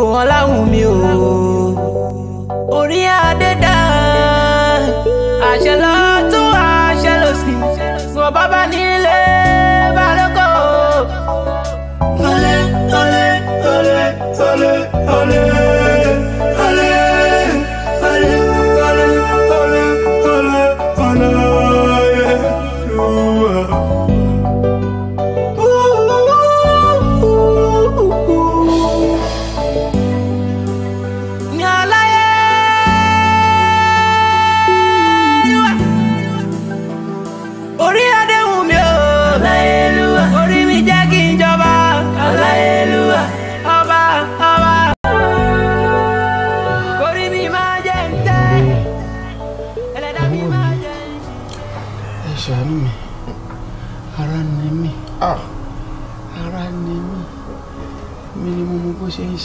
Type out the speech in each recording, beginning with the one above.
Gbọ́n láwùn mi o.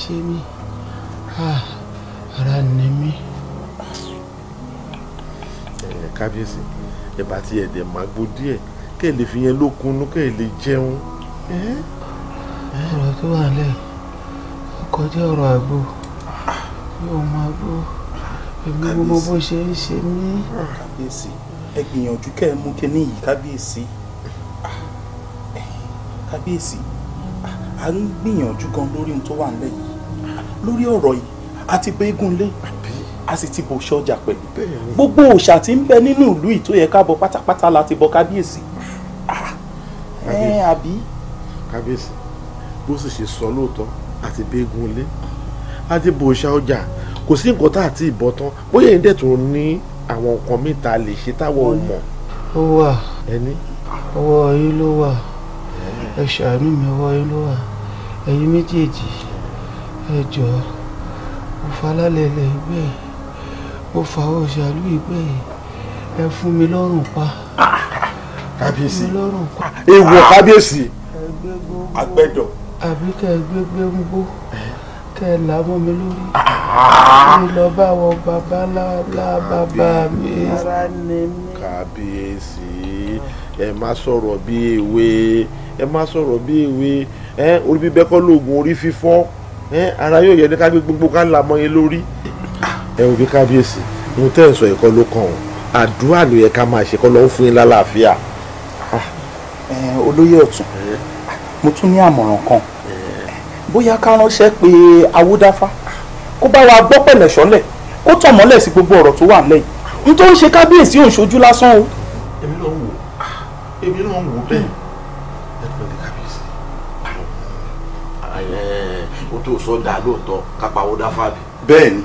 ṣe mí ara ni mí. kábíyèsí ẹ̀bà tí ẹ̀dẹ̀ máa gbó díẹ̀ kẹ́ ẹ̀ lè fi yẹn lókunnú kẹ́ ẹ̀ lè jẹun. ọ̀rọ̀ tó wà lẹ̀ kọjá ọ̀rọ̀ àgbo yóò máa gbó èmi gbogbo bó ṣe ń ṣe mí. Ah, kábíyèsí ẹ gbìyànjú kẹ́ ẹ mú kinní yìí kábíyèsí ah, kábíyèsí ah, à ń gbìyànjú gan lórí ohun tó wà nílẹ̀ yìí lórí ọ̀rọ̀ yìí a ti bẹ Eégúnlé a sì ti bọ sọ́jà pẹ̀lú gbogbo òòṣà tí ń bẹ nínú ìlú yìí tó yẹ ká bọ pátápátá la ti bọ kábíyèsí ah, àbí. kábíyèsí bó sì ṣe sọ lóòótọ́ a ti bẹ Eégúnlé a ti bọ òòṣà ọjà kò sí nǹkan tá a ti bọ tán bóyá èyí dẹ̀ tó ní àwọn nǹkan míì tá a lè ṣe táwọn ò mọ̀. ó wà ẹni ọwọ́ yín ló wà ẹ ṣàánú mi ọwọ́ yín ló wà ẹ̀yin méjèèjì ẹ jọ mo fa alálẹ̀ ilẹ̀ ìgbẹ́ yìí mo fa òṣàlú ìgbẹ́ yìí ẹ fún mi lọ́rùn pa. kábíyèsí èèwọ̀ ah! kábíyèsí àgbẹ̀dọ̀. àbí kẹ́ ẹ gbégbé ń gbó kẹ́ ẹ là mọ́ mi lórí mi ah! lọ bá wọn bàbá ńlá bàbá mi. kábíyèsí ẹ má sọ̀rọ̀ bí ewé ẹ má sọ̀rọ̀ bí ewé orí bíbẹ́ kọ́ lóògùn orí fífọ́ ara yóò yẹ ní ká gbé gbogbo ká la mọ́ yẹn lórí ẹ wò bí kábíyèsí mo tẹ́ ẹ̀ sọ ẹ̀kọ́ ló kàn ọ́ àdúrà ló yẹ ká máa ṣe kọ́ lọ́wọ́ fún yín lálàáfíà. Ah. olóyè ọ̀tún mo tún ní àmọ̀ràn kan bóyá ká ránṣẹ́ pé awúdáfá kó bá wa gbọ́ pẹ̀lẹ́ ṣọ́lẹ̀ kó tọ̀ mọ́lẹ̀ sí gbogbo ọ̀rọ̀ tó wà nílẹ̀ yìí nítorí ṣe kábíyèsí òun lásán o. èmi náà wò ah, èmi náà wò bẹ́ẹ̀ tí ò sọ dáa lóòótọ́ ká pawó dá fábì. bẹ́ẹ̀ni.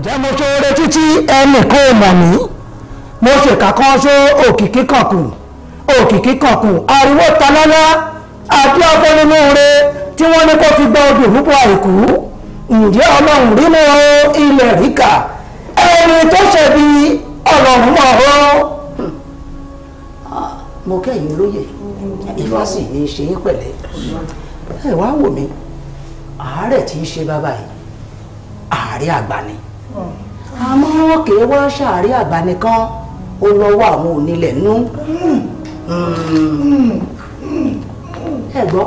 ǹjẹ́ mo tó retí tí ẹnì kò mọ̀ mí mo ṣèkà kan ṣó òkìkí kankùn òkìkí kankùn ariwo találá àti afẹnumúure tí wọ́n ní kó fi gbọ́ odò púpọ̀ àìkú ǹjẹ́ ọlọ́run rínú ilẹ̀ ríkà ẹni tó ṣẹ̀bi ọlọ́run mọ̀ ọ́. mo kẹ́yìn lóye ìfásitì ṣe é pẹ̀lẹ́ ẹ wá wò mí àárẹ̀ tí í ṣe bàbá yìí àárẹ̀ àgbà ni àmọ́ wọn wá ṣàárẹ̀ àgbà nìkan ó lọ́wọ́ àwọn onílẹ̀ nú ẹ gbọ́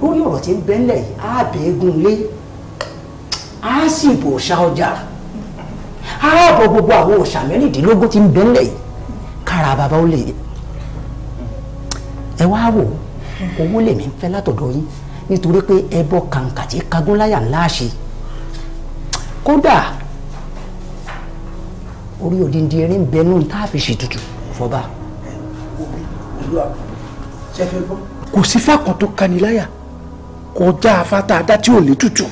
lórí ọ̀rọ̀ tí ń bẹ́ńlẹ̀ yìí á bẹ́ẹ̀gùn lé á sì bò ṣá ọjà á bọ gbogbo àwọn òòṣà mẹ́rìndínlógún tí ń bẹ́ńlẹ̀ yìí kára bàbá ó lè ẹ wá wò ó owó lèmi ń fẹ́ látọ̀dọ̀ yín nítorí pé ẹbọ kàǹkà tí kagúnláyà ńlá ṣe kódà orí òdìndí erin ń bẹnu tá a fi ṣètùtù fọba. kò sí fákan tó kaniláyà kọjá afáta adá tí ò létùtù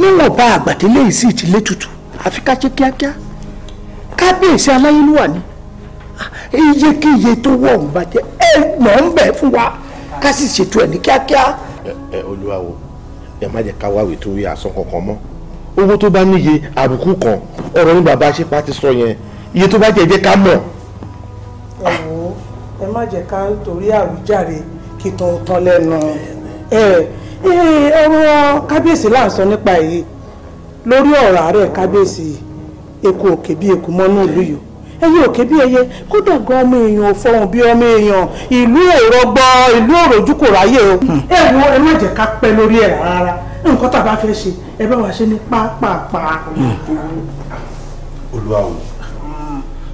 níwọ̀n bá àgbàdélé yìí sì ti létùtù àfi ká ṣe kíákíá kábíyèsí aláyélúwà ni iyekíye tó wọ̀ ń bàjẹ́ ẹ mọ̀ ń bẹ̀ fún wa ká sì ṣètò ẹ̀ ní kíákíá. ẹ ẹ olúwa wo ẹ má jẹ́ ká wáwèé tó yẹ asán kankan mọ́ owó tó bá níye àbùkù kan ọ̀rọ̀ ní bàbá ṣípa ti sọ yẹn iye tó bá jẹ́ jẹ́ ká mọ̀. ẹ wo ẹ má jẹ́ ká torí àwíjàre kí tó ń tán lẹ́nu ẹ ọ̀rọ̀ kábíyèsí là ń sọ nípa èyí lórí ọ̀rọ̀ àárẹ̀ kábíyèsí èkó òkè bíi èkó mọ́nú ìlú yìí ẹyẹ òkè bí ẹyẹ kódà gan ọmọ èèyàn ò fọhùn bí ọmọ èèyàn ìlú èrò gbọ́ ìlú òròjú kò ráyè o. ẹ wo ẹ má jẹ́ ká pẹ́ lórí ẹ̀ rárá nǹkan tá a bá fẹ́ ṣe ẹ bá wa ṣe ní pápápá. olúwa o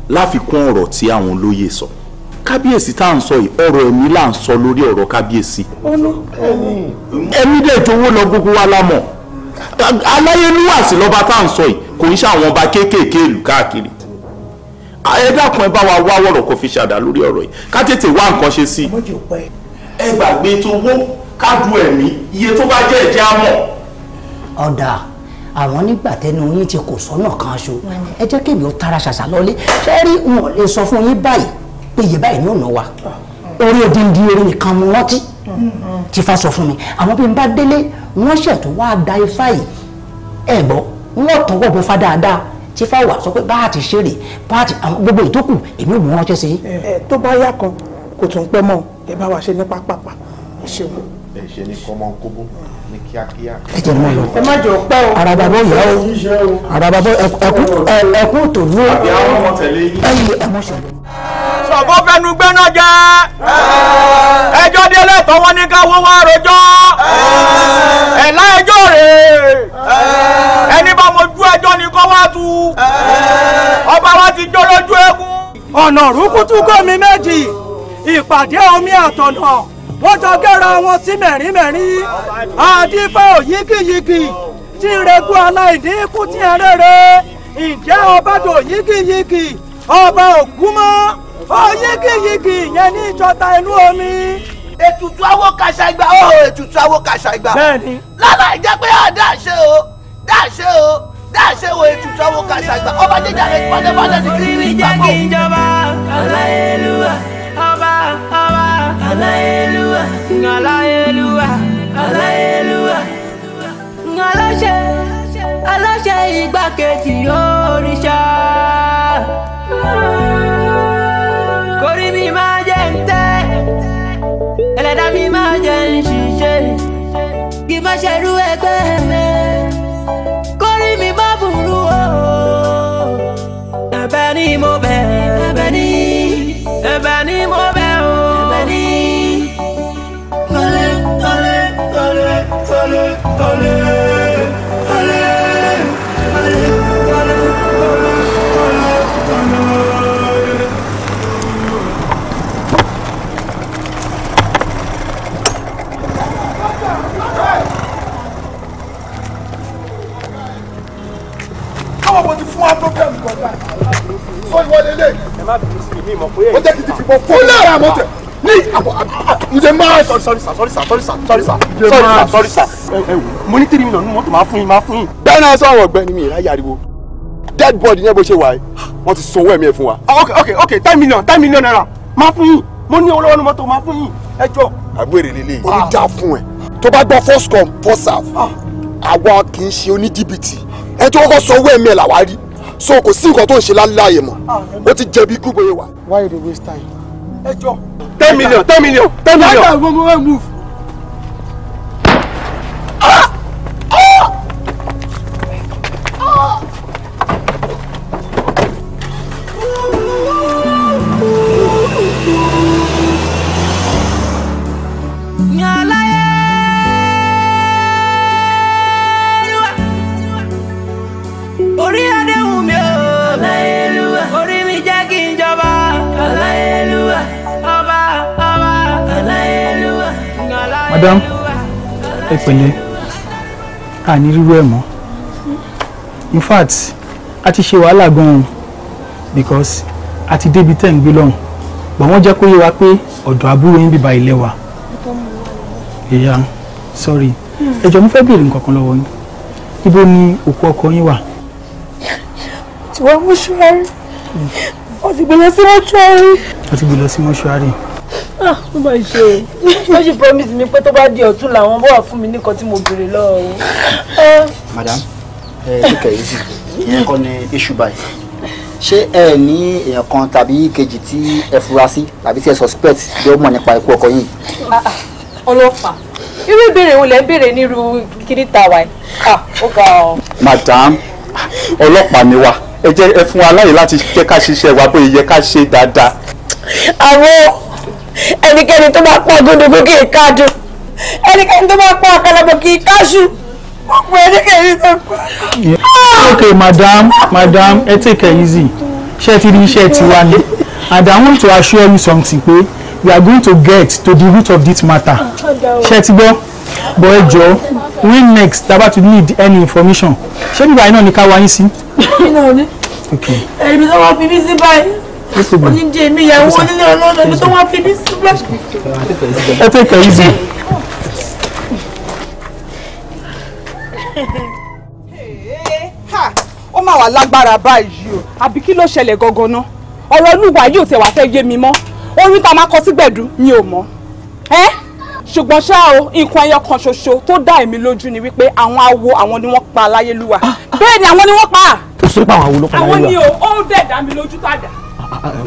láfikún ọ̀rọ̀ tí àwọn olóyè sọ kábíyèsí tá à ń sọ yìí ọ̀rọ̀ ẹ̀mí là ń sọ lórí ọ̀rọ̀ kábíyèsí. ẹ̀mí dẹ̀ jowó lọ gbogbo wa la mọ̀ aláyélúwàsí lọ́ba tá à ń sọ yìí kò ń ṣe àwọn ọba kéékèèké ìlú káàkiri ẹ dákun ẹ bá wa wá wọ̀rọ̀ kò fi ṣàdá lórí ọ̀rọ̀ yìí ká tètè wá nǹkan ṣe sí i. ẹ gbàgbé tó wó ká du ẹ̀mí iye tó bá jẹ́ ẹ̀jẹ̀ á mọ̀. ọ̀dà àwọn nígbà tẹnu yín ti kò sọ́nà kan aṣọ ẹ jẹ́ kébi ó tara ṣàṣà lọ́lé ṣé rí wọn lè sọ fún yín báyìí pé iye báyìí ni ò ná wa orí odindi orí nìkan mo rántí ti fa sọ fún mi àwọn bí n bá délé wọ́n ṣètò wá da ifá yìí ẹ̀ gbọ́ wọ́n tọwọ́ bọ́ fa dáadáa tí fáwọn àti sọ pé bá a ti ṣe rè bá a ti gbogbo ìtókù èmi ò mú wọn sí. ẹ tó bá yá kan kò tún pẹ́ mọ́ ẹ bá wa ṣe ní pápápá ẹ ṣeun. ẹ ṣe ní kọ́mọ kóbó ní kíákíá. ẹ jẹ́ mọ́ lọ. ẹ má jọ pẹ́ o. araba bọ́ yẹ o araba bọ́ ẹkú ẹkú tó ló. àbí àwọn ọmọ tẹ̀lé yín. ẹ yẹ ẹ mọ̀ ṣọ̀rọ̀. sọ̀bọ́ fẹnu gbẹ́ná jẹ́ ẹjọ́ délé tọ́wọ́ ní ká wọ́n wá ẹjọ́ ni kọ́ wá tu ọba wa ti jó lójú eégún. ọ̀nà rúkútú gómi méjì ìpàdé omi àtọ̀nà wọ́n jọ gẹ́ra wọn sí mẹ̀rínmẹ̀rín àdìfẹ́ òyíkìyíkì tí regu aláìní ikú tí ẹ rere ǹjẹ́ ọba dò yíkìyíkì ọba ògúnmọ́ òyíkìyíkì yẹn ní ìjọta inú omi ètùtù awo kàṣà ìgbà o ètùtù awo kàṣà ìgbà. bẹ́ẹ̀ni. lọ́la ìjẹ́ pé a dá ṣe o dá ṣe o káàṣẹ wo ètùtù àwọn kàṣàgbà ọba jíjà rẹ pátápátá ní kiri ìjàpá. orí jẹ́ kí n jọba aláyélúwà ọba ọba aláyélúwà aláyélúwà aláyélúwà aláṣẹ aláṣẹ igbákejì òrìṣà. kórí mi máa jẹ ń tẹ́ mi máa jẹ ń ṣiṣẹ́ kí ṣerú ẹgbẹ́ rẹ. ó jẹ́ kí ti fìbọn fún un. ó lé ara mọ́tẹ̀ please you dey mad. sorry sorry sir sorry sir sorry sir sorry sir sorry sir sorry sir ẹ wò mo ní three million nínú mọ́tò máa fún yín máa fún yín. bẹ́ẹ̀ náà sọ̀rọ̀ ọ̀gbẹ́ni mi ìráyà ariwo dead body ní ẹ bó ṣe wà yìí wọ́n ti sanwó ẹ̀mí ẹ̀ fún wa. Ah, ok ok ok ten million ten million naira máa fún yín mo ní olówó ní mọ́tò máa fún yín ẹ jọ. àgbèrè lélẹ̀ yìí. ó dá fún ẹ tó bá gbọ́ first come first serve ah. àwa kì í ṣe oníjìbìtì ẹ tó kọ́kọ́ sanwó ẹ̀mí ẹ̀ làwa rí so kò sí nǹkan tó ń ṣe láyé mọ́ ah, ó ti jẹ̀bi ikú bóyá wa. why you dey waste time ẹjọ. ten million ten million ten million. why can't move. Adam, ẹ pẹ̀lẹ́ àní rírú ẹ̀ mọ́ in fact a ti ṣe wàhálà gan-an because a ti débi tẹ̀ ń gbé lọ́hùn but wọ́n jẹ́ kó yé wa pé ọ̀dọ̀ àbúrò yín bíba ilé wa ìyá sorry ẹ jọ̀ọ́ mo fẹ́ béèrè nǹkan kan lọ́wọ́ yín ibo ni òkú ọkọ yín wà. tiwọn mọ́ṣúárì wọ́n ti gbé sí mọ́ṣúárì. wọ́n ti gbé sí mọ́ṣúárì ah ó máa ṣe o wọ́n sì promise mi pé tó bá di ọ̀tún làwọn bọ̀ wá fún mi nìkan tí mo béèrè lọ́wọ́ o. Ah. madam ẹ ẹ kẹ yìí sì ìyẹn kọ́ ni issue báyìí ṣé ẹ ní èèyàn kan tàbí kejì tí ẹ fura sí tàbí tí ẹ suspect jọ mọ̀ nípa ikú ọkọ yìí. Ah, ah, ọlọ́pàá irú ìbéèrè wo lẹ ń béèrè nírú kiri tàwa yìí ó ga ọ. madam ọlọ́pàá ni wá ẹ jẹ́ ẹ fún wa wa bóyá yẹ ká ṣe dáadáa ẹnikẹ́ni tó bá pa gódógó kì í kádùn ẹnikẹ́ni tó bá pa àkàlàbọ̀ kì í káṣù ọmọ ẹnikẹ́ni tó pa. ok madam madam ẹ take it easy ṣé ti rí iṣẹ́ tiwa ni and i want to assure you something pé we are going to get to the root of this matter ṣé ti gbọ́ bọ́ ẹ jọ when next taba to need any information ṣé bíbá iná ni ká wá yín sí. ẹ̀rí mi tó wá fi mí sí báyìí oníjẹ mi ìyàwó onílé ọlọ́run ẹni tó wá fi ní sílẹ̀. ẹ tẹ́kẹ̀ yìí sí. ó mà wá lágbára báyìí o àbí kí ló ṣẹlẹ̀ gangan ná ọ̀rọ̀ olúwa yóò tẹ̀ wá fẹ́ yé mi mọ́ orí tá a máa kọ sí gbẹ̀dú mi ò mọ̀ ẹ́ ṣùgbọ́n ṣá o nǹkan ẹyọ kan ṣoṣo tó dá èmi lójú ni wípé àwọn awo àwọn ni wọ́n pa aláyélúwà ah, ah. bẹ́ẹ̀ ni àwọn ni wọ́n pa. kò sí pa àwọn awo ló pa aláyélúwà. àwọn ni o ó dẹ̀ dá mi lójú tàdá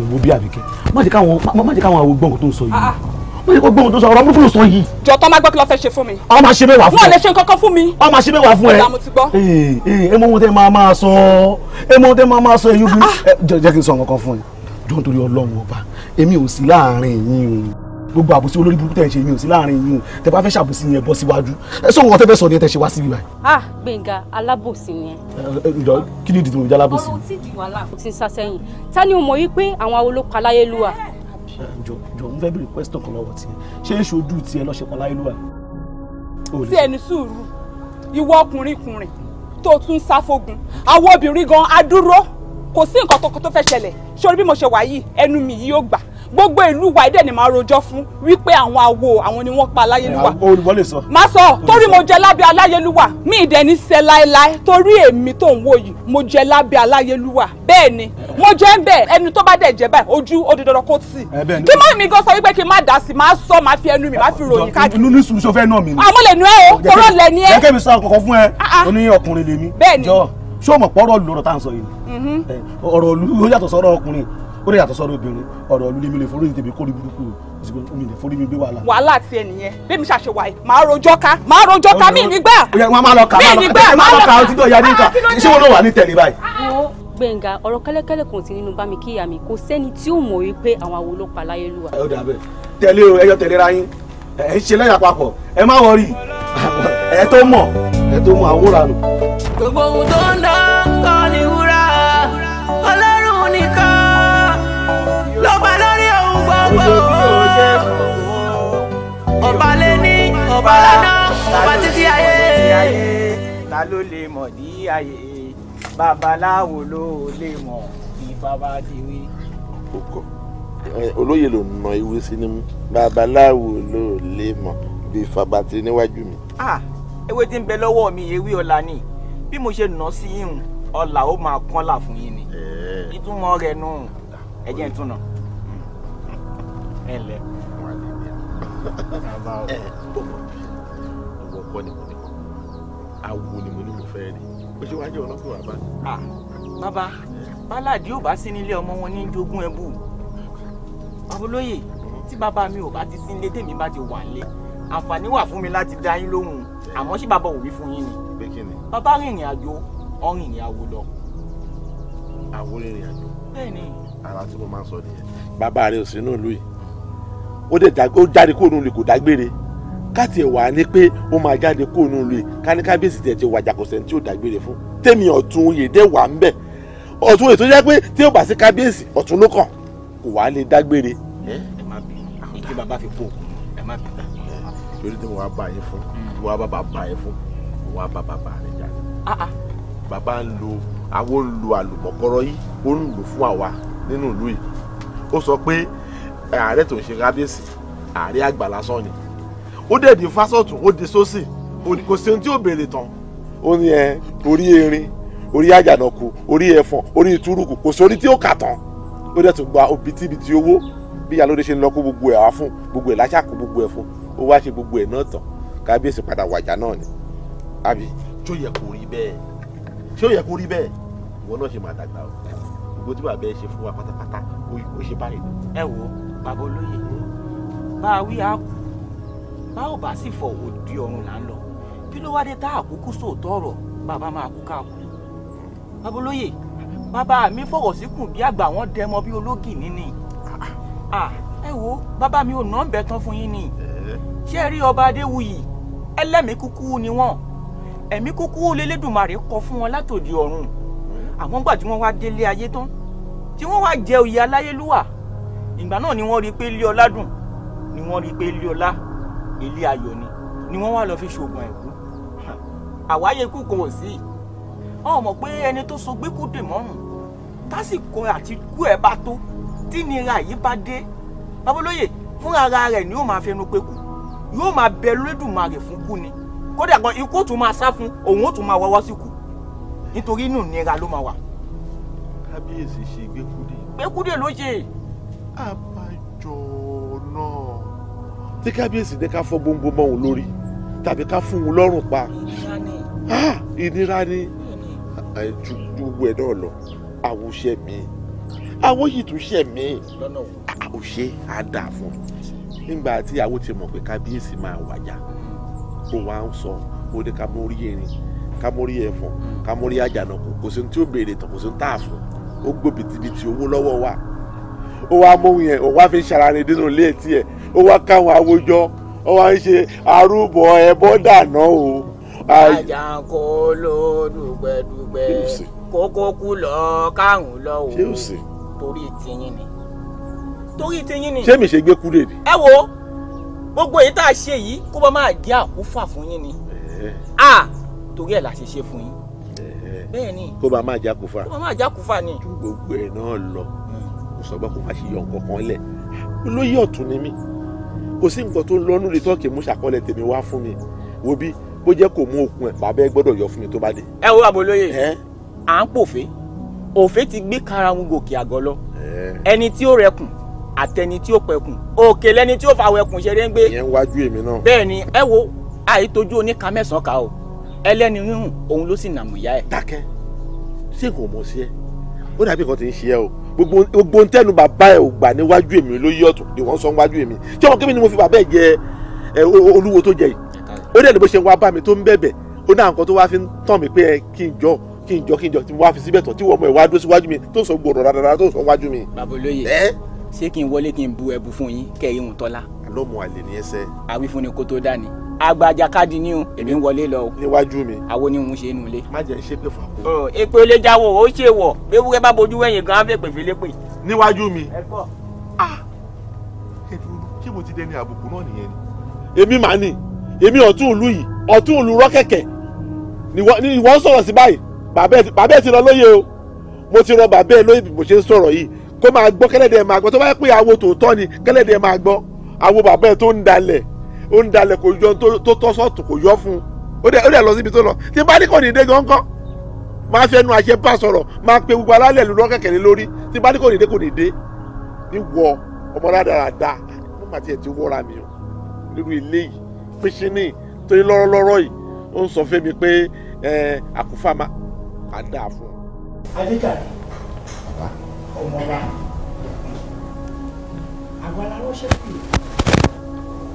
wo bí àbíkẹ́ má jẹ́ káwọn má jẹ́ káwọn àwọn gbọ́n kò tó ń sọ yìí má jẹ́ kó gbọ́n kò tó ń sọ ọ̀rọ̀ burúkú ló sọ yìí. jọ tọ́ ma gbọ́ kí ló fẹ́ ṣe fún mi. ọ ma ṣe mẹ́wàá fún ẹ. wọ́n lè ṣe nǹkankan fún mi. ọ ma ṣe mẹ́wàá fún ẹ. ọ̀la mo ti gbọ́. ee ee ẹ mọ ohun tẹ máa máa sọ ẹ mọ ohun tẹ máa máa sọ ẹyú bí. jẹ́ kí n sọ nǹkankan fún ẹ jọ́ nítorí ọlọ́run ọba èmi ò sí láàárín yín o gbogbo àbòsí olórí burúkú tẹ̀ ń ṣe mi ò sí láàrin yín o tẹ bá fẹ́ ṣàbòsí yẹn bọ́ síwájú ẹ sọ wọn tẹ fẹ́ sọ ni ẹ tẹ ṣe wá síbi báyìí. ah gbẹ̀ngà alábòsí ni ẹ. ǹjọ kí ni ìdí tí mo jẹ́ alábòsí. ọmọ tí ìdìwà là kò ti ń sasẹ́yìn ta ni o mọ̀ wípé àwọn olóko aláyélúwà. jọ jọ n fẹ́ bèrè question kan lọ́wọ́ tiẹ̀ ṣé é ṣojú tiẹ̀ lọ́ṣẹ̀pọ̀ aláyélúwà. tí ẹni sùúrù ìwọ ọkùnrin kùnrin tó tún sáfogun àwọn obìnrin gan adúró kò sí nǹkan tó fẹ́ ṣẹlẹ̀ ṣorí bí mo ṣe wà yìí ẹnu mi yìí yóò gbà gbogbo ìlú wa ẹ̀dẹ̀ ni màá rojọ́ fún wípé àwọn awo àwọn ni wọ́n pa aláyélúwà. olùwọ́ lè sọ. má sọ torí mo jẹ lábẹ́ aláyélúwà mi ìdẹ ní sẹ láéláé torí èmi tó ń wò yìí mo jẹ lábẹ́ aláyélúwà bẹ́ẹ̀ ni mo jẹ́ ń bẹ̀ ẹni tó bá dẹ̀ jẹ́ báyìí ojú ó dandan kó tì. kí má mi gan sọ wípé kí n má dà sí máa sọ máa fi ẹnu mi máa fi ròyìn káàkiri. inú ní sùúrù sọfẹ́ náà mi ni. àmọ́ ah, lè nu ẹ o kọ́rọ́ lẹ ni ẹ. jẹ́ kí mi sọ àkọ́kọ́ fún ẹ oní ah, ah ó lè yàtọ̀ sọ́dọ̀ obìnrin ọ̀rọ̀ ọ̀lú lèmi lè forí ní tèmi kórìí burúkú o sì pé omi lè forí mi gbé wàhálà. wàhálà ti ẹ nìyẹn bẹ́ẹ̀ mi ṣàṣewà yìí máa rojọ́ ká máa rojọ́ ká mí nígbà. máa lọ kà máa lọ kà ó ti dọ̀ ya ní nǹkan ṣé wọn ló wà ní tẹ̀lé báyìí. Gbẹ̀ngà ọ̀rọ̀ kẹ́lẹ́kẹ́lẹ́ kò sí nínú bámi kíyà mi kò sẹ́ni tí ò mọ̀ wípé àwọn awo ló pa láyé lúwa. ẹ ó dàbẹ̀ tẹ̀lé o ẹyọ tẹ̀lé ra yín ẹ ń gbogbo ohun tó ń dá owó ọba lé ní ọba lánà ọba títí ayé. ta ló lè mọ̀ ní ayé babaláwo ló lè mọ̀ ní bàbá diwí. olóyè ló nà ewé sí ni mú babaláwo ló lè mọ̀ bí fàbàtì níwájú mi. ewé tí ń bẹ lọ́wọ́ mi ewé ọ̀la ni bí mo ṣe nà sí yìnyín ọ̀la ó máa kọ́là fún yín ni ìtumọ̀ rẹ̀ nù ẹ̀jẹ̀ ìtúnà ẹ ah, bàbá. bàbá ò bá sí nílé ọmọ wọn ní jogún ẹbù olóyè tí bàbá mi ò bá ti sí nílé tèmi bá ti wà lé àǹfààní wà fún mi láti dá yín lóhùn àmọ́ ṣé bàbá ò fún yín ni bàbá rìnrìn àjò ọ̀rìn ìrìn àwò lọ. àwo rìnrìn àjò. bẹ́ẹ̀ni. ara tí mo máa ń sọ nìyẹn bàbá rẹ ò sínú ìlú yìí ó dẹ̀ ó jáde kó nulè kò dágbére káti ẹ̀ wà ní pé ó máa jáde kó nulè kání kábíyèsí tẹ̀ ti wàjà kò sẹ́ni tí ó dágbére fún tèmi ọ̀tún oyè dẹ̀ wà ń bẹ̀ ọ̀tún oyè tó jẹ́ pé tí ó bá sí kábíyèsí ọ̀tún ló kàn kò wá lè dágbére. ẹ má bí ike bàbá fi kó ẹ má bí. torí tí wàá bá yín fún wàá bá bàbá yín fún wàá bá bàbá rẹ jáde. Ah, ah. bàbá ń lo àwọn ń lo àlùmọ̀kọ́rọ́ yìí ó ń lò fún àwa nínú ìlú yìí ó sọ pé ààrẹ tó ń ṣe kábíyèsí ààrẹ àgbà lásán ni ó dẹ̀ di fásọ̀tún ó di sósì kò sí ohun tí ò béèrè tán ó ní ẹ orí erin orí àjànàkú orí ẹfọ̀n orí túrùkù kò sórí tí ó kà tán ó dẹ̀ tún gba òbítíbitì owó bí ìyálóde ṣe ń lọ kó gbogbo ẹ̀ wá fún gbogbo ẹ̀ láṣàkó gbogbo ẹ̀ fún ó wá ṣe gbogbo ẹ̀ náà tán kábíyèsí padà wàjà náà ni àbí. ṣó yẹ kó rí bẹ́ẹ̀ ṣó yẹ kó rí bẹ́ẹ̀ ìwọ náà ṣe máa dàgbà o gbogbo tí bàbá ẹ ṣe fún wa pátápátá ó ṣe báyìí ẹ wò ó bàbá olóyè bá a wí àkú bá ò bá sì fọwọ́ di ọ̀run là ń lọ kí ló wá dé tá àkókò sòótọ́ ọ̀rọ̀ bàbá máa kú káàkú bàbá olóyè bàbá mi fọwọ́ síkùn bí àgbà wọn dẹmọ bí ológì níní ẹ wo bàbá mi ò nà ń bẹ tán fún yín ni ṣé ẹ rí ọba adéwuyì ẹlẹ́mìí kúkú ni wọ́n ẹ̀mí kúkú lélẹ́dùnmarè kọ fún wọn látòdì ọ̀run àwọn gbà tí wọ́n wá délé ayé tán tí wọ́n wá jẹ òye aláyélúwà ìgbà náà ni wọ́n rí i pé ilé ọlá dùn ni wọ́n rí i pé ilé ọlá ilé ayọ̀ ni ni wọ́n wá lọ fi ṣoògùn ẹ̀kú àwáyé kù kò sí wọn mọ̀ pé ẹni tó so gbékú dè mọ́rùn tásìkò àti kú ẹ̀ bá tó tí nira yìí bá dé babolóye fúnra ara rẹ̀ ni yóò máa fẹnu pé kú yóò máa bẹ lódùmarè fún kú ni kódà gan ikú tún máa sá fún òun ó tún máa wọ́wọ́ sí kú nítorí inú nira ló máa wà. kábíyèsí ṣe gbékúdé. gbékúdé ló ṣe àbájọ náà. tí kábíyèsí ní ká fọ́ gbogbo mọ́ òun lórí tàbí ká fún un lọ́rùn pa ìnira ni ju gbogbo ẹ̀ náà lọ àwòṣe mi àwọn yìí tún ṣe mí àwòṣe á dà fún un nígbà tí àwọn ti mọ̀ pé kábíyèsí máa wájà ó wá ń sọ ó ní ká mórí erin ká mórí ẹfọn ká mórí àjànàkú kò sí ní tí ó béèrè tán kò sí ní tá a fún ó gbòbìtìbìtì owó lọ́wọ́ wa ó wá móhun yẹn ó wá fi ṣàrànì dínú ilé ẹtì ẹ ó wá káwọn àwùjọ ó wá ń ṣe arúbọ ẹbọ dànà o. àjàǹkó ló dùgbẹ́dùgbẹ́ kókó kú lọ káàrún lọ o torí tiyín ni torí tiyín ni. ṣé mi ṣe gbé kúrè ni. ẹ wo gbogbo èyí tá a ṣe yìí kó bá máa jẹ́ àkúfà fún yín ni a ah, torí ẹ̀ la ṣe ṣe fún yín bẹ́ẹ̀ ni kó bá máa jẹ́ àkúfà kó bá máa jẹ́ àkúfà ni. ju gbogbo ẹ̀ náà lọ kò sọgbọ́n kò má ṣe yọ nǹkan kan lẹ̀ olóyè ọ̀tún ni mí kò sí nǹkan tó ń lọ́nú lè tọ́kì mú ṣàkọọ́lẹ̀ tèmi wá fún mi wo bí bó jẹ́ kò mú okun ẹ̀ bàbá ẹ gbọ́dọ̀ yọ fún mi tó bá dé. ẹ wo àbólóyè à ń pòfé òfé ti gbé karahun gòkè àgọ́ lọ ẹni tí ó rẹkùn àtẹni tí ó pẹkùn òkè lẹni tí ó fa wẹkùn ṣeré ń gbé. ìyẹn ń wájú èmi náà. bẹ́ẹ̀ ni ẹ wo àìtójú oníka mẹ́sàn-án ká o ẹlẹ́ni rírùn òun ló sì nàmúyá ẹ̀. dákẹ́ ṣé kò mọ̀ sí ẹ ó dàbí nǹkan tí ń ṣe ẹ o gbogbo ń tẹnu bàbá ẹ ò gbà níwájú èmi olóyè ọ̀tún ni wọ́n sọ níwájú èmi tí ọmọ kébì ni mo fi bàbá ẹ jẹ olúwo tó jẹ yìí ó dẹ̀ ní bó ṣe wá bá mi tó ń bẹ̀bẹ̀ ó náà nǹkan tó wá fi ń tàn mí pé kí n jọ kí n jọ kí n jọ tí mo wá fi síbẹ̀ tán tí wọ́n mọ̀ ẹ̀ wá dó síwájú mi tó sọ gbòòrò rárá tó sọ wájú mi. bàbá olóyè ṣé kí n wọlé kí n bu ẹbu fún yín kẹ́ ẹ̀ yín tọ́lá lọ́mọ àlè ní ẹsẹ̀. àwífúnni kò tó dání agbaja káàdì ni o èmi ń wọlé lọ o. níwájú mi. àwo ni òun ṣe inú ilé. má jẹ́ ṣépè fún àpò. ọ èpè olè jáwọ ó ṣe wọ ewúrẹ́ bá bojú wẹ̀yìn gan-an fẹ́ pèfé lépè. níwájú mi. ẹ kọ́. ah kí mo ti dẹni àbùkù náà nìyẹn ni. èmi màá ní èmi ọ̀tún ìlú yìí ọ̀tún ìlú rọ́kẹ̀kẹ̀ ni ìwọ ń sọ̀rọ̀ sí báyìí bàbá ẹ̀ ti lọ lóye o mo ti rọ bàbá ẹ̀ lóye bí mo ṣe ń sọ̀rọ̀ yìí kó máa gbọ́ kẹ́lẹ́dẹ̀ẹ́ máa gbọ́ tó bá yẹ pé àwo àwọn bàbá ẹ tó ń dalẹ̀ ó ń dalẹ̀ kò yọ tó tọ́ sọ́ọ̀tù kò yọ fún un ó dẹ̀ ó dẹ̀ lọ síbi tó lọ tí bá ní kò ní dé gángan máa fẹ́ nu àṣẹ bá sọ̀rọ̀ máa pe gbogbo alálẹ̀ lu lọ́kẹ̀kẹ̀ lé lórí tí bá ní kò ní dé kò ní ní wọ ọmọ rádaràda mo mà tiẹ̀ ti wọ́ra mi o nínú ilé yìí pínṣínì torí lọ́rọ́lọ́rọ́ yìí ó ń sọ fún mi pé àkúfà má a dáa fún un. adékàdé ọmọọba àgbàlá ránṣẹ́ pè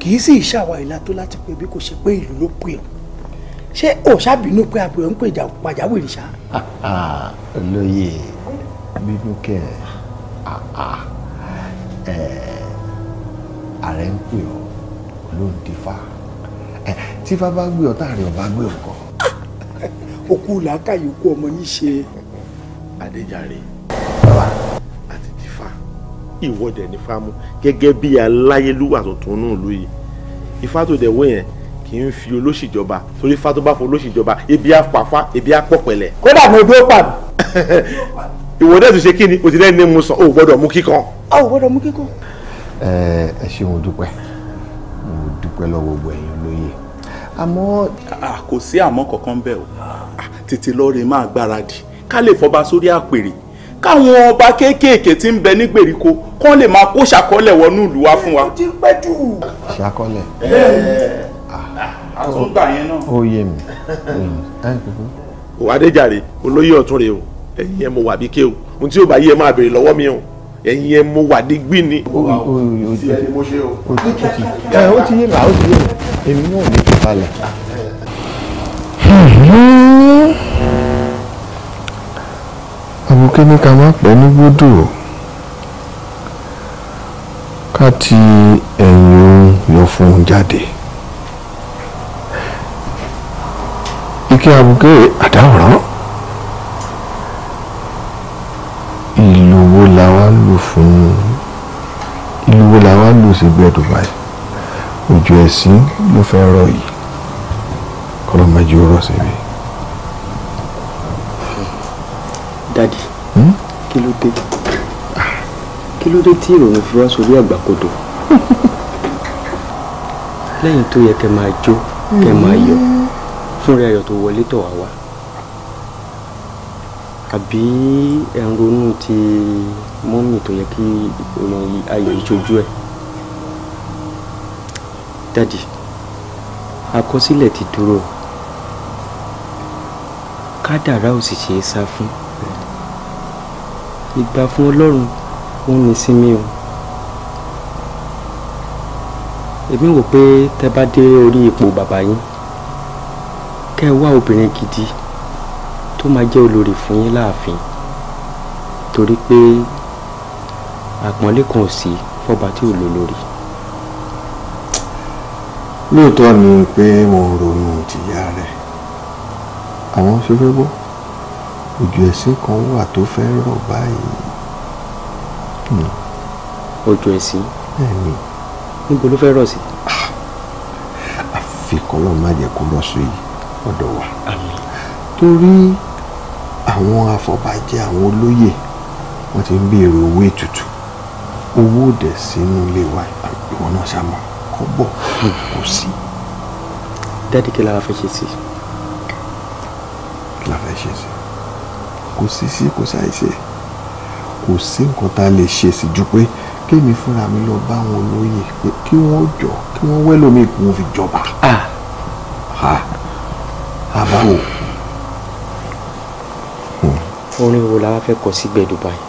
kì í sì ṣàwà ìlà tó láti pè bí kò ṣe pé ìlú ló pè ọ́ ṣé ò ṣàbínú pé àpè ọ̀ ń pè pàjáwìrì ṣá. Ah, ah, olóyè bínú kẹ ẹ ah, ààrẹ ń pè ọ́ olóhùn ti fa tí fa bá gbé ọ táàrí ọba gbé ọ kọ. òkú làákàyè òkú ọmọ yìí ṣe. adéjàre ìwọ dẹ̀ ní fámú gẹ́gẹ́ bí aláyélúwà tuntun nù lù yìí ifá tó dẹ̀ wó yẹn kì í fi olóṣìjọba torí ifá tó bá fọ olóṣìjọba ebi apàfá ebi apọ̀pẹ̀lẹ̀. kódà mo dúró pàdé. ìwọ dẹ̀ tún ṣe kí ni òtítẹ́ ni mo sọ ò gbọ́dọ̀ mú kíkan. ò gbọ́dọ̀ mú kíkan. ẹ ẹ ṣé mo dúpẹ́ mo dúpẹ́ lọ́wọ́ gbogbo ẹ̀yin olóye àmọ́. kò sí àmọ́ kankan bẹ́ẹ̀ o tètè lọ́ọ́ rè máa gbáradì ká lè fọba sórí àpèrè káwọn ọba kéékèèké tí ń bẹ ní gbèríko kán lè máa kó ṣàkọọ́lẹ̀ wọnú ìlú wa fún wa. ó ti pẹ́ jù. ṣàkọọ́lẹ̀. àtúntà yẹn náà. ó yé mi ẹ kúkú. o adéjàre olóyè ọ̀tún rèé o ẹ̀yin ẹ̀ mo wà bí ké o ohun tí yóò bá yé ẹ máa béèrè lọ́wọ́ mi o ẹ̀yin ẹ̀ mo wà ní gbìn ni. o ti yé mi o ti yé mi èmi náà ní ìfàlẹ̀. àbùké ní ká má pẹ́ ní gbódò ká ti ẹ̀yìn ohun yọ fún un jáde ike àbùké àdáwòrán ìlú wo la wá lò fún ìlú wo la wá lò sí bẹ́ẹ̀ Dubai òjò ẹ̀sìn ló fẹ́ rọ̀ yìí kọ́lọ́mọdé rọ̀ síbi. dáàdì hmm? kí ló dé kí ló dé tí ìròyìn fi wá sórí àgbàkodò lẹ́yìn tó yẹ kẹ́ máa jó kẹ́ máa yọ̀ fúnra ẹ̀yọ̀ tó wọlé tọ̀ wá wá àbí ẹ̀ ń ronú ti mọ́mì tó yẹ kí ìròyìn ayọ̀ ìṣojú ẹ̀ dáàdì àkọsílẹ̀ ti dúró kádàrá ò sì ṣe é sá fún ìgbà fún ọlọ́run òun nìsinmi o èmi wò pé tẹ bá dé orí ipò bàbá yín kẹ́ ẹ wá obìnrin gidi tó máa jẹ́ olórí fún yín láàfin torí pé àpọ́nlé kan ò sí fọba tí ò lólórí. lóòótọ́ ni pé mo ronú tìyá rẹ̀ àwọn ṣe fẹ́ gbọ́ òjò ẹ̀sìn kan wà tó fẹ́ rọ̀ báyìí. òjò ẹ̀sìn. bẹ́ẹ̀ni. níbo ló fẹ́ rọ̀ sí. Ah, àfikún náà má jẹ́ kó rọ̀ sí ọ̀dọ̀ wa. àmín. torí àwọn afọbajẹ àwọn olóyè wọ́n ti ń béèrè owó ètùtù owó òdẹ sínú ilé wa ìwọ náà ṣàmọ kọ́bọ̀ kò sí. dádì kí la fẹ́ ṣe sí. kí la fẹ́ ṣe sí kò sí sí kò ṣàìṣe kò sí nǹkan tá a lè ṣe sí ju pé kémi fúnra mi lọ bá wọn lóye pé kí wọ́n jọ kí wọ́n wẹ́lòmíì kó fi jọba. àbáwò. Hmm. orin wo la wá fẹ́ kọ sí gbẹ̀dù báyìí.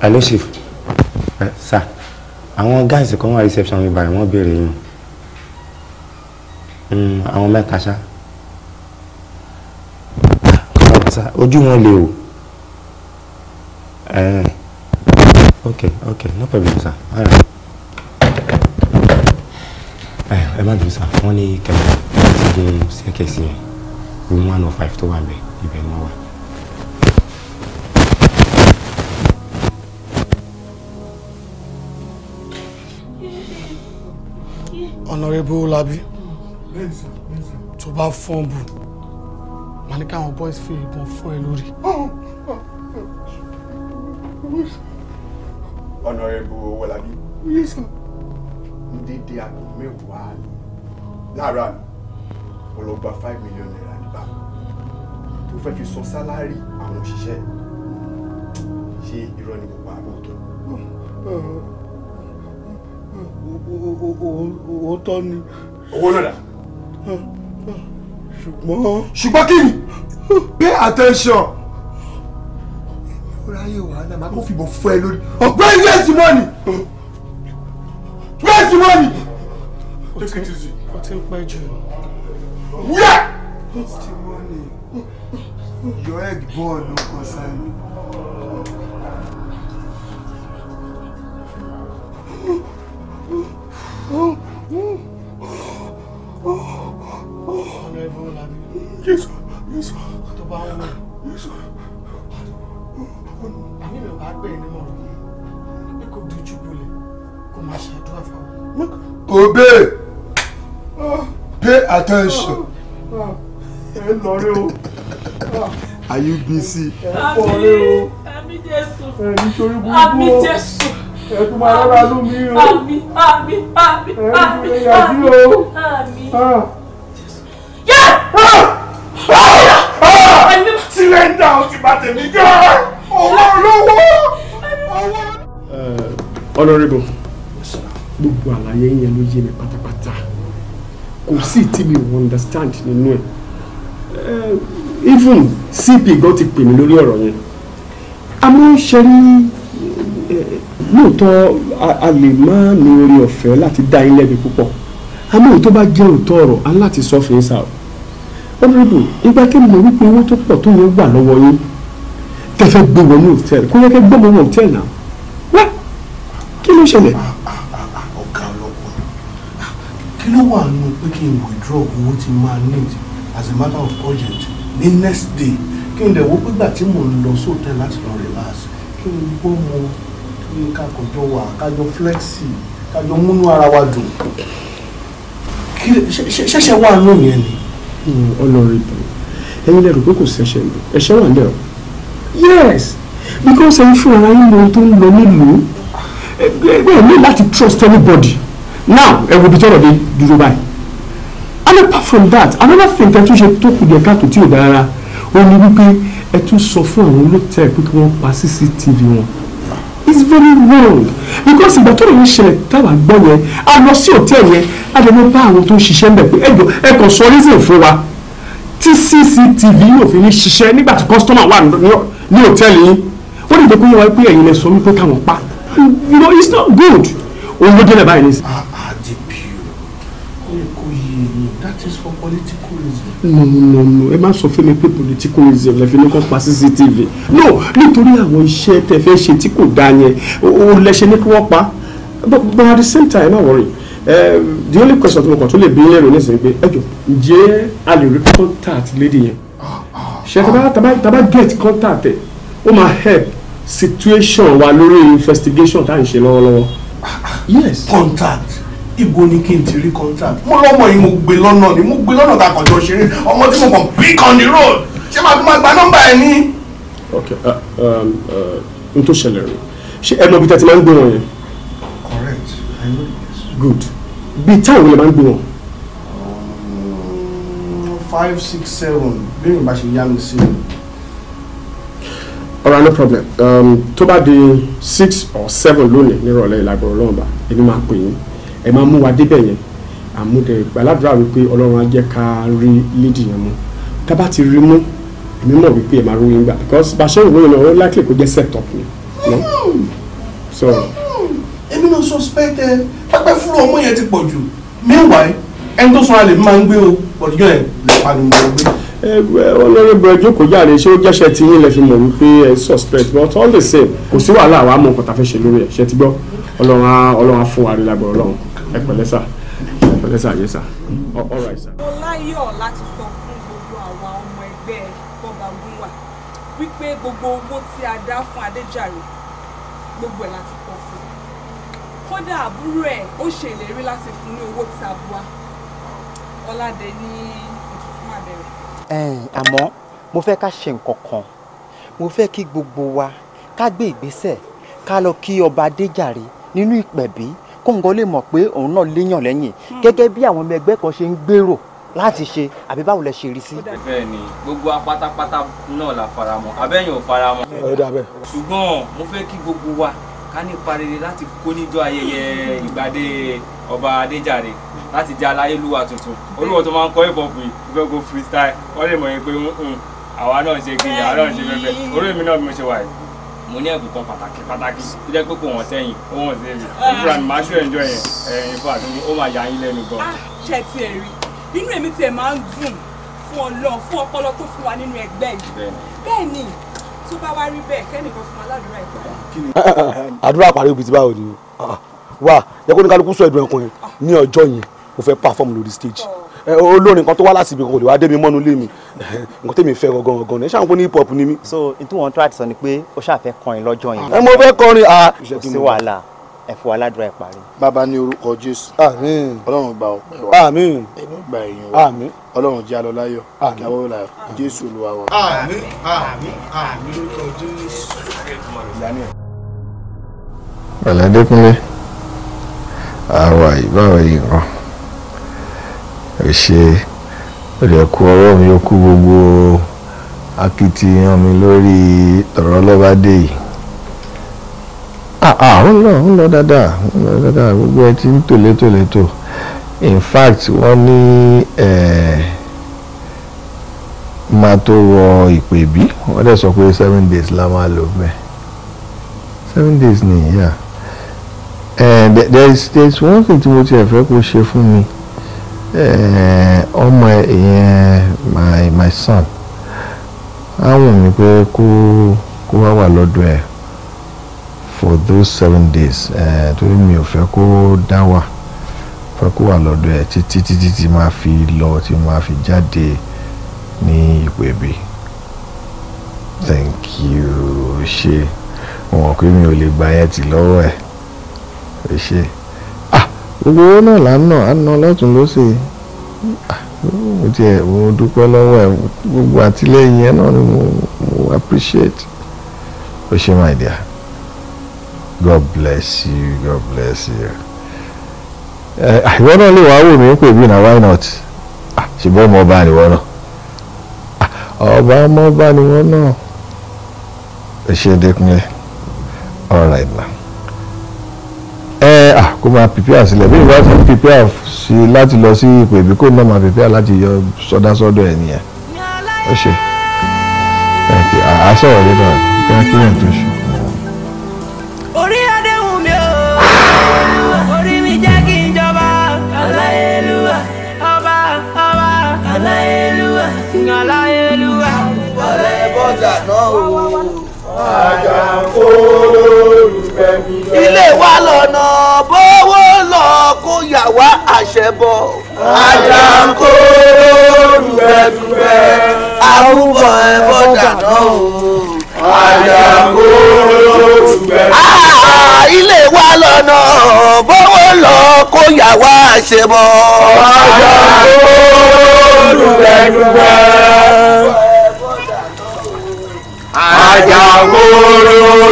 hello chief eh, sir àwọn gáàsì kan wà reception mi báyìí wọ́n béèrè yín. Mm, àwọn mẹ́ta ṣá ojú wọn lè o ok ok no problem sir all right ẹ má dùn sá wọn ní kẹmẹ ti dé sẹkẹsì yẹn room one oh five tó wà ń bẹ ibẹ̀ ni wọn wà. Honorable Labi tó bá fọ́n bù mà ní káwọn boys fi ìbọn fọ́ ẹ lórí. ọ̀nà ẹ̀bù Ọlábí ndéédé àgbò mẹ́wàá lára mi mo lọ gba five million naira nígbà tó fẹ́ fi san sálárì àwọn òṣìṣẹ́ ṣé irọ́ ni gbogbo àbọ̀ tó. òótọ́ ni. owó náà dà ṣùgbọ́n. ṣùgbọ́n kí ni pay attention. ó ráyè wàhálà máa kó fìbọn fọ ẹ lórí. ọ̀gbẹ́ni waste money waste money. ó ti ń pẹ́ jù. wúyà. waste money your egg ball no concern me. Pay attention. Are you busy? àmì mi ò bá gbé ẹni mọ̀rọ̀ pé kò dojú bolẹ̀ kò máa ṣàdúrà fáwọn. obey pay attention. ẹ lọ rí o. are you busy. àmì àmì jésù àmì jésù ẹtù máa rọra lómi o àmì àmì àmì àmì àmì àmì. Ah. tẹ́ńdà ó ti bá tèmi jẹ́ owó olówó owó. Eh, honorable gbogbo àlàyé yẹn ló yé mi pátápátá kò sí tí mi ò understand nínú ẹ̀ eh, even cp gan ti pè mí lórí ọ̀rọ̀ yẹn àmọ́ ṣe rí eh, lóòótọ́ a lè má ní orí ọ̀fẹ́ láti dá ilé ẹbí púpọ̀ àmọ́ èyí tó bá jẹ́ òótọ́ ọ̀rọ̀ aláti sọ fèé sáà ọlọ́dù ìgbà kí mo wípé owó tó pọ̀ tó yẹ wà lọ́wọ́ yín tẹ̀fẹ́ gbé wọnú hòtẹ́ẹ̀lì kó yẹ kẹ́ gbọ́ wọnú hòtẹ́ẹ̀lì náà wá kí ló ṣẹlẹ̀. ọ̀gá ọlọ́pàá kí ló wà nù pé kí n withdraw owó tí máa need as a matter of urgent ní next day kí n dẹ̀ wo pé gbà tí mò ń lọ sóòtẹ́ láti lọ relax kí n gbọ́ mo kí n kàkọ́jọ wà kájọ flexi kájọ múnú ara wa dùn ṣẹ̀ṣẹ̀ wà nù yẹn ni honourable mm, ẹ̀yin lẹ́rù pé kò ṣẹ̀ṣẹ̀ lò ẹ̀ṣẹ̀ wà lẹ́ọ̀ yes because ẹ̀yin fúnra yín mọ ohun tó ń lọ nílùú ẹgbẹ́ mi láti trust anybody now ẹ wo ibi tọ́rọ̀ dé dúró báyìí and apart from that another thing tẹ́ tún ṣe tó kù díẹ̀ káàtó tí ò dára ó ní wípé ẹ tún sọ fún àwọn olóòtẹ́ pé kí wọ́n pa CCTV wọn it's very wrong because ìgbà tó lóun ṣẹlẹ̀ táwa gbọ́ yẹn a lọ sí hòtẹ́ẹ̀lì yẹn a lè lọ bá àwọn tó ń ṣiṣẹ́ ń bẹ̀ pé ẹ̀jọ̀ ẹ kàn sọ reason fún wa tí cctv yóò fi ní ṣiṣẹ́ nígbà tí customer wà ní hòtẹ́ẹ̀lì yín ó lè jẹ́ pé wọ́n pé ẹ̀yin lẹ sọ wípé káwọn pa you know it's not good òun ló délẹ̀ báyìí nísìnyí. àdìpì ah, ah, o kò that is for politics Non, non, non, ẹ má sọ fún mi pé politicalism lẹ fi ní kàn pa cctv no nítorí àwọn iṣẹ́ tẹ fẹ́ ṣe tí kò dáa yẹn o lẹ ṣe ní kí wọ́n pa but but at the same time ẹ má worry the only question tí mo kàn tó lè bí ẹrù nísìnyí pé ẹ jọ ǹjẹ́ a lè rí contact lady yẹn ṣe taba taba get contact ẹ ó máa help situation wa lórí investigation tá à ń ṣe lọ́wọ́lọ́wọ́ yes contact ibo ni kí n ti rí contract mo lọ́mọ yìí mo gbé lọ́nà ni mo gbé lọ́nà takọ̀ jọ ṣeré ọmọ tí mo kàn pick on the road ṣé màá fi máa gba nọ́mbà ẹ̀ ní. ok uh, um, uh, n tó ṣẹlẹ̀ rẹ̀ ṣé ẹ mọ ibi tí a ti máa ń gbé wọn yẹn. correct i know this. good bíi táwọn yẹn máa ń gbé wọn. Um, five six seven bí mi bá ṣe yá mi sí i alright no problem um, tó bá di six or seven lónìí nírọ̀lẹ́ ìlàgbọ̀rọ̀ lọ́wọ́ bá ẹni máa pè yín ẹ máa mú wa débẹ̀ yẹn àmúdẹ gbàládùra wípé ọlọ́run á jẹ́ ká rí lídì yẹn mú tá bá ti rí mú èmi mọ̀ wípé ẹ máa rí yín gbà because bá a ṣe ń wòye náà ó likely kó jẹ́ set up ni. so. èmi náà suspect ẹ pápẹ́ fúru ọmọ yẹn ti pọ̀ jù meanwhile ẹni tó sanra lè máa ń gbé o pọ̀jù ẹ̀ lẹ́pa ni mo gbé. Ọlọ́run bẹ̀rẹ̀ jókòó jáde ṣé ó jẹ́ṣẹ́ tí yín lẹ fi mọ̀ wípé ẹ suspect but all the same kò sí wàhálà àwa mọ̀ nǹkan tá a fẹ́ ṣe lórí ẹ̀ ṣe ti gbọ́ Ọlọ́run á fún wa rí lágbára Ọlọ́run ẹ pẹ̀lẹ́ sà ẹ pẹ̀lẹ́ sà yes sà all right sà. mo láyọ̀ láti sọ fún gbogbo àwọn ọmọ ẹgbẹ́ bọ́ba gúnwà wípé gbogbo owó tí a dá fún adéjàre gbogbo ẹ̀ láti pọ̀ fún kódà àbúrò ẹ̀ ó ṣèlérí láti fún ní owó tí a bu wa ọ̀làdẹ ní òtútù máa bẹ̀rẹ̀. àmọ́ mo fẹ́ ká ṣe nǹkan kan mo fẹ́ kí gbogbo wa ká gbé ìgbésẹ̀ ká lọ kí ọba adéjàre nínú ìpẹ̀bí kóńgọ́ lè mọ̀ pé òun náà léyàn lẹ́yìn hmm. gẹ́gẹ́ bí àwọn ọmọ ẹgbẹ́ kan ṣe ń gbèrò láti ṣe àbí báwo lẹ ṣe rí sí. bẹ́ẹ̀ ni gbogbo apátápátá náà la faramọ́ abẹ́yìn ò faramọ́. ṣùgbọ́n mo fẹ́ kí gbogbo wa ká ní parire láti kó níjọ ayẹyẹ ìgbàdé ọba adéjàre láti jẹ aláyélúwà tuntun olúwo tó máa ń kọ ìbọn bùi fẹ́ go freestyle wọ́n lè mọ̀ yín pé àwa náà ṣe kí àwa náà ṣe fẹ́fẹ́ orí mi náà bí mo ṣe wà yìí mo ní ẹ̀bùn kan pàtàkì pàtàkì tó jẹ́ pé kò wọ́n sẹ́yìn ó wọ́n sí èmi ìfúra mi máa ṣe ẹ̀jọ́ yẹn ẹ̀yìn fún àti ó máa yà yín lẹ́nu gan. Ah, ṣe ti ẹ̀ rí inú èmi tiẹ̀ máa ń dùn fún ọlọ́run fún ọpọlọ tó fún wa nínú ẹgbẹ́ yìí bẹ́ẹ̀ ni tó bá wá rí bẹ́ẹ̀ kẹ́nìkan fún aládùúrà ìpàdé. àdúrà àpárí ibi tí báwo ni ah, wà jẹ́ kó ní kálukú sọ ẹ̀dùn ẹ̀kùn yẹn ah. ní ọjọ́ yẹn mo fẹ́ pàfọ́ọ̀mù lórí stage. Oh. Eh, olórin kan tó wá láti ibi kò lè wá débi mọ́nu lé mi eh, nǹkan tèmi fẹ́ gangan gangan ní ṣáà ń pọ́n ní hip hop ni mí. so n tí wọn try to sọ ni pé ó ṣàfẹ́ kọrin lọ́jọ́ yẹn. ẹ eh, mo fẹ́ kọrin a. Ah. kò sí wàhálà ẹ fún wa ládùúrà ẹ parí. bàbá ní orúkọ jésù. àmín. ọlọ́run gba ọpẹ́ wa. àmín. ẹnu gba èèyàn wa. àmín. ọlọ́run jẹ́ alọ́ láyọ̀. àmín. ìyàwó la jésù olúwa wa. àmín àmín àmín orúkọ jésù. bàlá àwa ìbáwọ̀ yìí kan ẹ ṣe ó dẹ̀ kú ọwọ́ mi ó kú gbogbo akitiyan mi lórí ọ̀rọ̀ ọlọ́bàdé yìí àwọn ah, ah, lọ ń lọ dáadáa ń lọ dáadáa gbogbo ẹ ti ń tòlétòlétò in fact wọ́n ní máa tó wọ ìpè bí wọ́n dẹ̀ sọ pé seven days la máa lò bẹ́ẹ̀ seven days ni yeah. Uh, there is there is one thing tí mo ti ẹ̀ fẹ́ kó ṣe fún mi. Eh, ọmọ ìyẹn my my son á wù mí pé kó kó wá wà lọ́dọ̀ ẹ̀ for those seven days eh, torí mi ò fẹ́ kó dá wà fẹ́ kó wà lọ́dọ̀ ẹ̀ títí títí tí máa fi lọ tí máa fi jáde ní ipò ẹ̀bí thank you ṣe wọn kò mi ò lè gbà yẹn tì lọ́wọ́ ẹ̀ ṣe. gbogbo owó náà là ń nà á nà lọ́tún lọ́sẹ̀ mo mo dúpẹ́ lọ́wọ́ ẹ̀ gbogbo àtìlẹ́yìn ẹ̀ náà ni mo appreciate o ṣe my dear God bless you God bless you ìwọ náà lè wò mí na why not ṣùgbọ́n ọmọ ọba ni wọ́n náà ọba ọmọ ọba ni wọ́n náà ẹ ṣe all kó máa prepare sílẹ̀ bí ìwà ti ń prepare sí láti lọ sí ipò ìbí kó náà máa prepare láti yọ sọdá sọ́dọ̀ ẹ̀ nìyẹn ó ṣe àásọ̀rọ̀ nínú ẹ̀ kí wọ́n tó ṣe. ilé wa lọ́nà padà wá àṣẹ bọ̀. àjàǹkó dùbẹ̀dùbẹ̀ àrùbọ̀ ẹ̀bọ̀ dàná o. àjàǹkó dùbẹ̀dùbẹ̀. Ah, ilé wa lọ́nà bọ́wọ́ lọ kó yà wá àṣẹ bọ̀. àjàǹkó dùbẹ̀dùbẹ̀. Àjàǹkó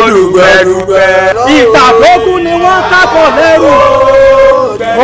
dùgbẹ̀dùgbẹ̀. Ìtàkókù ni wọ́n kápọ̀ lẹ́rù.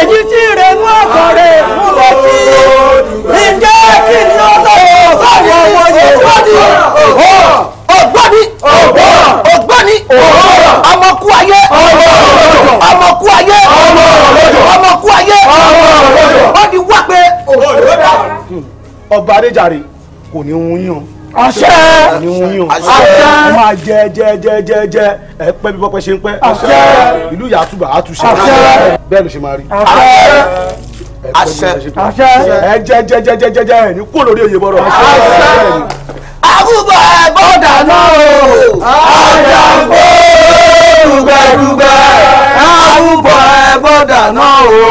èyí tí rẹ̀ mú ọkọ̀ rẹ̀ fún létí ǹjẹ́ kí ni ọlọ́wọ́ fáwọn ọmọ Yorùbá ni ọgbọ́ni ọgbọ́ni ọmọkú ayé ọmọkú ayé ọmọkú ayé wọ́n ti wá pé ọba adéjàre kò ní ń yàn àṣẹ àṣẹ máa jẹ jẹ jẹ jẹ jẹ ẹ pẹ bí bọpẹ ṣe ń pẹ àṣẹ ìlú yàtúbà àtúnṣe àṣẹ bẹ́ẹ̀ ló ṣe máa rí àṣẹ àṣẹ àṣẹ ẹ jẹ jẹ jẹ jẹ jẹ jẹ ẹ ní kó lórí oyè bọrọ àṣẹ àgùbọ ẹbọ dáná o àjàgbó dùgbẹdùgbẹ àgùbọ ẹbọ dáná o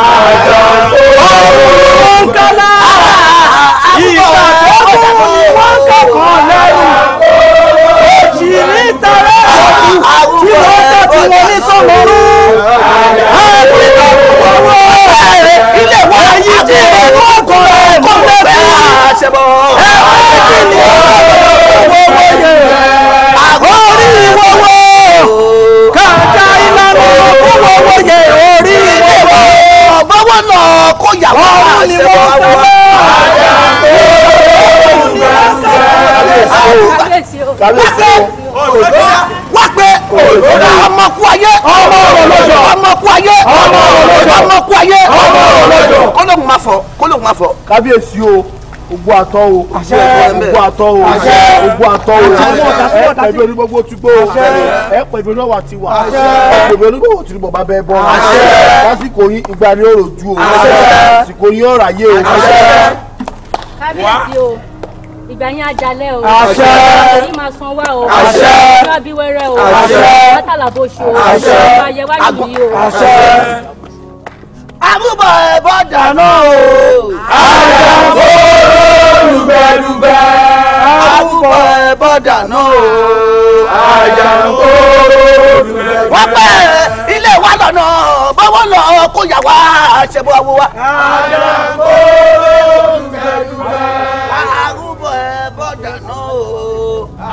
àjàgbó kálá àgùbọ ẹbọ dáná o wọ́n kẹ́kọ̀ọ́ lẹ́yìn èjì nítorí àti wọ́n tẹ̀sí wọn ní sọ́mọ́rú àti ìdókòwò wọn ilé wọn ayé ti wọ́n kọ́ ẹ̀kọ́ lẹ́sìn ẹ̀wọ̀n kìíní wọ́wọ́ yẹ orí wọ́wọ́ kàkà ìlànà wọ́wọ́ yẹ orí wọ́wọ́ bọ́wọ́ náà kó yàgbọ́ àṣẹ wọ́wọ́ kábíyèsí o kábíyèsí atọ o ogun atọ o ogun atọ o ẹ pẹ̀lú onígbogbo ti gbó o ẹ pẹ̀lú oníwà ti wà ẹ pẹ̀lú onígbogbo ti bọ̀bá bẹ bọ́ lásìkò yín ìgbà ni ó rò ju o lásìkò yín ọ̀rọ̀ ayé o. kábíyèsí o ìgbà yẹn ajalẹ o àṣẹ èyí máa san wá o àṣẹ ìjọba bí wẹrẹ o àṣẹ látàlà bó ṣe o àṣẹ ìjọba yẹ wá nìyí o àṣẹ. àmúbọ̀ ẹ̀bọ̀ dáná o. àyàfó lùbẹ̀lùbẹ̀. àmúbọ̀ ẹ̀bọ̀ dáná o. àyàfó lùbẹ̀lùbẹ̀. wọ́n pẹ́ ilé wa lọ́nà bọ́wọ́ lọ kó yà wá àṣẹ̀bọ̀ àwọ̀ wa. àyàfó lùbẹ̀lùbẹ̀.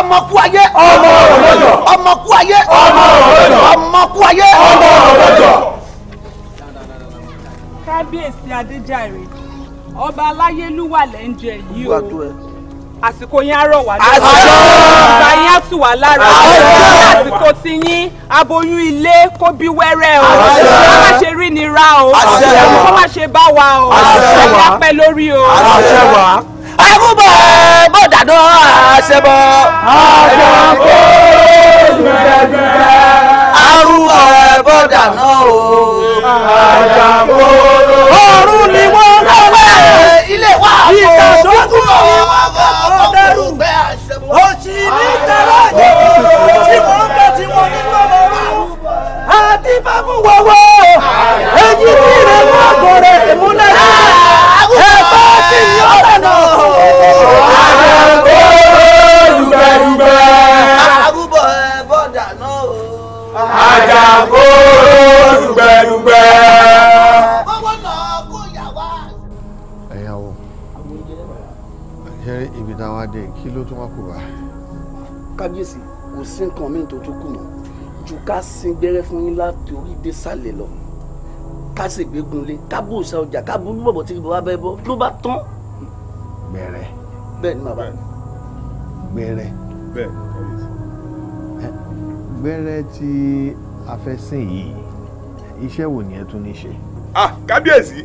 ọmọkú ayé ọmọ òròjọ ọmọkú ayé ọmọ òròjọ ọmọkú ayé ọmọ òròjọ. kábíyèsí adéjàre ọba aláyélúwà lẹ́ńjẹ yìí o àsìkò yẹn á rọ̀ wá lọ́wọ́ àgbà yẹn á tù wá lára àsìkò tí yín aboyún ilé kó bí wẹ́rẹ́ o kó má ṣe rí ni ra o kó má ṣe bá wa o ẹ̀yà pẹ́ lórí o arúgbó mọ̀dàdó àṣẹbọ. àjàǹkó gbẹgbẹ. arúgbó mọ̀dàdó àjàǹkó. ọ̀run ni wọ́n lọ́wọ́ ilé wa kò ìta tó kù ó dẹrù òsì ní tẹ̀lé tí wọ́n ń bẹ̀ tí wọ́n ní lọ́wọ́ àdàgbò dùgbẹ̀dùgbẹ̀. arúgbó ẹ bọ́dà náà o. àdàgbò dùgbẹ̀dùgbẹ̀. owó náà kó ibi táwọn adé kí ló tún wá kù bá. kábíyèsí kò sí nǹkan mi tó tún kù mọ́ ju ká sin gbẹ́rẹ́ fún yín láti orí dé sàlẹ̀ lọ ká sì gbégunlé ká bùsà ọjà ká bú lọ́bọ̀ tí bàbá bẹ́ bọ́ ló bá tán gbẹrẹ. bẹ́ẹ̀ni bàbá mi. gbẹrẹ. bẹ́ẹ̀ni kábíyèsí. gbẹrẹ tí a fẹ́ sìn yìí iṣẹ́ wo ni ẹ tún ní ṣe. ah kábíyèsí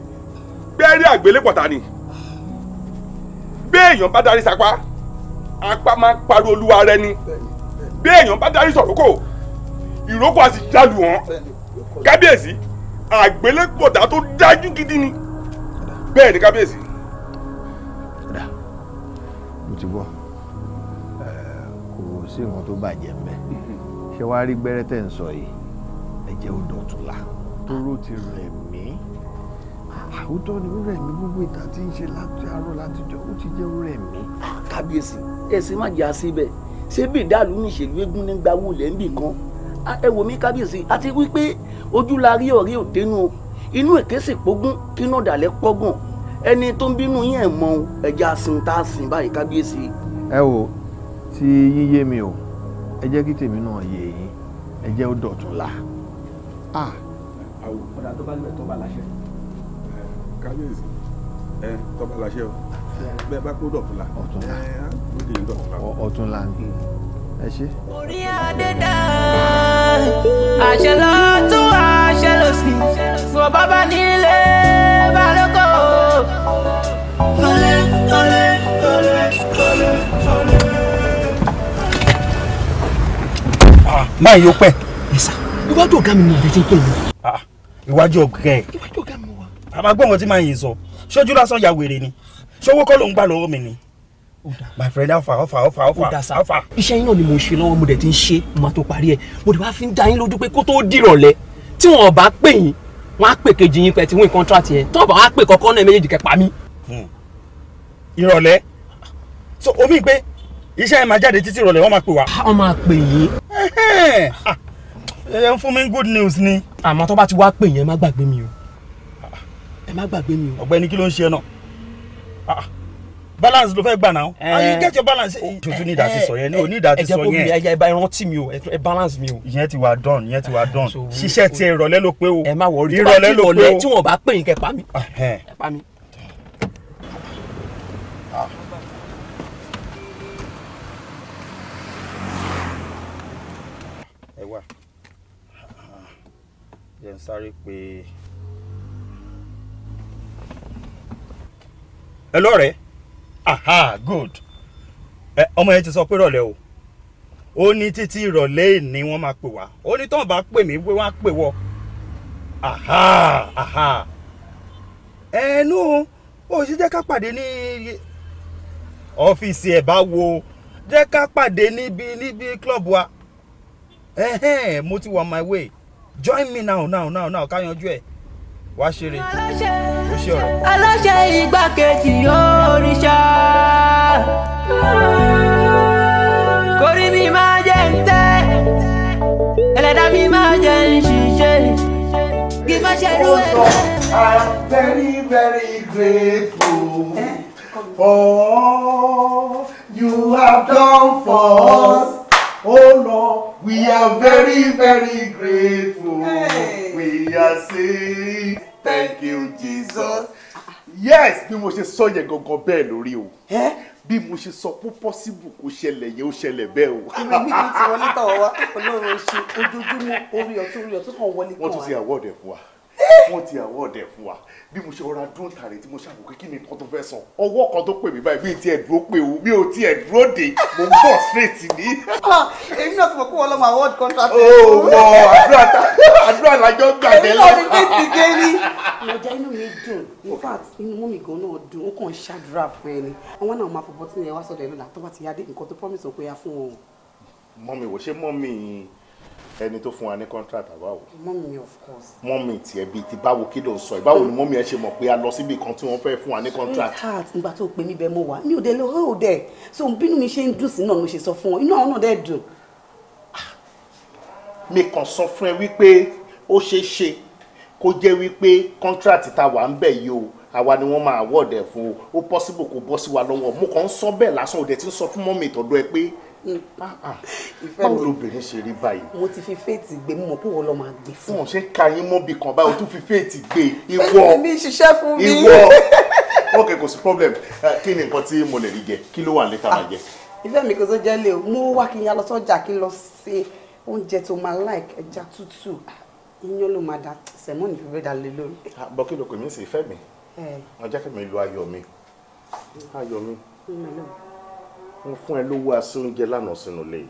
gbẹ́rẹ́ àgbélépọ̀tà ni béèyàn bá darí sapá apá máa ń pariwo olúwa rẹ ni béèyàn bá darí sọ̀rọ̀kò ìrókò àti jalù wọn kábíyèsí àgbélépọ̀tà tó dájú gidi ni bẹ́ẹ̀ ni kábíyèsí ti gbọ́ kò sí nǹkan tó bàjẹ́ mbẹ́ mm-hmm. ṣé wàá rí gbẹ́rẹ́ tẹ̀ ń sọ yìí ẹ̀jẹ̀ ò dọ̀túnla tóró ti rẹ̀ mí àwùjọ ni ó rẹ̀ mí gbogbo ìta tí ń ṣe láti àárọ̀ láti jọ ó ti jẹ́ ó rẹ̀ mí. kábíyèsí ẹ̀sìn má jà síbẹ̀ ṣé bí ìdálù ní ìṣèlú eégún ní gbawó lẹ́ńbì kan ẹ wò mí kábíyèsí àti wípé ojú la rí ọ̀rí òdenu inú èké sì pógún kínú ọ̀dàlẹ̀ pọ́gàn ẹni tó ń bínú yẹn mọ ẹja sin tá a sin báyìí kábíyèsí. ẹ wo ti yíyé mi o ẹ jẹ́ kí tèmi náà yé yín ẹ jẹ́ ó dọ̀tún la. ọ̀dà tó bá lẹ̀ tó bá láṣẹ. kábíyèsí ẹ tó bá láṣẹ o bẹ́ẹ̀ bá kó dọ̀tún la ọ̀tún la ẹ ṣe. orí adé dá àṣẹ lọ́tún. máa yóò pẹ́. ẹ sà iwájú ọ̀gá mi ni ọ̀dẹ ti ń pè mí. Ah, iwájú ọ̀gá ẹ̀. iwájú ọ̀gá mi wà. àmọ́ gbọ́n tí máa yìn sọ ṣojú lásán ya wèrè ni ṣowó kọ́ ló ń gbà lọ́wọ́ mi ni. my friend alfa alfa alfa alfa alfa. iṣẹ́ yín náà ni mo ṣe lọ́wọ́ mo dẹ̀ ti ń ṣe mo tó parí ẹ̀ mo dẹ̀ wá fi ń da yín lójú pé kó tó dìrọ̀lẹ́ tí wọn bá pè yín wọn á pè kejì yín pẹ̀ tí wọ́n kọ́ńtrátì yẹn tí wọn bá wá pè kọ́kọ́ náà méjèèjì kẹ́ pa mí. Hmm. ìrọ̀lẹ́ so omi pé iṣẹ́ ẹ̀ máa jáde títí ìrọ̀lẹ́ wọ́n máa pè wá. wọ́n máa pè yín. ẹ ń fún mi good news ni. àmọ́ tó bá ti wá pè yẹn má gbàgbé mi o ẹ má gbàgbé mi o. ọ̀gbẹ́ni kí ló ń ṣe náà ah, ah. balance ló fẹ́ gbà náà eh. ayi ah, get your balance. Eh, tutu ní ìdásí eh, sọ yẹn ní o ní ìdásí sọ yẹn. ẹ jẹ́ ẹ bá rántí mi o ẹ balance mi o. ìyẹn ti wà dán ìyẹn ti wà dán ṣiṣẹ́ ti ìrọ̀lẹ́ ló pé o. ẹ má wọrí ìrọ̀lẹ́ ló pé o. tí wọ́n bá pè yín kẹ́ pa mi. ń sáré pé. ẹ lọ́rẹ̀ẹ́ aha good ọmọ yẹn ti sọ pé rọ̀lẹ́ o ó ní títí ìrọ̀lẹ́ ìní wọ́n máa pè wá ó ní tọ́wọ́n bá pè mí pé wọ́n á pè wọ́ aha aha ẹnu ò sì jẹ́ ká pàdé ní ọ́fíìsì ẹ̀ bá wo jẹ́ ká pàdé níbi níbi club wa mo ti wà my way join me now now now now ká yanjú ẹ̀ wá ṣeré kò ṣe ọ̀rọ̀. aláṣẹ igbákejì òrìṣà kórí mi máa jẹ ń tẹ́ ẹlẹ́dàá mi máa jẹ ń ṣiṣẹ́ kí n má ṣe lú ẹ̀. I'm very very grateful eh? for all you have done for us. Oh Lord, we are very, very grateful. We are saying thank you, Jesus. Yes, bí mo ṣe sọ yẹn gangan bẹ́ẹ̀ lórí o. Bí mo ṣe sọ pé possible kò ṣẹlẹ̀ yẹn ó ṣẹlẹ̀ bẹ́ẹ̀ o. Ìwé mi ti wọlé tọ̀wọ́ wá, Ọlọ́run ṣe ojoojúmọ́ orí ọ̀tún orí ọ̀tún kan wọlé kan wá. Wọ́n tún ti àwọ̀dẹ̀ fún wa wọ́n ti award ẹ̀ fún wa bí mo ṣe ọ̀rá dúró tààrẹ tí mo ṣe àwòké kí ni nǹkan tó fẹ́ sọ ọwọ́ kan tó pè mí báyìí bí tiẹ̀ dúró pé o mi ò tiẹ̀ dúró dé mo ń bọ̀ straight ní. Ah, èmi náà ti mọ̀ pé wọ́n lọ́ award contract. ó oh, wọ àdúrà lájọ́ gbàdé lọ. èmi náà ni bí ti gé ní. lọ́jà inú mi dùn in fact inú mi gan náà dùn ó kàn ń ṣàdúrà fún ẹni àwọn náà máa fọ bọ́tí ẹ wá sọ̀dọ̀ ẹ lọ́la tó bá ti yá dé nǹkan tó promise òpè ya fún wọn. mọ́mi wò ṣé mọ́mi ẹni tó fún wa ní contract àbáwò. mọ́mì of course. mọ́mì tiẹ̀ bíi ti báwo kí ló ń sọ ẹ̀ báwo ni mọ́mì ẹ ṣe mọ̀ pé a lọ síbi kan tí wọ́n fẹ́ fún wa ní contract. sweetheart ìgbà tó pè mí bẹ́ẹ̀ mo wà mi ò dé lọ ó dẹ̀ so bínú mi ṣe ń dùn sí náà mo ṣe sọ fún wọn inú àwọn náà dẹ̀ dùn. Ah. mi kàn sọ fún ẹ wípé ó ṣeé ṣe kó jẹ́ wípé contract tá wà ń bẹ̀ yìí o àwa ni wọ́n máa award fún o ó possible kó bọ́ sí wa lọ́wọ́ mo kàn ń sọ bẹ́ẹ̀ lásán ò dẹ̀ ti ń sọ Ah, ah. ìfẹ́ mi lóbìnrin ṣe rí báyìí. mo ti fi fèètì gbé mo mọ̀ pé wọ́n lọ máa gbé fún. wọn ṣe mọ́bì kan báyìí o tún fi fèètì gbé ìwọ ìwọ ok kò sí problem eh, kí ni nǹkan tí mo lè rí jẹ kí ló wà níta máa ah, jẹ. ìfẹ́ mi kò tó jẹ́ lé o mo wá kí n yá lọ sọ́jà kí n lọ ṣe oúnjẹ tó máa like ẹja tútù iyán ló máa da sẹ̀mọ́ ní fífẹ́ dalẹ̀ lórí. bọ́ kí ló pè mí sí ìfẹ́ mi ọjọ́ eh. kẹ́mi lu ayọ̀ mi mm. ayọ̀ mi. Mm, wọ́n fún ẹ lówó asé oúnjẹ lánàá sínú ilé yìí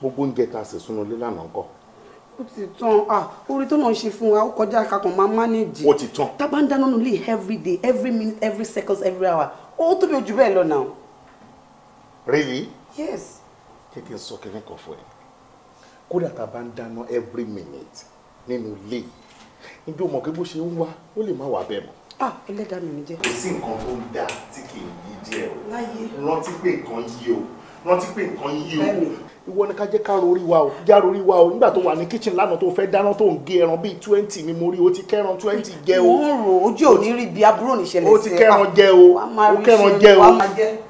gbogbo oúnjẹ tá a sì sínú ilé lánàá ńkọ́. ó ti tán orí tó náà ń ṣe fún wa ó kọjá kakàn máa manage. ó ti tán. tábà ń dáná nù lé every day every minute every second every hour ó tóbi ojú bẹ́ẹ̀ lọ náà. really. yes. kékeré sọ kẹ́kẹ́ kan fún ẹ kódà tá a bá ń dáná every minute nínú ilé yìí níbi ó mọ̀ pé bó ṣe ń wá ó lè má wà bẹ́ẹ̀ mọ́ ah ẹlẹ́dàá mi jẹ́. kò sí nǹkan tó ń dá tí kì í yí díẹ̀ o rántí pé nǹkan yí o rántí pé nǹkan yí o. ìwọ ni ká jẹ́ ká rorí wa o já rorí wa o nígbà tó wà ní kíchìn lánàá tó fẹ́ dáná tó ń gé ẹran bíi twenty ni mo rí o ti kẹ́ran twenty jẹ o. mo ń rò ó jẹ́ òní rí bí àbúrò níṣẹ̀lẹ̀ sí ẹ. o ti kẹ́ran jẹ o o kẹ́ran jẹ o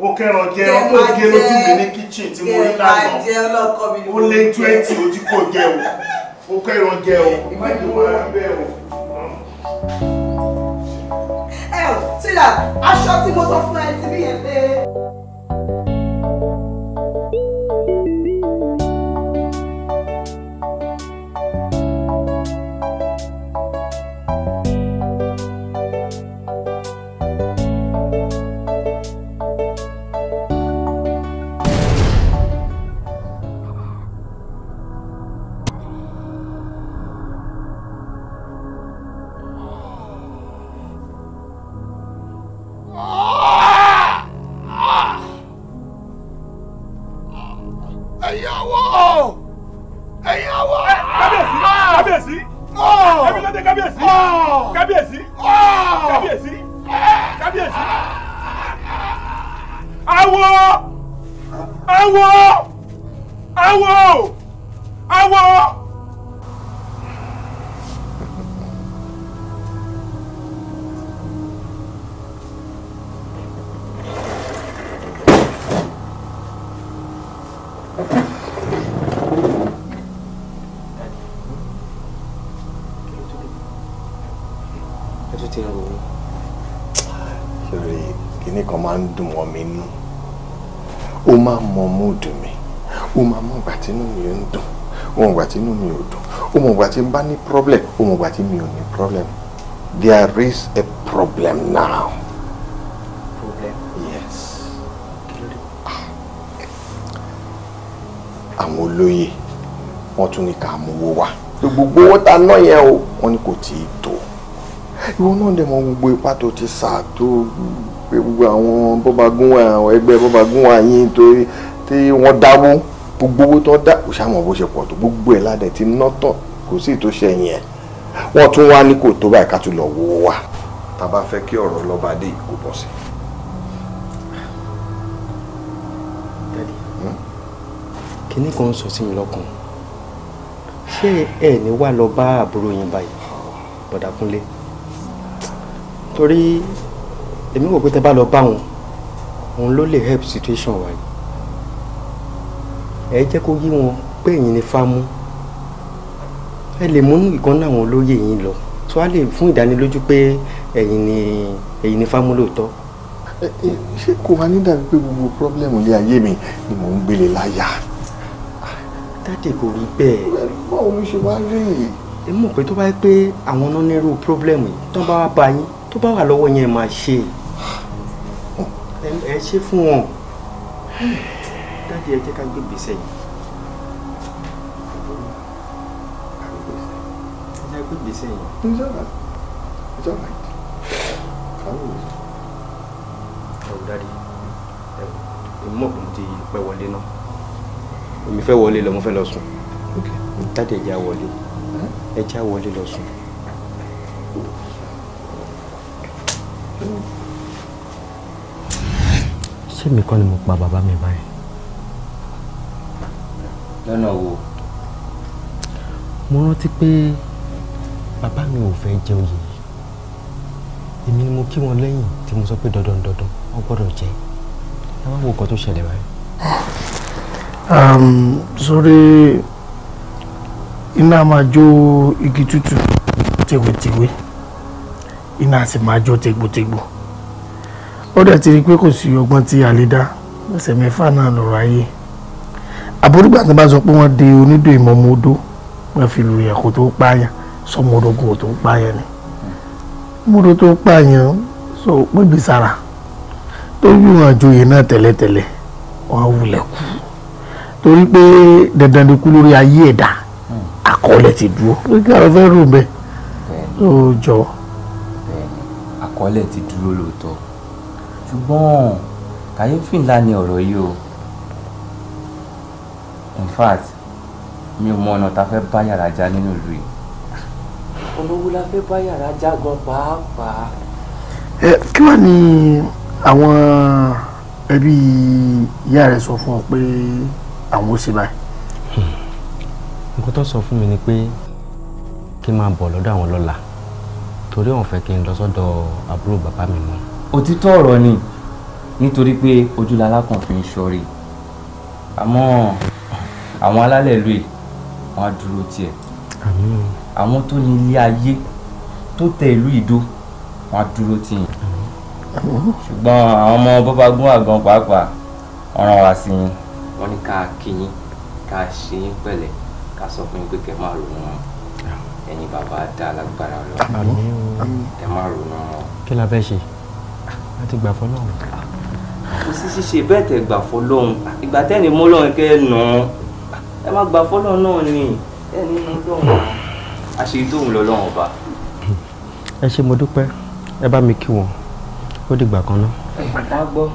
o kẹ́ran jẹ o tó gé lójú mi ní kíchìn tí mo rí lánàá o lé twenty o ti kò jẹ o o kẹ́ran jẹ o. ìgbà tó wà bẹ́ẹ̀ o. dà aṣọ tí mo sọ fún ẹ ti rí yẹn pé. ó mọ̀ ìgbà tí n bá ní problem ó mọ̀ ìgbà tí mi ò ní problem there is a problem now. problem yes. Ah. àwọn olóyè wọ́n tún ní ká mówó wá gbogbo owó tá a ná yẹn o wọ́n ní kò tí ì tó ìwọ náà dẹ̀ mọ gbogbo ipá tó ti sà tó gbogbo àwọn bọ́bagún àwọn ẹgbẹ́ bọ́bagún àyín torí tí wọ́n dáwó gbogbo owó tó dá òṣàmọ̀ bó ṣe pọ̀ tó gbogbo ẹ̀ ládẹ̀ ti ná tán kò sí ètò ṣẹ̀yìn ẹ̀ wọ́n tún wá ní kò tó báyìí ká tún lọ wò wá tá a bá fẹ́ kí ọ̀rọ̀ lọ́ba dé kó bọ̀ sí. Hmm? kinní kan sọ sí mi lọ́kàn ṣé ẹ ní wá lọ bá àbúrò yín báyìí bọ̀dà torí èmi wò pé tẹ bá lọ bá wọn òun ló lè help situation wa yìí ẹ jẹ́ kó yí wọn pé ẹ̀yin ni fámú ẹ lè mú ìkan náà àwọn olóyè yín lọ tó a lè fún ìdánilójú pé ẹ̀yin ni ẹ̀yin ni fámúlòótọ́ ṣé kò wá ní dàbí pé gbogbo pírọ́blẹ́mù ilé ayé mi ni mò ń gbélé láyà. dáàdì kò rí bẹ́ẹ̀. báwo ló ṣe wá rí i. ẹ mọ̀ pé tó bá yẹ pé àwọn náà nírú pírọ́blẹ́mù yìí tó bá wá bá yín tó bá wà lọ́wọ́ yẹn máa ṣe é. ẹ ṣe fún wọn. dáàdì ẹ jẹ́ ká gbé gbèsè yìí. di sí yẹn. it's alright it's alright kàwé wò ó. ẹ wò dáadé ẹ wò èmi mọ̀ pé mo ti pẹ́ wọlé náà èmi fẹ́ wọlé lọ mo fẹ́ lọ sùn dáadé ẹ já wọlé ẹ já wọlé lọ sùn. ṣé mi kọ́ ni mo pa bàbá mi báyìí. lọ́nà wo. mo rántí pé bàbá mi ò fẹ́ jẹ oyè yìí èmi ni mo kí wọn lẹ́yìn tí mo sọ pé dandan dandan wọ́n gbọ́dọ̀ jẹ ẹ wá wo nǹkan tó ṣẹlẹ̀ báyìí. Um, sórí iná máa jó igi tútù tewétewé iná á sì máa jó tegbòtegbò ó dẹ̀ ti rí i pé kò sí ọgbọ́n tí a lè dá ọ̀sẹ̀ mẹ́fà náà lọ́rọ̀ ayé àbúrúgbà tó bá sọ pé wọ́n de onídò ìmọ̀ọ́mọ́ odó wọ́n fi lu ẹ̀kọ́ tó pààyàn sọmọdógún tó ń pààyàn ni múdó tó pààyàn sọ pébì sára tó yíwọ̀n àjòyè náà tẹ́lẹ̀tẹ́lẹ̀ wọn wulẹ̀ kú torí pé dandan ni kú lórí ayé ẹ̀dá àkọọ́lẹ̀ ti dúró kí àwọn fẹ́ rò bẹ́ẹ̀ ó jọ. àkọọ́lẹ̀ ti dúró lóòótọ́ ṣùgbọ́n kàyéfì ńlá ni ọ̀rọ̀ yìí o in fact mi ò mọ ọ̀nà tá a fẹ́ bá yàrá já nínú ìlú yìí olówó la fẹ́ bá yàrá jágan pàápàá. ẹ kí wàá ní àwọn ẹbí ìyá rẹ sọ fún ọ pé àwọn ó ṣe báyìí. nǹkan tó sọ fún mi ni pé kí n máa bọ̀ lọ́dọ̀ àwọn lọ́la torí òun fẹ́ kí n lọ sọ́dọ̀ àbúrò bàbá mi mọ́. òtítọ́ ọ̀rọ̀ ni nítorí pé ojú làlá kan fi ń ṣọrí àmọ́ àwọn alálẹ̀ lóye wọ́n á dúró tiẹ̀ àwọn tó ní ilé ayé tó tẹ ìlú ìdó wọn á dúró tì yín ṣùgbọ́n àwọn ọmọ bọ́bá gún àgbọn pàápàá ọ̀ràn wá sí yín. wọ́n ní ká kí yín ká ṣe yín pẹ̀lẹ́ ká sọ fún yín pé kẹ́ máa ronú wọn ẹ̀yin bàbá dá lágbára lọ ẹ máa ronú wọn. kí la fẹ́ ṣe láti gbà fọlọ́hún. kò sí ṣíṣe bẹ́ẹ̀ tẹ̀ gbà fọlọ́hún ìgbà tẹ́ni mọ́lọ́hún kẹ́ nà án ẹ má gbà fọlọ́hún náà ni ẹ nínú lọ́wọ́ àṣírí tóun lọ lọ́wọ́ ọba. ẹ ṣé mo dúpẹ́ ẹ bá mi kí wọn ó dìgbà kan náà. ẹ bá gbọ́.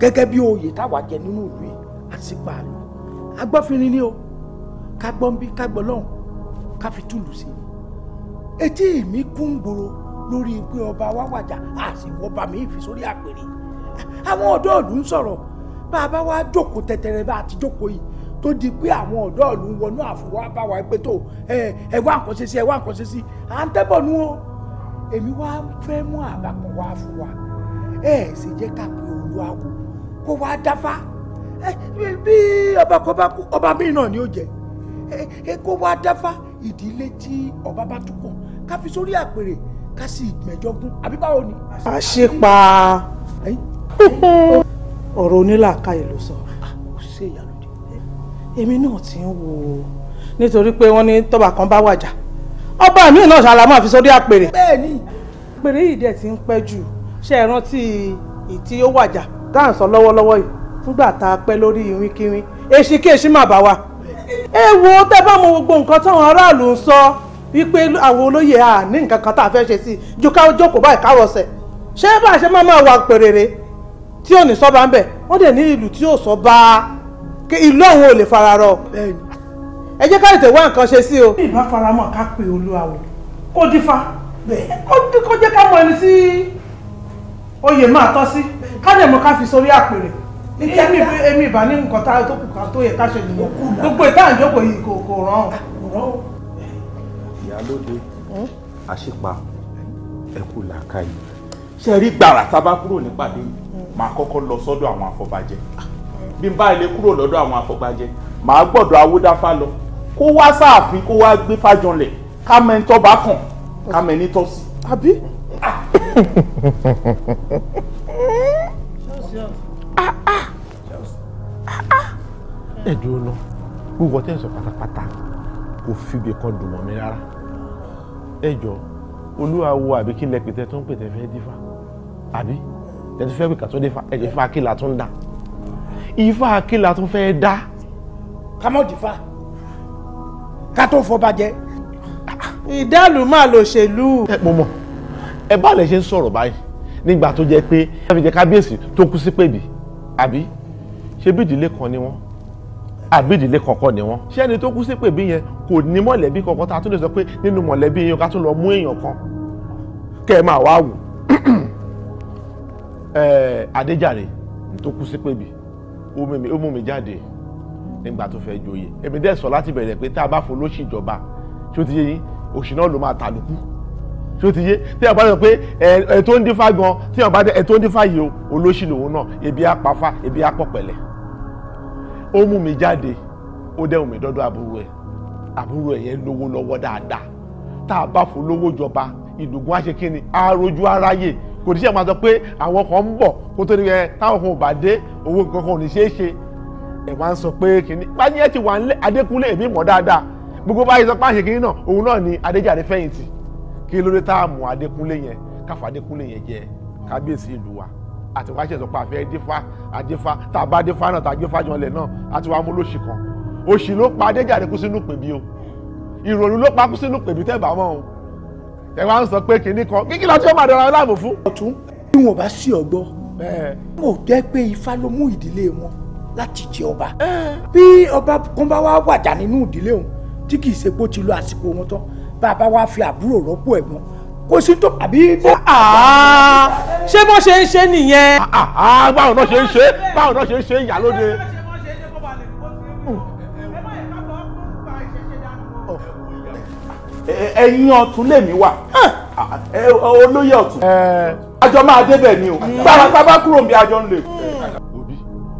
gẹ́gẹ́ bí oyè táwa jẹ nínú ìlú yìí àti pààlù agbófinrin ni o ká gbọ́n bí ká gbọ́ lọ́hùn ká fi túlù sí i etí mi kún gbòòrò lórí pé ọba wa wàjà àsìwọ́ bá mi fi sórí àpèrè àwọn ọ̀dọ́ ìlú ń sọ̀rọ̀ bá a bá wá jókòó tẹ̀tẹ̀rẹ̀ bá a ti jókòó yìí tó di pé àwọn ọ̀dọ́ ìlú ń wọnú àfọwọ́ bá wa pé tó ẹ wá nǹkan ṣe sí ẹ wá nǹkan sí à ń tẹ́bọ̀ nu o èmi wá fẹ́ mú àbàpọ̀ wá fún wa ẹ ẹ sì jẹ́ ká pe olúwago kó wá dáfá bí ọba mi náà ni ó jẹ kó wá dáfá ìdílé tí ọba bá tún ká fi sórí àpèrè ká sì mẹ́jọ́gún àbí báwo ni. àṣepa ọ̀rọ̀ onílàákàyè ló sọ. ó ah, ṣe ìyàlódé. èmi náà ti ń wo nítorí pé wọ́n ní tọ́ba kan bá wàjà ọba mi náà ṣàlà máa fi sórí àpèrè. bẹ́ẹ̀ni àpèrè yìí dẹ̀ ti ń pẹ́ jù ṣe é rántí ìtí ó wàjà tá à ń sọ lọ́wọ́lọ́wọ́ yìí fúngbà tá a pẹ́ lórí ìwínkíwín èsì kí èsì má bá wa. ẹ wo tẹ́ bá mọ gbogbo nǹkan táwọn aráàlú ń sọ. So wípé àwọn olóyè à ní nǹkan kan tá a fẹ́ ṣe sí ju ká jókòó báyìí kárọ̀ọ̀sẹ̀ ṣé bá a ṣe máa máa wà pèrèrè tí ò ní sọ́ba ń bẹ̀ wọ́n dẹ̀ ní ìlú tí ò sọ́ba ìlú àwọn ò lè fara rọ. ẹ jẹ́ ká lè tẹ̀ wá nǹkan ṣe sí o. bí ìbá faramọ̀ ká pe olúwawo kó dífá kó jẹ́ ká mọ ẹni sí oyè máa tọ́ sí ká dẹ̀ mọ́ ká fi sórí àpèrè èmi ìbá ní nǹkan tó kù ká tó yẹ ká ṣe nìyẹn gbogbo ìtàn ìjókòó yìí kò rán o alóde àṣìpa hm? ẹkú làákàyè ṣe rí gbàrà tá a bá kúrò nípàdé hm. màá kọ́kọ́ lọ sọ́dọ̀ àwọn afọbajẹ ah. bí n bá ilé kúrò lọ́dọ̀ àwọn afọbajẹ màá gbọ́dọ̀ awúdáfá lọ kó wá sáàfin kó wá gbé fájọlẹ̀ kámẹ́ńtọ́ bá kàn kámẹ́ńtọ́ sí. àbí. ẹ̀dùn ọ̀nà wíwọ tẹ̀sán pátápátá kò fi ibì kan dùn mọ́ mi rárá ẹ jọ olúwa wo àbí kí lẹ pètè tó ń pètè fẹ́ dífá àbí tẹ̀tí fẹ́ pèkà tó dífá ẹ̀jẹ̀ ifá akíla tó ń dá ifá akíla tó fẹ́ dá. ká mọ̀ dífá ká tó fọ́ bàjẹ́. ìdálù máa lò ṣèlú. ẹ mọ̀ mọ̀ ẹ bá lè ṣe ń sọ̀rọ̀ báyìí nígbà tó jẹ́ pé ẹ fi jẹ́ kábíyèsí tó kú sí pèbí àbí ṣé bí kan ni wọ́n àbí ìdílé kankan ni wọn ṣé ẹni tó kú sí pèbí yẹn kò ní mọ̀lẹ́bí kankan tá a tún lè sọ pé nínú mọ̀lẹ́bí yẹn ká tún lọ mú èèyàn kan kẹ́ ẹ máa wá wò Adéjàre tó kú sí pèbí ó mú mi jáde nígbà tó fẹ́ joyè èmi dẹ́ sọ láti bẹ̀rẹ̀ pé tá a bá folóṣì ìjọba tí ó ti yé yín òṣì náà ló máa tàlùkù tí ó ti yé tí a bá sọ pé ẹ tó ń dífá gan tí a bá ẹ tó ń dífá yìí o olóṣì lòun náà ebi apáfá ebi apọ̀pẹ̀lẹ̀ ó mú mi jáde ó dẹ̀ mú mi dọ́dọ̀ àbúrò ẹ̀ àbúrò ẹ̀ yẹn lówó lọ́wọ́ dáadáa tá a bá fún lówó jọba ìdògùn àṣekínni arojú aráyè kò ní ṣe máa sọ pé àwọn kan ń bọ̀ kó tó ní ẹ táwọn kan ò bá dé owó kankan ò ní ṣeé ṣe ẹ wá ń sọ pé kínní báyìí ẹ ti wà ń lé Adékúnlé èmi mọ̀ dáadáa gbogbo báyìí sọ pé àṣekínní náà òun náà ni Adéjàre fẹ̀yìntì kí ló dé tá a mọ̀ Adékúnlé yẹn káfọ Adékúnlé yẹn jẹ kábíyèsí ìlú wa àti wáṣẹ sọ pé àfẹ dífá àdífá tá a bá dífá náà tá a gbé fájọ ọlẹ náà àti wàá mú lóṣì kan òṣì ló pa adéjàre kú sínú pèbí o ìrònú ló pa kú sínú pèbí tẹ́ bá mọ́ o ẹ wá ń sọ pé kinní kan kíkí la tí ó máa dara láàmú fún. ọ̀tún bí wọn bá sí ọgbọ́ wọn ò jẹ́ pé ifá ló mú ìdílé wọn láti jẹ ọba bí ọba kan bá wá wàjà nínú ìdílé wọn tí kì í ṣe pé ó ti lo àsìkò wọn tán bá a bá wá fi àbúrò rọ́pò ẹ̀gbọ́n kó sí tó àbí ṣé bó ṣe ń ṣe nìyẹn. Ah, ah, ah, báwo náà ṣe ń ṣe báwo náà ṣe ń ṣe ìyálóde. ẹ̀yin ọ̀tún lèmi wà olóyè ọ̀tún àjọ máa débẹ̀ ni o bára sábà kúrò bí àjọ ń lè. Hmm. òbí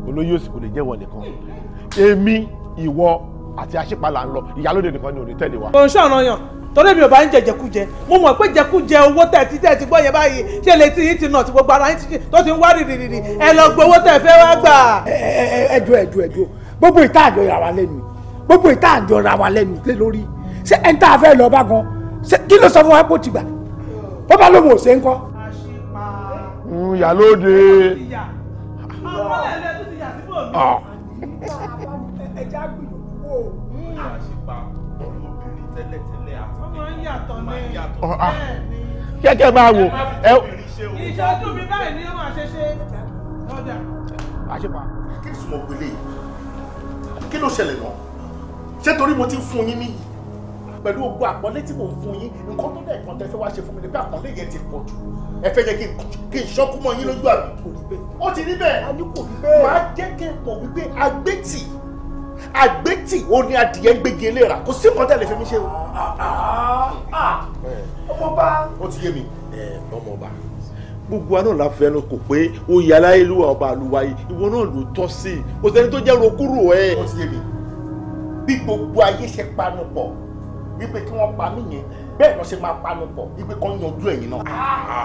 olóyè òsì kò lè jẹ́ wọ nìkan èmi ìwọ àti àṣípàlà ń lọ ìyálóde nìkan ni ò ní tẹ̀lé wa. kò ń ṣàràyàn torí mi ò bá ń jẹ jẹkújẹ mo mọ̀ pé jẹkújẹ owó tẹ̀ tí tẹ̀ ti gbọ́ yẹn báyìí ṣe lè ti yín ti nà tí gbogbo ara yín ti tó ti ń wá rìrìrì ẹ lọ gbowó tẹ̀ fẹ́ wá gbà. ẹjọ ẹjọ ẹjọ gbogbo ìta àjọ ra wa lẹ́nu gbogbo ìta àjọ ra wa lẹ́nu lé lórí ṣé ẹni tá a fẹ́ lọ bá gan kí ló sọ fún wa kó ti gbà bó bá lóun ò ṣe ń kọ́. ìyálóde. ẹ jágbe yòókù o tẹ́lẹ̀tẹ́lẹ̀ àti fẹ́ máa ń yàtọ̀ ní kẹ́kẹ́ máa wò. ìṣẹ́jú mi báyìí ni ó máa ṣe ṣe lọ́dà. àṣepa. kí ni sùnmọ̀ pélé kí ló ṣẹlẹ̀ náà ṣé torí mo ti fún yín níyì pẹ̀lú ogun àpọ́nlé tí mò ń fún yín nǹkan tó dẹ̀ kan tẹ́ fẹ́ wá ṣe fún mi ni pé àpọ́nlé yẹn ti pọ̀ jù ẹ fẹ́ jẹ́ kí n ṣọ́kú mọ́ yín lójú àbí kò rí bẹ́ẹ̀. ó ti rí bẹ́ẹ̀. a jẹ́ kẹ́ wípé agbẹ́tì àgbétì ó ní adìyẹ gbégi eléra kò sí nǹkan tẹ̀lé fẹ́mi ṣe o. ọmọọba. ó ti yé mi. ẹ ọmọọba gbogbo àná la fẹnu kò pé oyè aláyélúwà ọba àlùwáyé ìwọ náà ló tọ́ sí i kò sẹ́ni tó jẹ́ rokúrò ẹ. ó ti yé mi bí gbogbo ayé ṣe panu pọ̀ wípé kí wọ́n pa mí yẹn bẹ́ẹ̀ lọ ṣe máa panu pọ̀ wípé kọ́ yanjú ẹ̀yìn náà.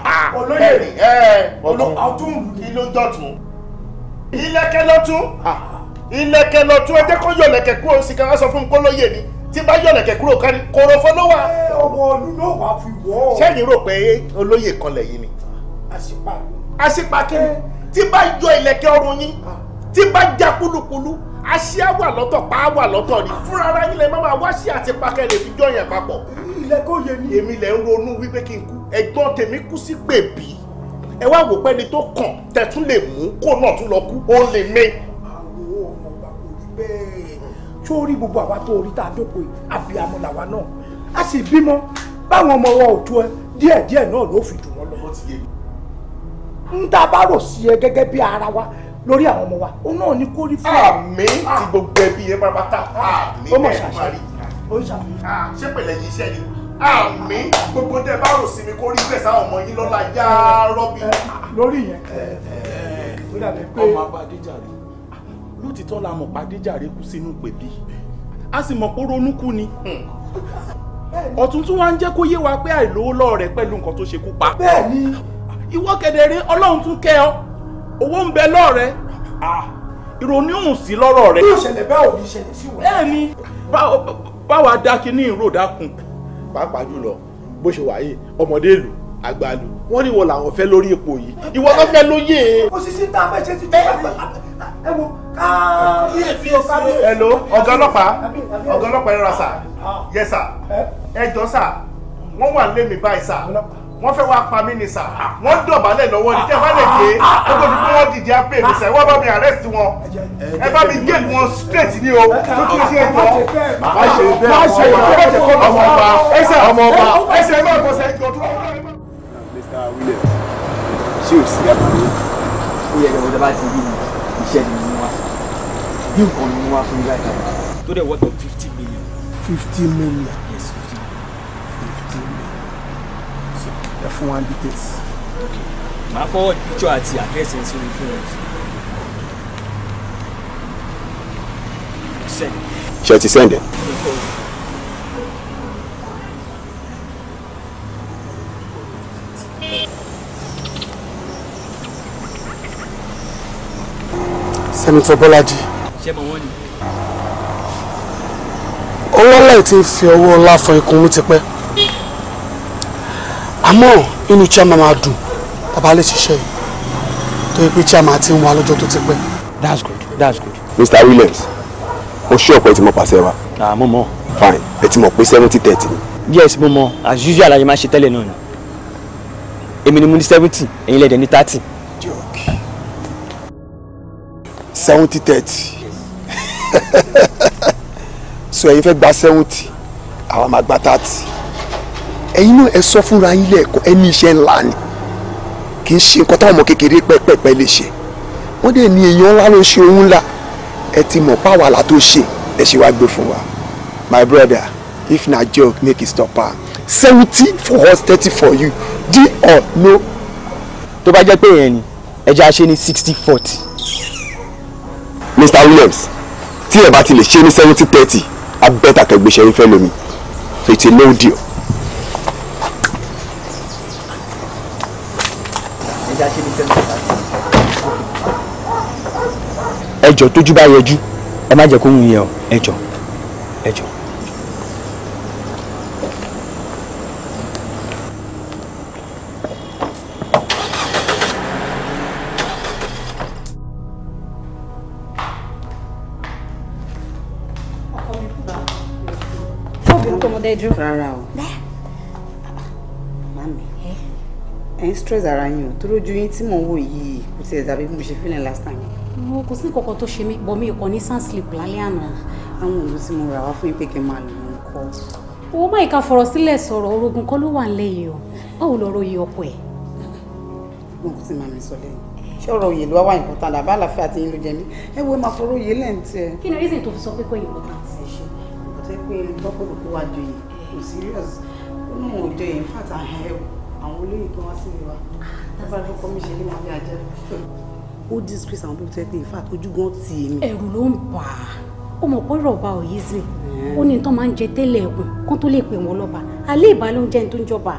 Ah, olóyè rẹ̀ ọ̀tún ìlú dọ̀tún ilẹ̀kẹ̀ lọ́tún ìlẹ̀kẹ̀ lọ tí wọ́n jẹ́ kó yọ̀lẹ̀kẹ̀ kúrò sí kan sọ fún mi kó lóye ni tí bá yọ̀lẹ̀kẹ̀ kúrò kárí korofo ló wà. ọmọ ọdún ló wà fi wọ́. sẹ́yìn rò pé olóyè kan lẹ́yìn ni. àṣìpà. àṣìpà kí ni tí bá yọ ìlẹ̀kẹ̀ ọrùn yín ah. tí bá já kúlukúlu àṣìá wà lọ́tọ̀ pa á wà lọ́tọ̀ ni ah. fúnra ara yín lè máa wá sí àti pakẹ́ lè fi jọ yẹn papọ̀. ìlẹ̀kẹ̀ òye ni. èmi lẹ̀ ń ronú wípé kí n kú ẹ bẹ́ẹ̀ gbogbo àwa tó orí tá a dóko yìí àbíamọ làwa náà a sì bímọ báwọn ọmọ wa ò tó ẹ náà ló fi dùn wọn bá rò ẹ gẹ́gẹ́ bí ara wa lórí àwọn ọmọ wa òun náà ní kó rí fún wa. ti ah. gbogbo ẹbí yẹn bẹ́ẹ̀ máa rí ṣé pẹ̀lẹ́ yìí gbogbo bá rò sí mi ọmọ yín lọ́la eh, òtítọ́ la mọ̀ pàdéjàre kú sínú pèbí a sì mọ̀ pé ronúkú ni ọ̀tún tún wá ń jẹ́ kó yé wa pé àìlówó lọ́ọ̀ rẹ̀ pẹ̀lú nǹkan tó ṣe kú pa. bẹ́ẹ̀ni. ìwọ kẹdẹrin ọlọ́run tún kẹ́ ọ owó ń bẹ lọ́ọ̀ rẹ ìrònú sí lọ́rọ̀ rẹ. bí ìṣẹ̀lẹ̀ bá òbí ìṣẹ̀lẹ̀ sí wọn. bẹ́ẹ̀ni báwa dá kínní ìró dákun. pàápàá jùlọ bó ṣe wáyé ọmọdé ìlú àgbà ìlú wọn ní wọn làwọn fẹ́ lórí ipò yìí ìwọ ló fẹ́ lóyè. òṣìṣẹ́ tá a fẹ́ ṣe ti jẹ́ ẹ wo káàbíyèsí o káàbíyèsí. hello ọ̀gá ọlọ́pàá ọ̀gá ọlọ́pàá ẹ rà sà ah. yes sà ẹ jọ sà wọ́n wà lé mi báyìí sà wọ́n fẹ́ wá pa mí ni sà wọ́n dọ̀bálẹ̀ lọ́wọ́ ni tẹ́ bá lè dé gbogbo ah. ní kí wọ́n dìde abẹ́ mi sà ẹ wá bá mi arrest wọn ẹ bá mi gé wọn straight ni o lójú sí ẹjọ́ má ṣe bẹ́ẹ̀ má ṣe bẹ́ẹ̀ ọmọ ọba ẹsẹ̀ ọmọ ọba ẹsẹ̀ ẹ má bọ̀ sẹ́ jọ tó wá. Mr. William ṣé o sí ẹ̀ka mi ó yẹ kí ọmọdé bá ti rí mi hundred ni mo wá bí nǹkan ni mo wá fún yín láti àwọn. tó fifty million. fifty million. yes fifty million. fifty million. so ẹ fún wa details. ok màá fọwọ́ picture àti the ẹ̀ sórí fún ẹ. ṣe ti send ẹ. Senator Bọ́lájí. ṣé mo wọ́n ni. fi ọwọ́ ọlá fọ ikùn mú tipẹ́ àmọ́ inú chairman máa dùn bàbá lè ṣiṣẹ́ yìí tó yẹ pé chairman ti ń wá lọ́jọ́ tó ti pẹ́. that's good that's good. Mr. Williams mo ṣí ọ̀pọ̀ ẹ ti mọ pàṣẹ wa. ah mo mọ. fine ẹ ti mọ̀ pé seventy thirty yes mo mọ as usual ayé máa ṣe tẹ́lẹ̀ náà ni èmi ni mo ní seventy ẹ̀yin lẹ́dẹ̀ẹ́ ní thirty. seventy thirty so ẹ̀yin fẹ́ gba seventy àwọn máa gba thirty ẹ̀yin náà ẹ sọ fúnra yín lẹ́ẹ̀kọ́ ẹni iṣẹ́ ńlá ni kì í ṣe nǹkan táwọn ọmọ kékeré pẹ́pẹ́pẹ́ lè ṣe wọ́n dẹ̀ ní èèyàn ńlá ló ṣe ohun ńlá ẹ ti mọ̀ páwa là tó ṣe ẹ ṣe wá gbé fún wa my brother if na joke make e stop am seventy for us thirty for you deal or no. tó bá jẹ́ pé yẹn ni ẹja ṣe ní sixty forty. Mr. Williams tí ẹ bá ti lè ṣe ní seventy thirty abẹ́ta kẹgbẹ́sẹ̀ ń fẹ́ lómi so it's a no deal. ẹ jọ̀ọ́ tójú bá yọjú ẹ má jẹ́ kó ń yẹ ọ ẹ jọ̀ọ́ ẹ jọ̀ọ́. lójú rárá o. mami ẹ ń stress ara yín o tó lójú yín tí mò ń wò yìí kò tiẹ̀ dàbí mo ṣe feeling last time. mo kò sí kankan tó ṣe mí bọ̀ mi kò ní sun sleep lálẹ́ àná. àwọn òòlù tí mo rà wá fún yín pé kí n máa lò ó kọ́. owó máa ìka fọ̀rọ̀ sílẹ̀ sọ̀rọ̀ orogún kọ́ ló wà nílẹ̀ o báwo lọ́rọ̀ yìí ọkọ ẹ̀. mo kò tí màmí sọ lẹ́yìn ṣé ọ̀rọ̀ òye ló wá wá important àbá àlàáfíà tí yín ló jẹ mí ẹ wo máa fọ̀rọ̀ òye lẹ́ǹtì ẹ. kí ni reason tó fi sọ pé kò kò serious ó ní òun ò jẹ in fact àhẹ àwọn olóyè tó wá sí mi wá ah, bàbá àkọ́kọ́ mi ṣe ní wọn bí ajẹ́ ó disgrace àwọn bóbi tó ẹ pé in fact ojú gan ti èmi. ẹ̀rù ló ń bà á ó mọ̀ pé rọ̀bà ò yí sí ó ní tán máa ń jẹ tẹ́lẹ̀ ẹ̀kùn kán tó lè pè wọ́n lọ́ba alẹ́ ìbá ló ń jẹ́ tó ń jọba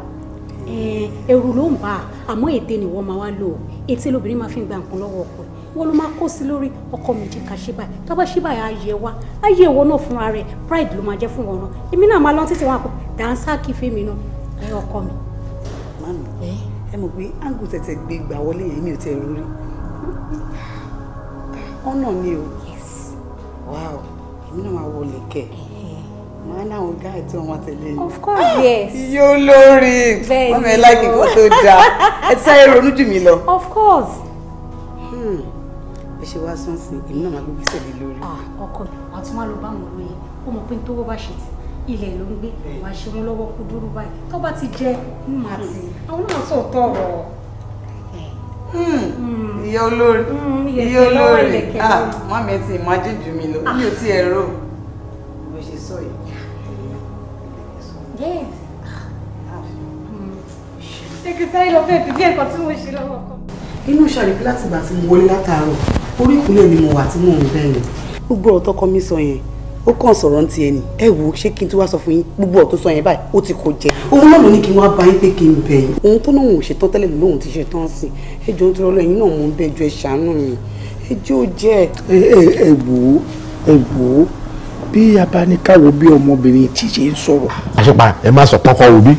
ẹ̀rù ló ń bà á àmọ́ ète ni wọ́n máa wá lò ète lóbìnrin máa fi ń nǹkan lọ́wọ́ ọkọ wọ́n ló máa kó sí lórí ọkọ mi jẹ́ ká ṣe báyìí tá a bá ṣe báyìí ayé wa ayé ìwọ náà fúnra rẹ̀ pride ló máa jẹ́ fún wọn náà èmi náà máa lọ títí wọn àpò dànsá kí fèmí náà ẹ ọkọ mi. màmí ẹ mọ̀ pé áńgù tẹ̀tẹ̀ gbé gbà wọlé yẹn mi ò tẹ̀ lórí ọ̀nà ni o wow èmi náà máa wọlé kẹ̀ máa náwọn gáà tí wọn máa tẹ̀lé yìí. of course ah, yes. yóò lórí ọmọ ẹ láìpẹ́ kó tó dáa ẹ ti sáré ronú jù mí lọ. of course. Hmm bí ṣe wá sọ́nsìn èmi náà máa gbé gbèsè lé lórí. Ah, ọkọ mi wàá tún máa lọ bá àwọn olóye ó mọ pé ní tówó bá ṣe tì ilẹ̀ ló ń gbé wàá ṣe wọn lọ́wọ́ kú dúró báyìí tó bá ti jẹ ń máa tì àwọn náà sọ tọrọ. Hmm. Hmm. ìyá olórí hmm, ìyá olórí ah mọ́mí ti imagine jù mí lọ mi ò tí ẹ rò bó ṣe sọ yìí. yes. ṣé kí sáyé lọ fẹ́ẹ́ fi bí ẹ̀kọ́ tí mo ṣe lọ́wọ́ kan. inú ṣàlùkí láti gbà tí mo wọlé látàárọ̀ orí ìkúnlẹ̀ ni mo wà tí mò ń bẹ̀rẹ̀. gbogbo ọ̀rọ̀ tọkọ mi sọ yẹn ó kàn sọ̀rọ̀ ní tiẹ̀ ni ẹ wò ó ṣé kí n tí wàá sọ fún yín gbogbo ọ̀rọ̀ tó sọ yẹn báyìí ó ti kò jẹ́. òun náà ló ní kí n wá bá yín pé kí n bẹ̀ yín. òun tó náà òun ṣetán tẹ́lẹ̀ lóun ti ṣetán sí i ẹjọ́ ń tọrọ lẹ́yìn náà mò ń bẹ̀ ju ẹ ṣàánú mi ẹjọ́ jẹ́. ẹ ẹ ẹ wò ó ẹ wò ó bí abánikáwo bí ọmọbìnrin tí ṣe ń sọ̀rọ̀. àṣepa ẹ má sọ kọ́kọ́ wo bí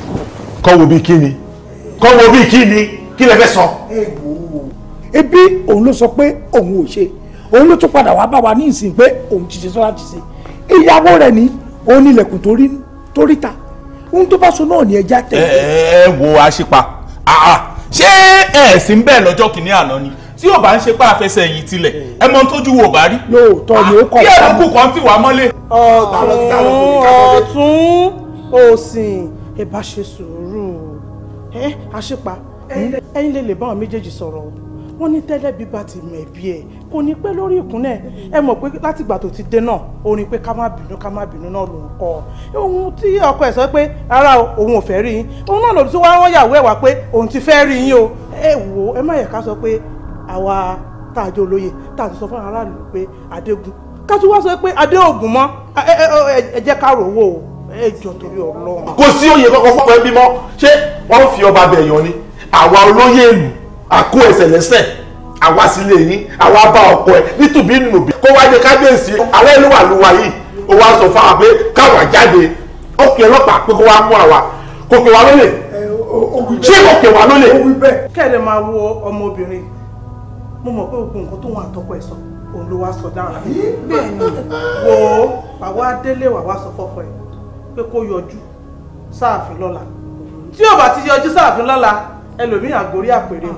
kọ́ bí kí ni kọ́ bí kí ni kí lẹ fẹ́ sọ. ẹ wò ebi òun ló sọ pé òun ò ṣe òun ló tún padà wá bá wa ní ìsìn pé òun ti ṣe sọ́ra ti ṣe ìyàwó rẹ̀ ní òun ní ilẹ̀kùn tó rí ta ohun tó bá so náà ní ẹja tẹ̀. ẹ ẹ wo aṣípa ṣé ẹ sì ń bẹ́ẹ̀ lọ́jọ́ kìíní àná ni tí ò bá ń ṣe pé àfẹsẹ̀ yìí tilẹ̀ ẹ mọ tójú wo bá rí. lóòótọ́ ni ó kọ̀ sáà kí ẹ̀rọ kù kan ti wà mọ́lẹ̀. ọ̀tún ọ̀tún òsìn ẹ bá ṣe sùúrù ẹ aṣípa ẹ̀yin lè lè bá àwọn méjèèjì sọ̀rọ̀ o wọ́n ní tẹ́lẹ̀ bí bá ti mẹ̀bí ẹ̀ kò ní pẹ́ lórí ìkúnlẹ̀ ẹ mọ̀ pé látìgbà tó ti dé náà orin pé ká má bínú ká má bínú náà ló ń kọ́ ohun tí ọkọ ẹ̀ sọ pé ara òun ò fẹ́ rí yín òun náà lòdì tó wá wọ́n yàwó ẹ̀ wá pé òun ti fẹ́ rí yín o ẹ wò ó ẹ má yẹ ká sọ pé àwa tá a jẹ́ olóye tá a ti sọ fún aráàlú pé adégún ká tún wá sọ pé adéògùn mọ́ ẹ jẹ́ ká rówó o ẹ jọ torí Ọlọ́run. kò sí òye àkó ẹsẹ̀ lẹ́sẹ̀ àwa sílé yín àwa bá ọkọ ẹ nítòbí nùbí kó wá jẹ kábíyèsí alẹ́ ló wà lúwa yìí ó wá sọ fún wa pé káwa jáde ó kí ọlọ́pàá pé kó wá mú àwa kó pè wá lólè ṣé kò pè wá lólè. kẹ́lẹ̀ máa wo ọmọbìnrin mo mọ̀ pé oògùn nǹkan tó wà àtọ́kọ ẹ̀ sọ òun ló wá sọ dáhùn bẹ́ẹ̀ ni wo bàbá délé wàá sọ fọ́fọ́ ẹ̀ pé kó yọjú sáàfin lọ́la tí ò bá ti yọjú sáàfin lọ́la ẹlòmíì àgórí àpèrè o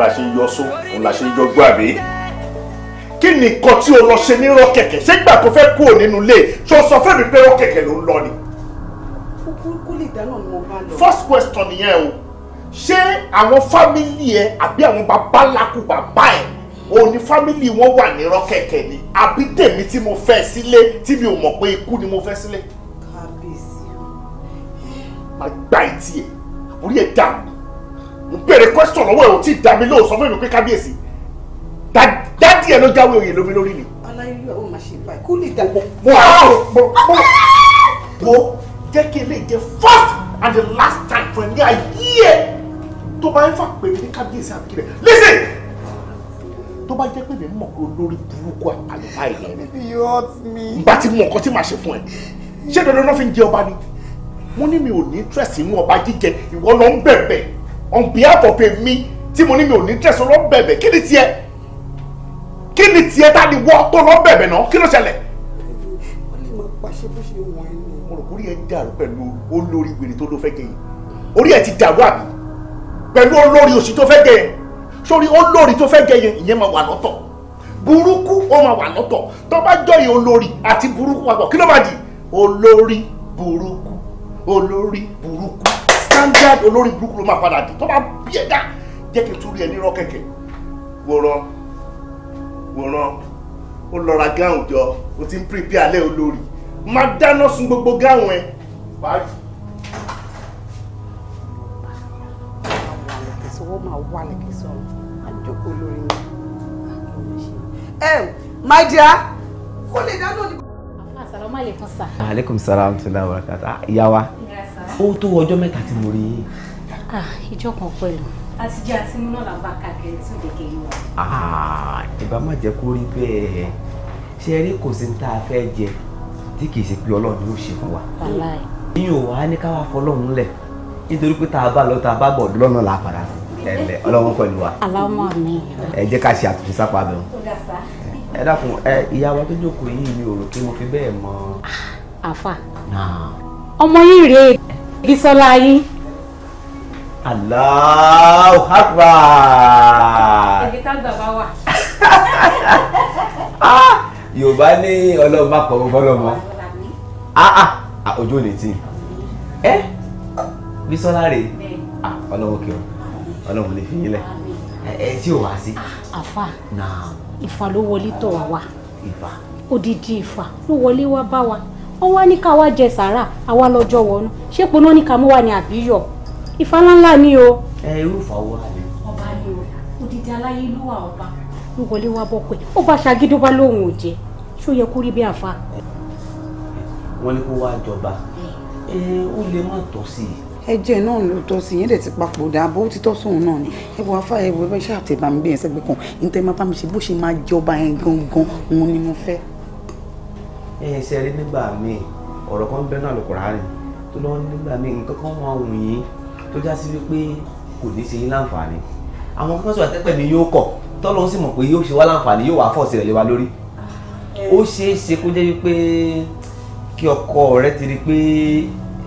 bá ṣe ń yọ só òun la ṣe ń yọgbọ́ àbí. kí ni nǹkan tí o lọ ṣe ní rọ́kẹ̀kẹ̀ ṣé gbà tó fẹ́ kúrò nínú ilé ṣé o sọ fẹ́ mi pé rọ́kẹ̀kẹ̀ ló ń lọ ni. kúkú lè dáná ni mo bá lọ. first question nìyẹn o ṣé àwọn fámìlì ẹ àbí àwọn babaláku bàbá ẹ òun ni fámìlì wọn wà ní rọ́kẹ̀kẹ̀ ni àbí tèmi tí mo fẹ́ sílé tí mi ò mọ̀ pé ikú ni mo fẹ́ sílé. kábíyèsí o. àgbà ìtì ẹ̀ orí ẹ̀ dàrú mo béèrè question lọ́wọ́ ẹ̀ ò tí ì dá mi lóò sọ fún mi pé kábíyèsí dádì ẹ̀ ló jáwé oyè lómi lórí mi. aláìlú àwọn máa ṣe báyìí kó lè dàgbọ́. mo mo mo mo jẹ́ kí eléyìí jẹ́ first and the last time for ní ayé tó bá ń fà pé mi ní kábíyèsí àbíkí rẹ̀ listen tó bá jẹ́ pé mi mọ̀ pé olórí burúkú àlùbá ilẹ̀ rẹ̀ bá ti mú nǹkan tí màá ṣe fún ẹ ṣé dandan náà fi ń jẹ ọba ni mo ní mi ò ní interest nínú ọba jíjẹ ìwọ lọ ń bẹ̀bẹ̀ on behalf of èmi tí mo ní mi ò ní tẹ̀sán lọ bẹ̀bẹ̀ kí ni tiẹ̀ kí ni tiẹ̀ tá a ní wọ́ tó lọ bẹ̀bẹ̀ náà kí ló ṣẹlẹ̀. wọ́n ní mo pàṣẹ bó ṣe wọ̀ ẹ́ ni. mo rò kórìí ẹ dàrú pẹ̀lú olórí wèrè tó ló fẹ́ gẹ̀yìn orí ẹ ti dàrú àbí pẹ̀lú olórí òsì tó fẹ́ gẹ̀yìn sórí olórí tó fẹ́ gẹ̀yìn ìyẹn máa wà lọ́tọ̀ burúkú ó máa wà lọ́tọ̀ tó bá jọyìn olórí àti burúkú standard olórí burúkú ló máa padà dé tó bá bí ẹ̀dá jẹ́ kí n tún rí ẹ ní rọ́kẹ̀kẹ̀ wòran wòran ó lọ́ra gáwọn jọ o ti ń pèpè alẹ́ olórí máa dáná sun gbogbo gáwọn ẹ. wọ́n máa wà lẹ́kẹ̀ sọ̀rọ̀ àjọkọ̀ lórí mi. ẹ my dear kó lè dáná ní. àfa àsàlọ́ má lè kan sà. aleykum salaam wa rahmatulah wa barakatuh ìyá wa ó tó ọjọ́ mẹ́ta tí mo rí yín. Ah, ìjọ kan pẹ̀lú. àtijọ́ àti mú náà làbá kàkiri tún dèké yìí wá. ìbá ah, má jẹ́ kó rí bẹ́ẹ̀ ṣe rí kò sí tá a fẹ́ jẹ tí kì í ṣe pé ọlọ́run yóò ṣe fún wa. iyùn ò wá ní ká wá fọlọ́run lẹ̀ nítorí pé tá a bá lọ tá a bá bọ̀ lọ́nà là á padà sí ẹ̀lẹ́ ọlọ́run pẹ̀lú wa. aláwọ̀ mi. ẹ jẹ́ ká ṣe àtúnṣe sápá bẹ̀rù. ẹ dákun ẹ ìyàwó tó jókòó yìí mi ò rò pé mo fi bẹ́ẹ̀ mọ. Ah, àfà ọmọ yìí rèé. Bisola yín. Allahu Akbar. tá gbà bá wà. Ah, Yorùbá ní ọlọ́run má kọ̀ ọgọ́lọ́mọ. Ah, ah, ojú ò lè tì. Ẹ́ eh, Bisola rè é. Ọlọ́run kì í ọlọ́run lè fi yín lẹ̀. Ẹ eh, tí ò wá sí. Àfà. Ìfà ló wọlé tọ̀ wá wá. Ìfà. Odidi ìfà ló wọlé wá bá wa wọ́n wá ní ká wá jẹ sàárà àwa lọ́jọ́ wọnú ṣé poná ní ká mú wa ní àbíyọ̀ ìfaláńlá ni o. ẹ irúfà wo àlè. ọba ni o odidi aláyé ló wà ọba. ń wọlé wá bọ́ pé ó bá ṣàgídó bá lóun ò jẹ ṣó yẹ kó rí bí àfa. wọ́n ní kó wá jọba ẹ ó lè má tọ́ sí i ẹ̀jẹ̀ náà ló tọ́ sí yẹn dẹ̀ ti papòdà bó ti tọ́ sóun náà ni ẹ wọ afá ẹ wọ ẹ bá ṣáà tẹ bá mi gbé yẹn sẹ́gbẹ̀ẹ́ kan nítorí máa bá mi ṣe bó ṣe máa jọba yẹn gangan òun ni mo fẹ́ ẹ̀yìn ṣe rí nígbà míì ọ̀rọ̀ kan bẹ́ẹ̀ náà lọ́kùnrin àárín tó lọ́ nígbà míì nǹkan kan máa wù yín tó já sí wípé kò ní ṣe yín láǹfààní àwọn kan sọ àtẹ́pẹ́ mi yóò kọ̀ tọ́lọ́ sì mọ̀ pé yóò ṣe wá láǹfààní yóò wá fọ̀ọ̀sì rẹ̀ lé wa lórí ó ṣeé ṣe kó jẹ́ wípé kí ọkọ rẹ ti rí pé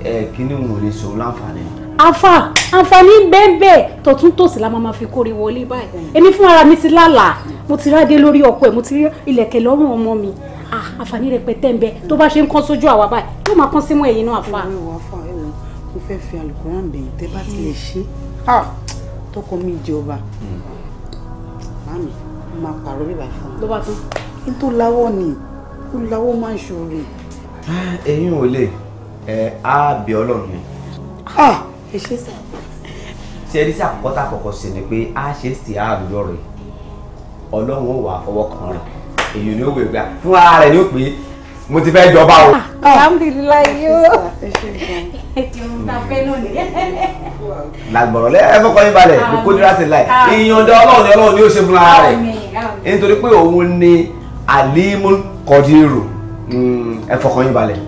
ẹ kíní wọn lè ṣòro láǹfààní àfà àǹfààní bẹ́ẹ̀bẹ́ẹ̀ tọ̀tún la máa fi kórè wọlé báyìí èmi fún ara mi ti lálàá mo ti rádé lórí ọkọ ẹ̀ mo ti rí ilẹ̀kẹ̀ lọ́rùn ọmọ mi Ah, àǹfààní rẹpẹtẹ ń bẹ tó bá ṣe ń kán sójú àwa báyìí yóò máa kán símú ẹ̀yìn náà àfa. mo fẹ́ fi alukoran bẹ̀yìn tẹ́ bá ti lè ṣe ah, tọkọ mi jọba mami mo máa pààrọ̀ bíbá fún mi. ló bá tó. nítorí láwọ ni ó láwọ máa ń ṣòro. ẹ̀yin ò lè ẹ á bẹ Ọlọ́run ni. Ah, ẹ ṣe sá. ṣe rí sí àkọ́kọ́ tá a kọ́kọ́ ṣe ni pé a ṣe é sí àárọ̀ lọ́rọ̀ yìí Ọlọ́run ò wà fọwọ́ kan rẹ̀ èyí ni ó wèé gbà fún ara rẹ̀ ni ó pè é mo ti fẹ́ jọba o. Ah, alhamdulilayi o lágbọ̀rọ̀ lẹ́yìn fọ́kọ́ yín balẹ̀ kó nira sí láì ah. ìyànjẹ ọlọ́run ọlọ́run ni ó ṣe fún ara rẹ̀ nítorí pé òun ni alimu kọdírù hmm, ẹ fọ́kọ́ yín balẹ̀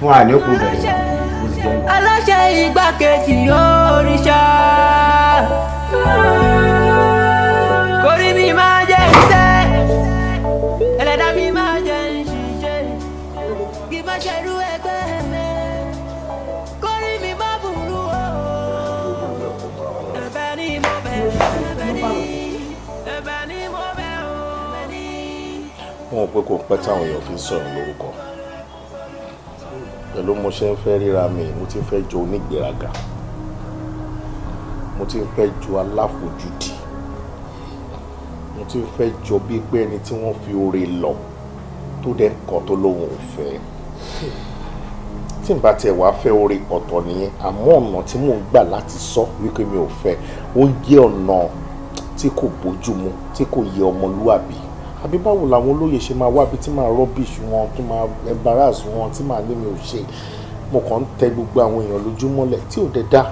fún ara ní òkú bẹ̀rẹ̀. aláṣẹ igbákejì oríṣà. mọ̀ pé kò pẹ́ táwọn èèyàn fi ń sọ̀rọ̀ lórúkọ pẹ̀lú mo ṣe ń fẹ́ ríra mi mo ti fẹ́ jọ onígbéraga mo ti fẹ́ jọ aláfojúdi mo ti fẹ́ jọ bíi pé ẹni tí wọ́n fi oore lọ tó dẹ̀ kọ́ tó lóun ò fẹ́ tí n bá tiẹ̀ wá fẹ́ oore ọ̀tọ̀ nìyẹn àmọ́ ọ̀nà tí mò ń gbà láti sọ wípé mi ò fẹ́ ó ń jẹ́ ọ̀nà tí kò bójú mu tí kò yẹ ọmọlúwàbí àbí báwo làwọn olóyè ṣe máa wábi tí máa rubbish wọn tó máa embarrass wọn tí máa lé mi ò ṣe mo kàn ń tẹ gbogbo àwọn èèyàn lójúmọ́lẹ̀ tí ò dẹ̀ dá.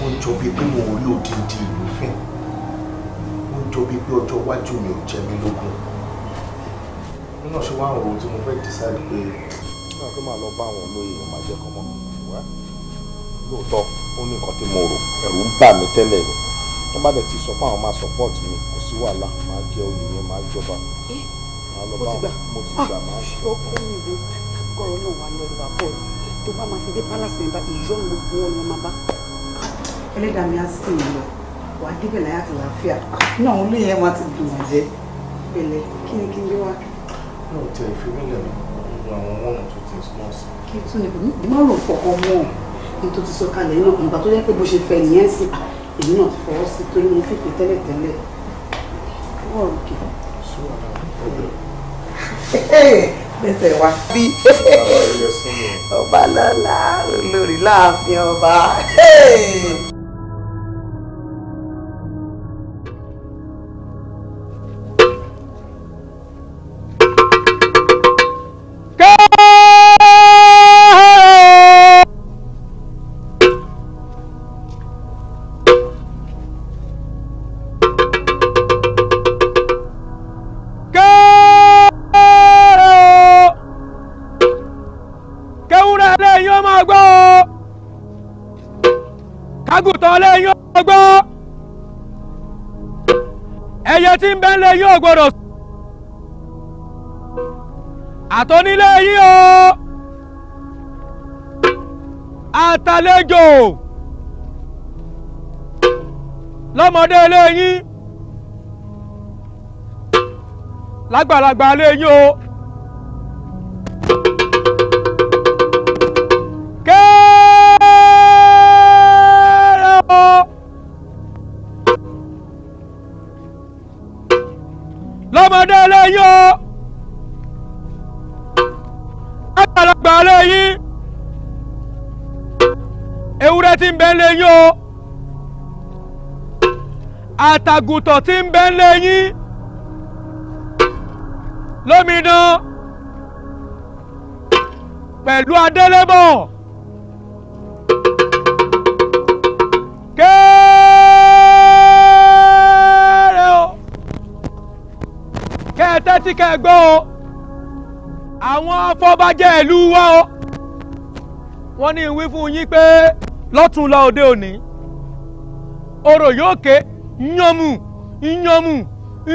wọ́n jọ bíi pé mo rí odindi ìlú fún wọ́n jọ bíi pé ọjọ́ iwájú mi ò jẹ mí lógún mo náà ṣe wá àwọn ohun tí mo fẹ́ decide pé. nígbà tó máa lọ bá àwọn olóyè wọn máa jẹ́ kọ́mọ́ lóòótọ́ ó ní nǹkan tí mo rò ẹ̀rù ń bà mí tẹ́lẹ̀ rẹ̀ tó bá dẹ̀ ti sọ pé àwọn máa support mi kò sí wàhálà máa jẹ oyè yẹn máa jọba. Eh, mo ti ah, gbà mo ti gbà máa ṣe. ọkọ mi ló kọrọ náà wà lọ ìwà bọ tó bá máa fi dé palace yẹn bá ìyọ gbogbo ọ lọ máa bá. Ah, ẹlẹ́dàá á sì lọ wà á débẹ̀ láyà tó láàfíà náà òun lóye ẹ̀ máa ti dùn àjẹ́ pẹ̀lẹ́ kí ni kí n gbé wá. mi ò one or two things náà sí. kí tún ni mo rò pọ̀ ọmọ ohun tó ti sọ kalẹ̀ náà ìgbà tó yẹ pé bó ṣe fẹ́ nìyẹn sí èmi náà ti fọwọ́ Oh, torí mo fi pè tẹ́lẹ̀ tẹ́lẹ̀ wọ́n rò kè. bẹ́sẹ̀ wá bí ọba lọ́la olórí láàfin ọba. yín ò gbọdọ̀. àtọ́nílé yín o àtàlejò lọ́mọdé ilé yín lágbàlagbà ilé yín o. àtàgùtọ̀ tí ń bẹ lẹ́yìn lómìnà pẹ̀lú adélébọ̀ kéèrè o kẹ́ẹ̀tẹ́ tí kẹ́ẹ̀gbọ́ o àwọn afọbajẹ́ ìlú wa o wọ́n ní ìwí yín pé lọ́tùnla òde òní orò yóò ké. Okay nyomu yànmù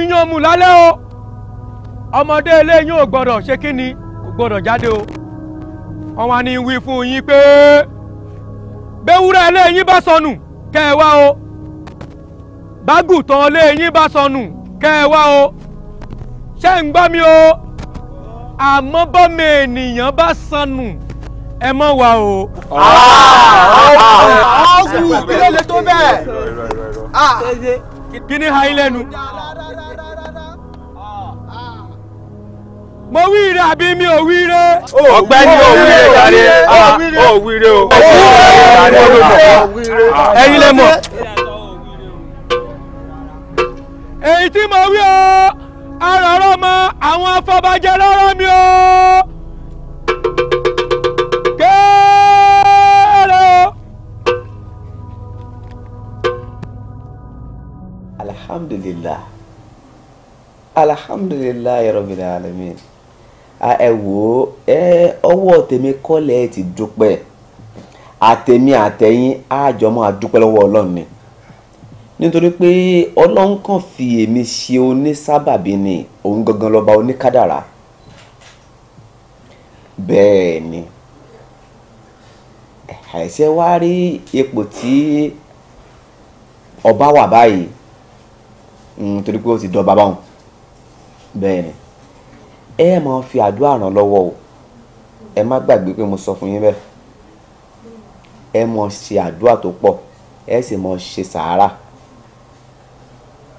yànmù lálẹ́ o ọmọdé eléyìí ò gbọ́dọ̀ ṣe kí ni kò jáde o wọ́n ni wí fún yín pé bẹ́wúrẹ́ eléyìí bá sọnù kẹ́ o bágùtàn eléyìí bá sọnù o ṣé ń gbọ́ mi o àmọ́ bọ́mọ ènìyàn bá sọnù ẹ mọ̀ Ah. kíní ha yín lẹ́nu. mo wíire àbí mi ò wíire. ọ̀gbẹ́ni ò wíire jàre ò ah, wíire o. ẹ̀yin lẹ mọ̀. èyí tí mo wí o àròrọ mọ àwọn afọbajẹ lọ́rọ̀ mi o. alhamdulillah alhamdulillah rabbil alamin ẹ wò ó ẹ ọwọ́ tèmi kọ́lẹ̀ ẹ ti dúpẹ́ a àtẹ̀yìn àjọmọ́ àdúpẹ́ lọ́wọ́ ọlọ́run ni nítorí pé ọlọ́run kàn fi èmi ṣe onísábàbí ni òun gangan lọ́ba oníkádàrá bẹ́ẹ̀ ni àìṣe wá rí ipò tí ọba wà báyìí Mm, torí pé ó ti dọ̀ bàbá òun bẹ́ẹ̀ ni ẹ máa fi àdúrà ràn lọ́wọ́ o ẹ má gbàgbé pé mo sọ fún yín bẹ́ẹ̀ ẹ máa ṣe àdúrà tó pọ̀ ẹ sì máa ṣe sàárà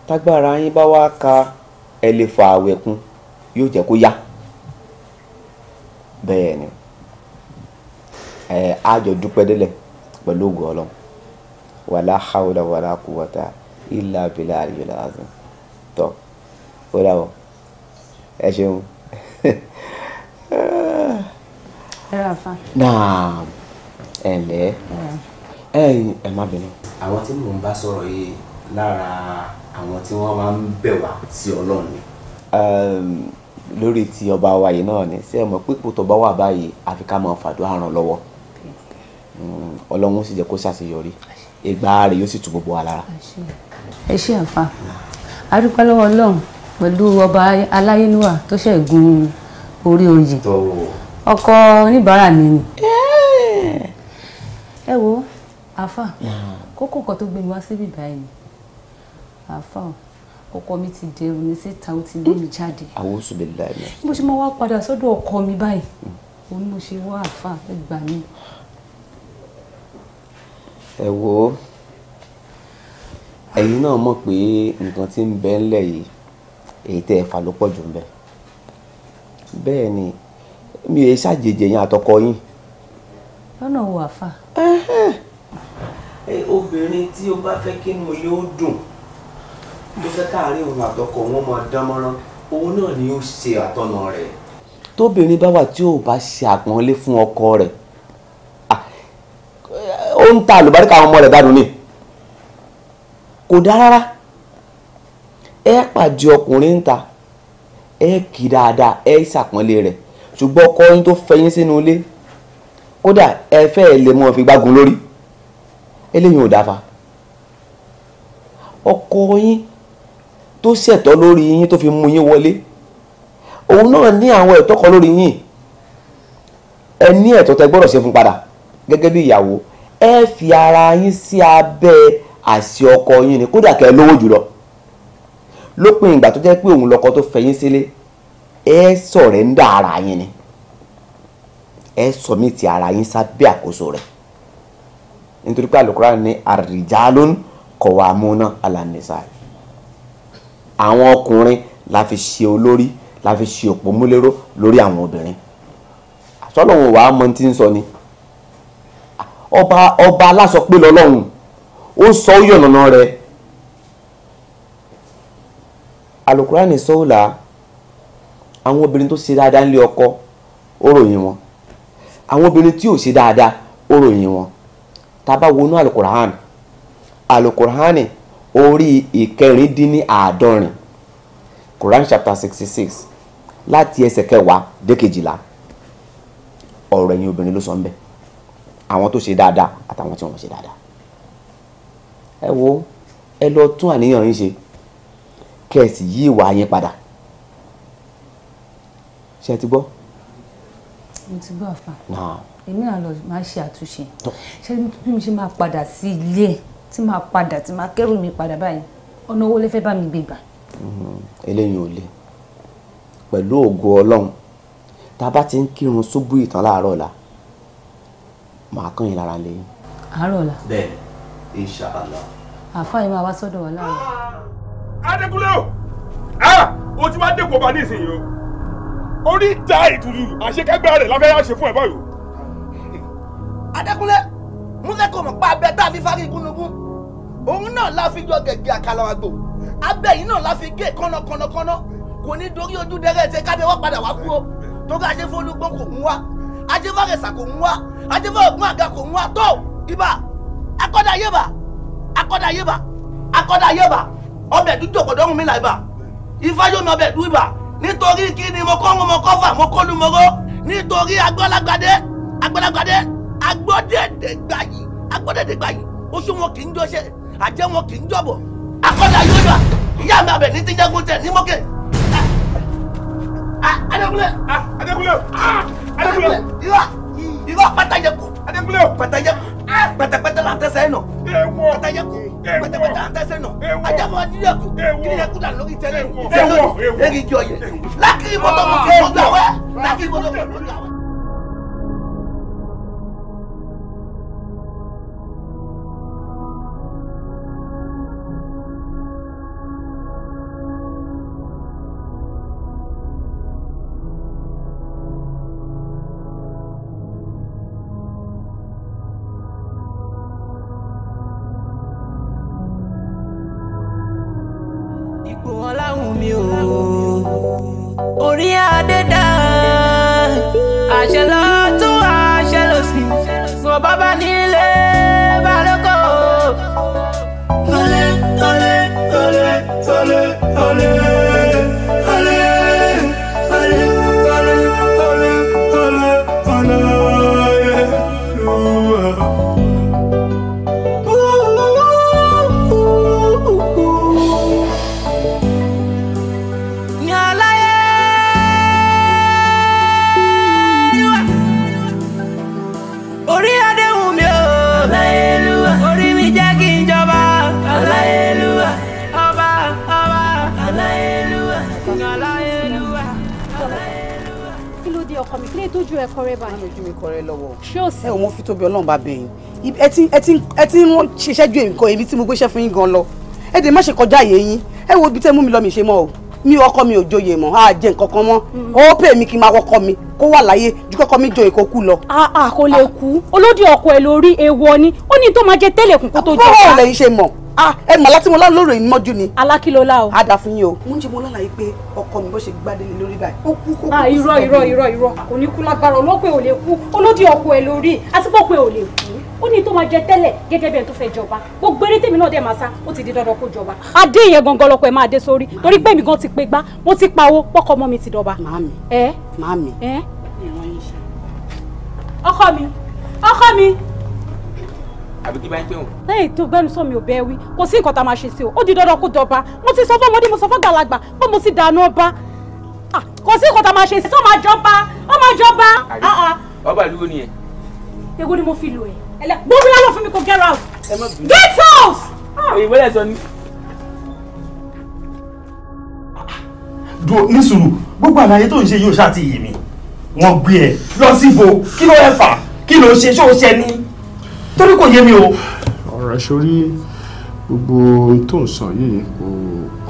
tágbára yín bá wá ka ẹ lè fa àwẹ̀ kún yóò jẹ́ kó yá bẹ́ẹ̀ ni ẹ á jọ dúpẹ́ délẹ̀ pẹ̀lú ògùn ọlọ́run wàlá hàwùlà wàlá kùwàtà ilà abilà àríyànlá àti tọ́ ó dàbọ̀ ẹ ṣeun. ẹ fa. náà ẹ ǹlẹ́ ẹ ẹ má bínú. àwọn tí mò ń bá sọ̀rọ̀ yìí lára àwọn tí wọ́n máa ń bẹ̀ wá sí ọlọ́run ni lórí ti ọba wa yìí náà ni ṣé ẹ mọ̀ pé kò tọ́ba wà báyìí àfi ká máa fàdúrà ràn lọ́wọ́ mm, ọlọ́run sì jẹ́ kó ṣàṣeyọrí ìgbà rẹ̀ yóò sì tù gbogbo wa lára ẹ ṣé àfa adúpẹ́ lọ́wọ́ ọlọ́run pẹ̀lú ọba aláyélúwà tó ṣẹ̀gun orí oyè ọkọ oníbàárà mi ni ẹ wo àfa kókó kan tó gbé mi wá síbí báyìí àfa o ọkọ mi ti dẹrù ní síta ó ti lé mi jáde. àwòsùn lè la ẹ̀. bó ṣe máa wá padà sọ́dọ̀ ọkọ mi báyìí òun mo ṣe wá àáfàá ẹ gbà mí. ẹ wo ẹ̀yin náà mọ̀ pé nǹkan tí ń bẹ ńlẹ̀ yìí èyí tẹ́ ẹ fà ló pọ̀ jù ń bẹ bẹ́ẹ̀ ni mi ò ṣàjèjì yín àtọkọ yín. lọ́nà wo àfà. obìnrin tí o bá fẹ́ kí inú yóò dùn tó fẹ́ káàárín òun àtọkọ wọn máa dán mọ́rán òun náà ni yóò ṣe àtọ̀nà rẹ̀. tóbìnrin bá wà tí ò bá ṣe àpọ́nlé fún ọkọ rẹ̀ ó ń ta àlùbáríkà àwọn ọmọ rẹ̀ dànù ni kò dá rárá ẹ pàdé ọkùnrin níta ẹ kì dáadáa ẹ ṣàpọ́nlé rẹ̀ ṣùgbọ́n ọkọ yín tó fẹ́ yín sínú ilé kódà ẹ fẹ́ ẹ lè mọ fi gbágun lórí eléyìí ò dáfa ọkọ yín tó ṣẹ̀tọ́ lórí yín tó fi mú yín wọlé òun náà ní àwọn ẹ̀tọ́ kan lórí yín ẹ ní ẹ̀tọ́ tẹ́ gbọ́dọ̀ ṣe fún padà gẹ́gẹ́ bí ìyàwó ẹ fi ara yín sí abẹ́ ẹ àṣì ọkọ yín ni kódà kẹ́ ẹ lówó jùlọ lópin ìgbà tó jẹ́ pé òun lọkọ tó fẹ́ yín sílé ẹ sọ̀rẹ́ńdà ara yín ni ẹ sọ̀mìtì ara yín sábẹ́ àkóso rẹ̀ nítorí pé àlùkùránì ní àrìjálón kọ̀wámúná alànìsà àwọn ọkùnrin la fi ṣe olórí la fi ṣe òpómúléró lórí àwọn obìnrin àsọlọ́hún wàá mọ tí ń sọ ni ọba ọba aláṣọ pé lọ́lọ́hún ó ń sọ ó yọ̀nàna rẹ̀ alukurani sọ́ọ̀là àwọn obìnrin tó ṣe dáadáa nílé ọkọ ó ròyìn wọn àwọn obìnrin tí ò ṣe dáadáa ó ròyìn wọn tá a bá wọnú alukurani alukurani orí ìkẹrìndínláàádọ́rin Quran chapter sixty six láti ẹsẹ̀ kẹwàá dé kejìlá ọ̀rọ̀ ẹ̀yin obìnrin ló sọ ń bẹ̀ àwọn tó ṣe dáadáa àtàwọn tí wọ́n ṣe dáadáa ẹ wo ẹ lọ tún àníyàn yín ṣe kẹ́ ẹ sì yí ìwà yín padà ṣe ti gbọ́. mo ti gbọ́ àfà èmi náà lọ máa ṣe àtúnṣe ṣé bí mi ṣe máa padà sí ilé ẹ̀ tí máa padà tí máa kẹ́rù mi padà báyìí ọ̀nà owó lè fẹ́ bá mi gbé gbà. Hmm, eléyìí ò le pẹ̀lú ògo ọlọ́run tá a bá ti ń kírun ṣubú ìtàn láàárọ̀ ọ̀la màá kàn yín lára lẹ́yìn. àárọ̀ ọ̀la. bẹ́ẹ̀ inshallah. àfáà yìí máa wá sọ́dọ̀ wọn láàárọ̀. Adékúnlé o ah! o ti wá dépò bá ní ìsinyìí o orí da ìtùtù àṣekágbá rẹ̀ láfẹ́ yá ṣe fún ẹ̀ báyìí o. Adékúnlé músẹ́ kò mọ̀ pa abẹ́ tá a fi fárí gúnugún òun náà la fi jọ gẹ̀gẹ̀ àkàlà àgbò abẹ́ yìí náà la fi gé kọ́nàkọ́nàkọ́nà kò ní dorí ojú dẹrẹ́ ṣe kábẹ́ padà wá kú o torí ajé kò mú wa ajé fárẹ̀sà kò mú wa ajé fárẹ̀gún àga kò mú wa tó ibà ba, ba, akọ́dayébà akọ́dayébà akọ́dayébà ọbẹ̀ dúdú ọ̀kọ̀dọ́rùn mi làbà ìfáyọ́mi ọbẹ̀ dúdú ibà nítorí kíni mo kọ́ ń mo kọ́ fà mo kọ́ lu mo ró nítorí agbọ́lagbadé agbọ́lagbadé agbọ́dẹ̀dẹ̀gbayì agbọ́dẹ̀dẹ̀gbayì oṣù wọn kì í jọ ṣe àjẹ́ wọn kì í jọ̀bọ̀ akọ́dayébà ìyá mi àbẹ̀ ní ti jẹ́gun tẹ̀ ní mọ́kẹ́ ah, Adékúnlé ah, ah, Adékúnlé Adékúnlé irọ́ irọ́ pátáyẹ̀kọ̀. Adékúnlé o. Pàtàyà ah, pàtàpàtà la tẹsẹ̀ nọ. Ewọ. Pàtàyà kú. Ewọ. Pàtàpàtà la tẹsẹ̀ nọ. Ewọ. Ajamu adìyẹ kú. Ewọ. Kìnìyà kú dànù lórí tẹ́lẹ̀. Ewọ. Ewọ. Eri jọ yẹ. Lákìrì mọ́tò mọ́tò lọ́wọ́. Lákìrì mọ́tò mọ́tò lọ́wọ́. fọlọ́run bá bẹ̀yìn ẹ ti ẹ ti ẹ ti ń ṣiṣẹ́ ju èmi kan èmi tí mo gbéṣẹ́ fún yín gan lọ ẹ dè má ṣe kọjá àyè yín ẹ wo ibi tẹ́ mú mi lọ mi ṣe mọ́ o mi ọkọ mi ò joyè mọ́ a jẹ nǹkan kan mọ́ ó pè mí kí n máa wọkọ mi kó wà láyé ju kọ́kọ́ mi joyè kó kú lọ. a kò lè kú olódì ọkọ ẹ lórí èèwọ̀ ni ó ní tó máa jẹ tẹ́lẹ̀ kó tó jẹ ká. bọ́ọ̀ lẹ́yìn ṣe mọ̀ ah ẹ mọ̀ láti mo lá lóore ìmọ́jú ni. alákìlọ́lá o. àdà fún o. mo ń jẹ́ mo lálàyé pé ọkọ mi bó ṣe gbádé ni lórí báyìí ó kú kó kó sí irọ́ irọ́ irọ́ irọ́ kò ní kú lágbára ọlọ́pẹ́ ò lè kú olódì ọkọ ẹ lórí àtìpọ̀ pé ò lè kú ó ní tó máa jẹ tẹ́lẹ̀ gẹ́gẹ́ bí ẹni tó fẹ́ jọba gbogbo eré tèmi náà dẹ̀ máa sá ó ti di dandan kó jọba adé yẹn gangan lọkọ ẹ máa dé sórí torí pé èmi gan ti pe gbá mo ti pa owó pọ́kọ ọmọ mi ti dọba. màámi màámi ọkọ mi ọkọ mi àbí kí bá ń pè wọn. lẹ́yìn tó gbẹ́nu sọ mi ò bẹ́ẹ̀ wí kò sí nǹkan tá a máa ṣe sí o ó di dandan kó dọba mo ti sọ fún ọmọdé mo sọ fún gbàlagbà pé mo sì dáná ọba ah, kò sí nǹkan tá a máa ṣe sí ó máa jọba ó máa jọba. Ah, ah. ọba ìlú wo nìyẹn. ewu ni mo fi lò ẹ ẹlẹ gbogbo ìlànà fún mi kò get out get out. ìwé lẹ sọ ni. dùn ní sùúrù gbogbo àlàyé tó ń ṣe yóò ṣáà ti yé mi wọ́n gbé ẹ lọ síbo kí ló ẹ fà kí ló ṣe ṣó ṣe ní torí kò yé mi o. ọ̀rọ̀ sórí gbogbo ohun tó ń sọ yìí kò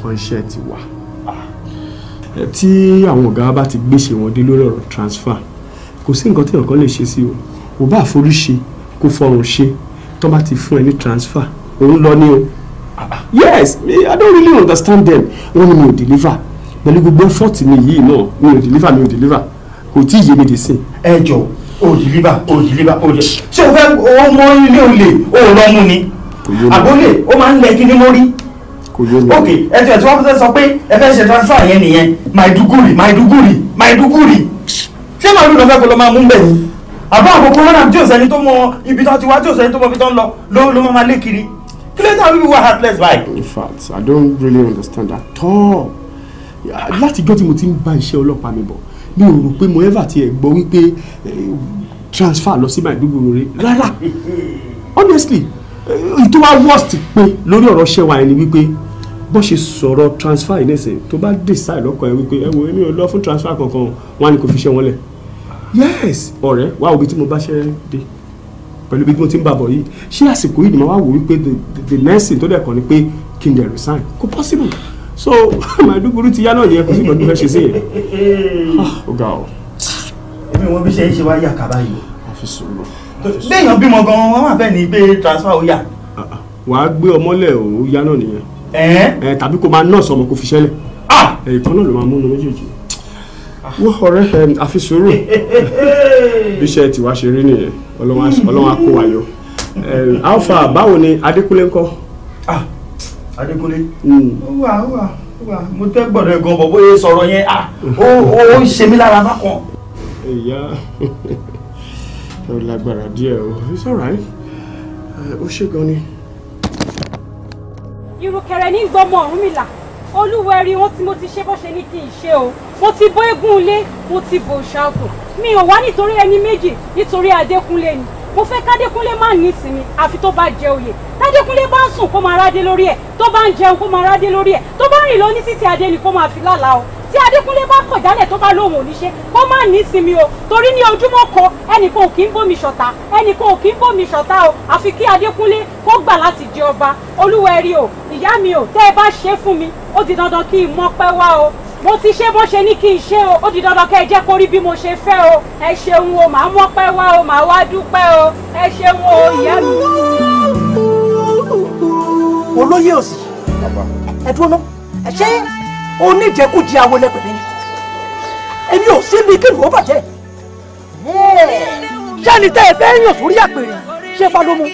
kan iṣẹ́ ti wà tí àwọn ọ̀gá bá ti gbéṣe wọn dé lórí ọ̀rọ̀ transfer kò sí nǹkan tí èèyàn kan lè ṣe sí o ò bá forí ṣe kó fọrùn ṣe tó bá ti fún ẹ ní transfer òun lọ ní o yes i don't really understand them wọ́n ní mi ò deliver pẹ̀lú gbogbo effort mi yìí náà mi ò deliver mi ò deliver kò tí ì yé mi dé sí. ẹ jọ̀ọ́ o deliver o ṣé o fẹ́ o mọ ilé olè o lọ mú ni àbólè o máa ń lẹ kí ni mo rí ok ẹ tẹ̀ tí wọ́n sọ pé ẹ fẹ́ ṣe transfer yẹn nìyẹn Maiduguri Maiduguri Maiduguri ṣé màálù lọ fẹ́ kó lọ máa mú bẹ́ẹ̀ ni àbá àkókò rárá tí ò sẹ́ni tó mọ ibi tó ti wá tí ò sẹ́ni tó mọ ibi tó ń lọ ló ló máa lé kiri kí ló dáa wíwí wá heartless báyìí. in fact i don't really understand at all láti gbọ́ tí mo ti ń bá iṣẹ́ ọlọ́pàá mi bọ̀ mi ò rò pé mo ever tiẹ̀ gbọ́ wípé eh, transfer lọ sí Maiduguri rẹ rárá honestly ètò eh, wa worst pé lórí ọ̀rọ̀ ṣẹ́wà ẹni wípé bó ṣe sọ̀rọ̀ transfer yìí nẹ̀sẹ̀ tó bá decide lọ́kàn ẹ wípé ẹ wo èmi ò lọ fún transfer kankan wọn á ní kò fi ṣe wọn lẹ̀ yes ọ̀rẹ́ wá òbí tí mo bá ṣe dé pẹ̀lú bí mo ti ń bàbọ̀ yìí ṣé àsìkò yìí ni màá wá wò wípé the the next thing tó dẹ̀ kàn ni pé kí n dẹ̀ resign kò possible so Maiduguri ti yá náà yẹ kó sì gbọdún fẹ́ ṣe sí yẹn ó ga ọ. èmi wọn bí ṣe ń ṣe wá yà kàbá yìí. a fi sùúrù. béèyàn bímọ gan-an wọn máa fẹ́ ní gbé transfer ó yà. Ah, ah. wàá gbé ọmọlẹ̀ ó yá náà nìyẹn. ẹ eh, tàbí kó máa nọ́ọ̀sì ọmọ kó fi ṣẹlẹ̀ ẹ̀ẹ̀kan ah! eh, náà ló máa múnú méjèèjì wọ́n ọ̀rẹ́ a fi sùúrù bí iṣẹ́ tiwa ṣe rí nìyẹn ọlọ́wọ́n á kó wa yọ. alfa báwo ni Adékúnlé ń kọ́. Adékúnlé ó hmm. wà ó wà ó wà mo tẹ́ gbọ́dọ̀ gan bọ̀ bóyá sọ̀rọ̀ yẹn ó ń ṣe mí lára bákan. ìyá ẹ lágbára díẹ̀ o it's alright ó ṣe gan ni. ìrùkẹ̀rẹ̀ ní gbọ́mọ Ọ̀rúnmìlà olúwẹ̀rí wọn tí mo ti ṣe bó ṣe ní kí n ṣe o mo ti bọ́ eégún ilé mo ti bò ṣàkùn mi ò wá nítorí ẹni méjì nítorí Adékúnlé ni mo fẹ́ kádékúnlé má nísìnyí àfi tó bá jẹ oyè kádékúnlé bá ń sùn kó máa rádé lórí ẹ̀ tó bá ń jẹun kó máa rádé lórí ẹ̀ tó bá rìn lọ ní títí adé ni kó máa fi lálàá o tí adékúnlé bá kọ̀ jálẹ̀ tó bá lóhùn oníṣẹ́ kó má nísìnyí o torí ní ojúmọ́ kan ẹnìkan ò kí ń bómi ṣọ̀tá ẹnìkan ò kí ń bómi ṣọ̀tá o àfi kí adékúnlé kó gbà láti jẹ ọba olúwẹ̀rí o ìyá mi o tẹ́ ẹ bá ṣe fún mi ó di dandan kí n mọ́pẹ́ wá o mo ti ṣe bó ṣe ní kí n ṣe o ó di dandan kẹ́ ẹ jẹ́ kó rí bí mo ṣe fẹ́ o ẹ ṣeun o màá mọ́pẹ́ wá o màá wá dúpẹ́ o ẹ ṣeun o ìyá mi. olóyè òsì ẹ dúró oníjẹkújẹ awo lẹ́pẹ̀lẹ́ ni èmi ò sí mi kí ìlú ó bàjẹ́ sẹ́ni tẹ́ ẹ fẹ́ yàn sórí àpèrè ṣé fa ló mú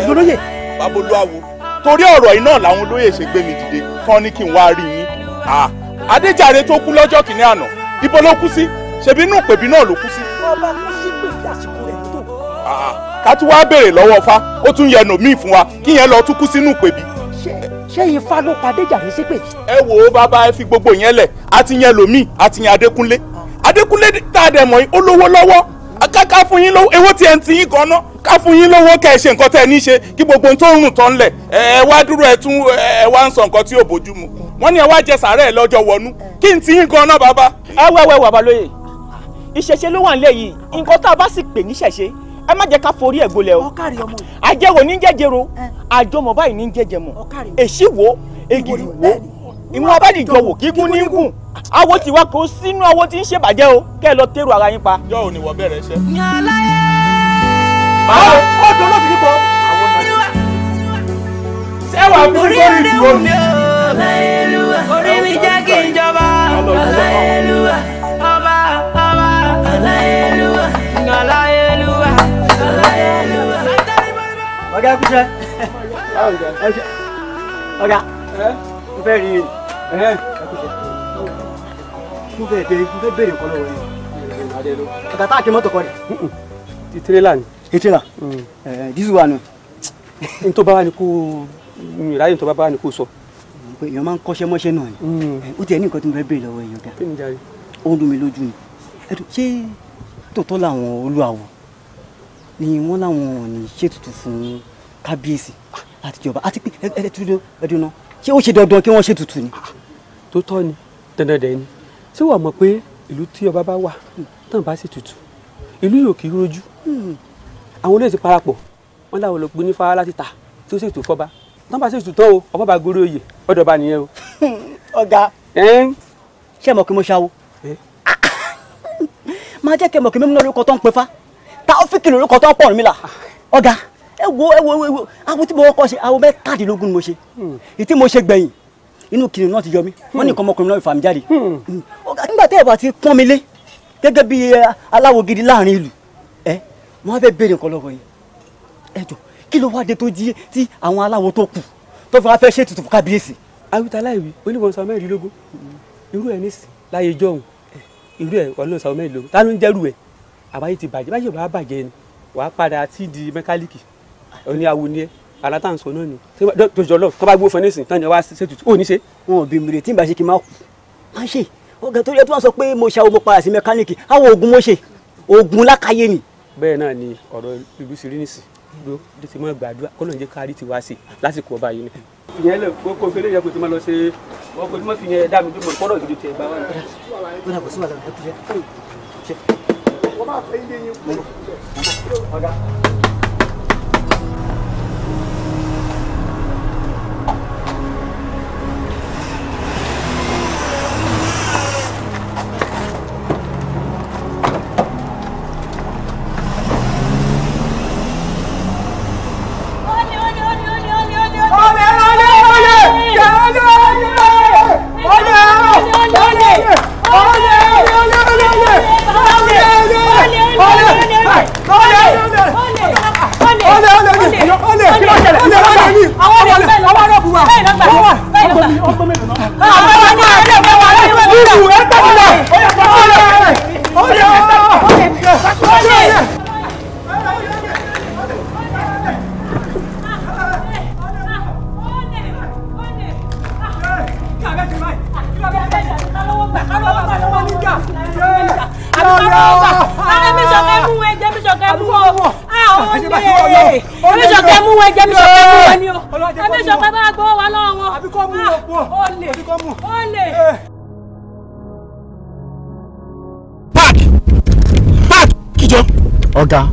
ìlú olóyè. babolú awo torí ọ̀rọ̀ yìí làwọn olóyè ṣe gbé mi dìde kán ní kí n wá rí yín. Ah adéjàre tó kú lọ́jọ́ kìíní àná ibo ló kú sí ṣebí inú pèbí náà ló kú sí. ọba kú sí gbèsè àsìkò rẹ̀ tó. ká tún wáá béèrè lọ́wọ́ fa ó tún yẹnu míì fún wa kí yẹn lọ tún kú sínú pèbí. ṣé ifá ló pa adéjàre ṣépè. ẹ wo bàbá ẹ fi gbogbo yẹn lẹ̀ àti yẹn lòmíì àti yẹn adékúnlé adékúnlé tá a dẹ̀ mọ̀ yín ó lówó lọ́wọ́ ká fún yín lówó ewó tí ẹ ń ti yín gan ná ká fún yín lówó kẹ́ ẹ ṣe nǹkan tẹ́ ẹ ní ṣe kí gbogbo ohun tó ń rùn tán lẹ̀ ẹ wá dúró ẹ tún ẹ wá ń sọ nǹkan tí ò bójú mu wọ́n ní ẹ wá jẹ sàárẹ̀ lọ́jọ́ wọnú kí n ti yín gan náà bàbá. ẹ wẹ́ wẹ́ bàbá lóye ìṣẹ̀ṣe ló wà nílẹ̀ yìí nǹkan tá a bá sì pè ní ẹ má jẹ́ ká forí ẹ̀ gbolẹ̀ o àjẹwò ní jẹjẹro àjọmọ̀ báyìí ní jẹjẹmọ èṣì wo ègìrì wo ìwọ̀n abádìjọwò gígùn ní gùn awo tí wá kó sínú awo tí ń ṣèbàjẹ́ o kẹ́ ẹ lọ tẹ́rù ara yín pa. yọ ò ní wọ bẹ̀rẹ̀ iṣẹ́. yàrá ẹ. báwo ṣé wàá fún lórí ìdúró ni. Ọláyélúwà. Orí mi jẹ́ kí n jọba. Ọláyélúwà. Ọba ọba. Ọláyélúwà. Ọláyélúwà. Ọláyélúwà. Ọ̀gá ẹ kúṣẹ́. Ọ̀gá mo fẹ́ rí i. Ẹ kúṣẹ́. Mo fẹ́ bèrè mo fẹ́ bèrè nǹkan lọ́wọ́ yẹn. Ọ̀gá táàkì mọ́tò kọ́ rẹ̀. Ti tirẹ́là ni. Ètìlà. Mm. Dísù wa nù. Ntọ́ bá wa ni kò ráyè ntọ́ bá wa ni kò sọ pé èèyàn máa ń kọ́ṣẹ́ mọ́ṣẹ́ náà ni mm. ó tiẹ̀ ní nǹkan tí mo fẹ́ béèrè lọ́wọ́ èèyàn ga ó ń dùn mí lójú ni ẹ̀dùn ṣé tòótọ́ làwọn olúàwọ̀ ni wọ́n làwọn ò ní ṣètùtù fún kábíyèsí àti ìjọba àti pé ẹ̀ẹ́dẹ́túndó ẹ̀dùn náà ṣé ó ṣe dandan kí wọ́n ṣètùtù ni. tó tọ́ ni dandan dẹ̀ ni ṣé wàá mọ̀ pé ìlú tí ọba bá wà náà bá sì tutù ìlú yóò kì í rojú hmm. àwọn olóyè ti parapọ̀ wọ́n láwọn lọ gbé ní fara láti ta tí ó ṣètò fọ́ba tán bá ṣèṣù tán o ọmọ bá gorí oyè ọdọ bá nìyẹn o. ọ̀gá ṣé mọ̀ kí mo ṣáwó máa jẹ́ kí mọ̀ kí mímú lórúkọ tó ń pe fá Taofik lórúkọ tó ń pọ̀ mí là ah. ọ̀gá ẹ wo ẹ wo ẹ wo awo tí mo kọ́ ṣe awo mẹ́tàdínlógún ni mo ṣe ìtí hmm. mo ṣe gbẹ̀yìn inú kìnìún náà ti yọ mí hmm. wọ́n ní nǹkan ọmọkùnrin náà ìfàmì jáde hmm. ọ̀gá nígbà tẹ́ ẹ̀ bá ti pọ́n mi lé gẹ́gẹ́ bí eh, aláwo gidi láàrin ìlú ẹ wọ́n á fẹ́ béèrè nǹkan lọ́wọ́ yìí ẹ jọ̀ọ́ kí ló wáá de tó jí tí àwọn aláwo tó kù tó fi wá fẹ́ ṣe ètùtù fún kábíyèsí. awitaláìwí oníwọ̀n sọ mẹ́rìndínlógún irú ẹ̀ nísì láyé jọ̀hún irú ẹ̀ ọ̀nà sọ mẹ́rìndínlógún tá ló ń jẹ́rù ẹ̀ àbáyé ti bàjẹ́ báyìí bàá bàjẹ́ ni wàá padà tí di mẹkáníìkì òní awo ni ẹ ara tá à ń sọ náà ni tòjọ lọ tó bá gbó fún nísìn tán ni wàá ṣe ètùtù ò ní ṣe. wọn ò bí mi rè tí ìbáṣe kí máa kú máa ṣe ṣe oògùn lákàyè ni. bẹ́ẹ̀ náà ni dúró dé ti máa gbàdúrà kó lóun jẹ́ kárí ti wá sí lásìkò ọba yìí ni. ìyẹn lè kó kó fẹlẹ yẹ kó tó máa lọ ṣe wọn kó tó máa fi yẹn dá mi dúró kọ́rọ̀ gidi tiẹ̀ bá wà. ọ̀gá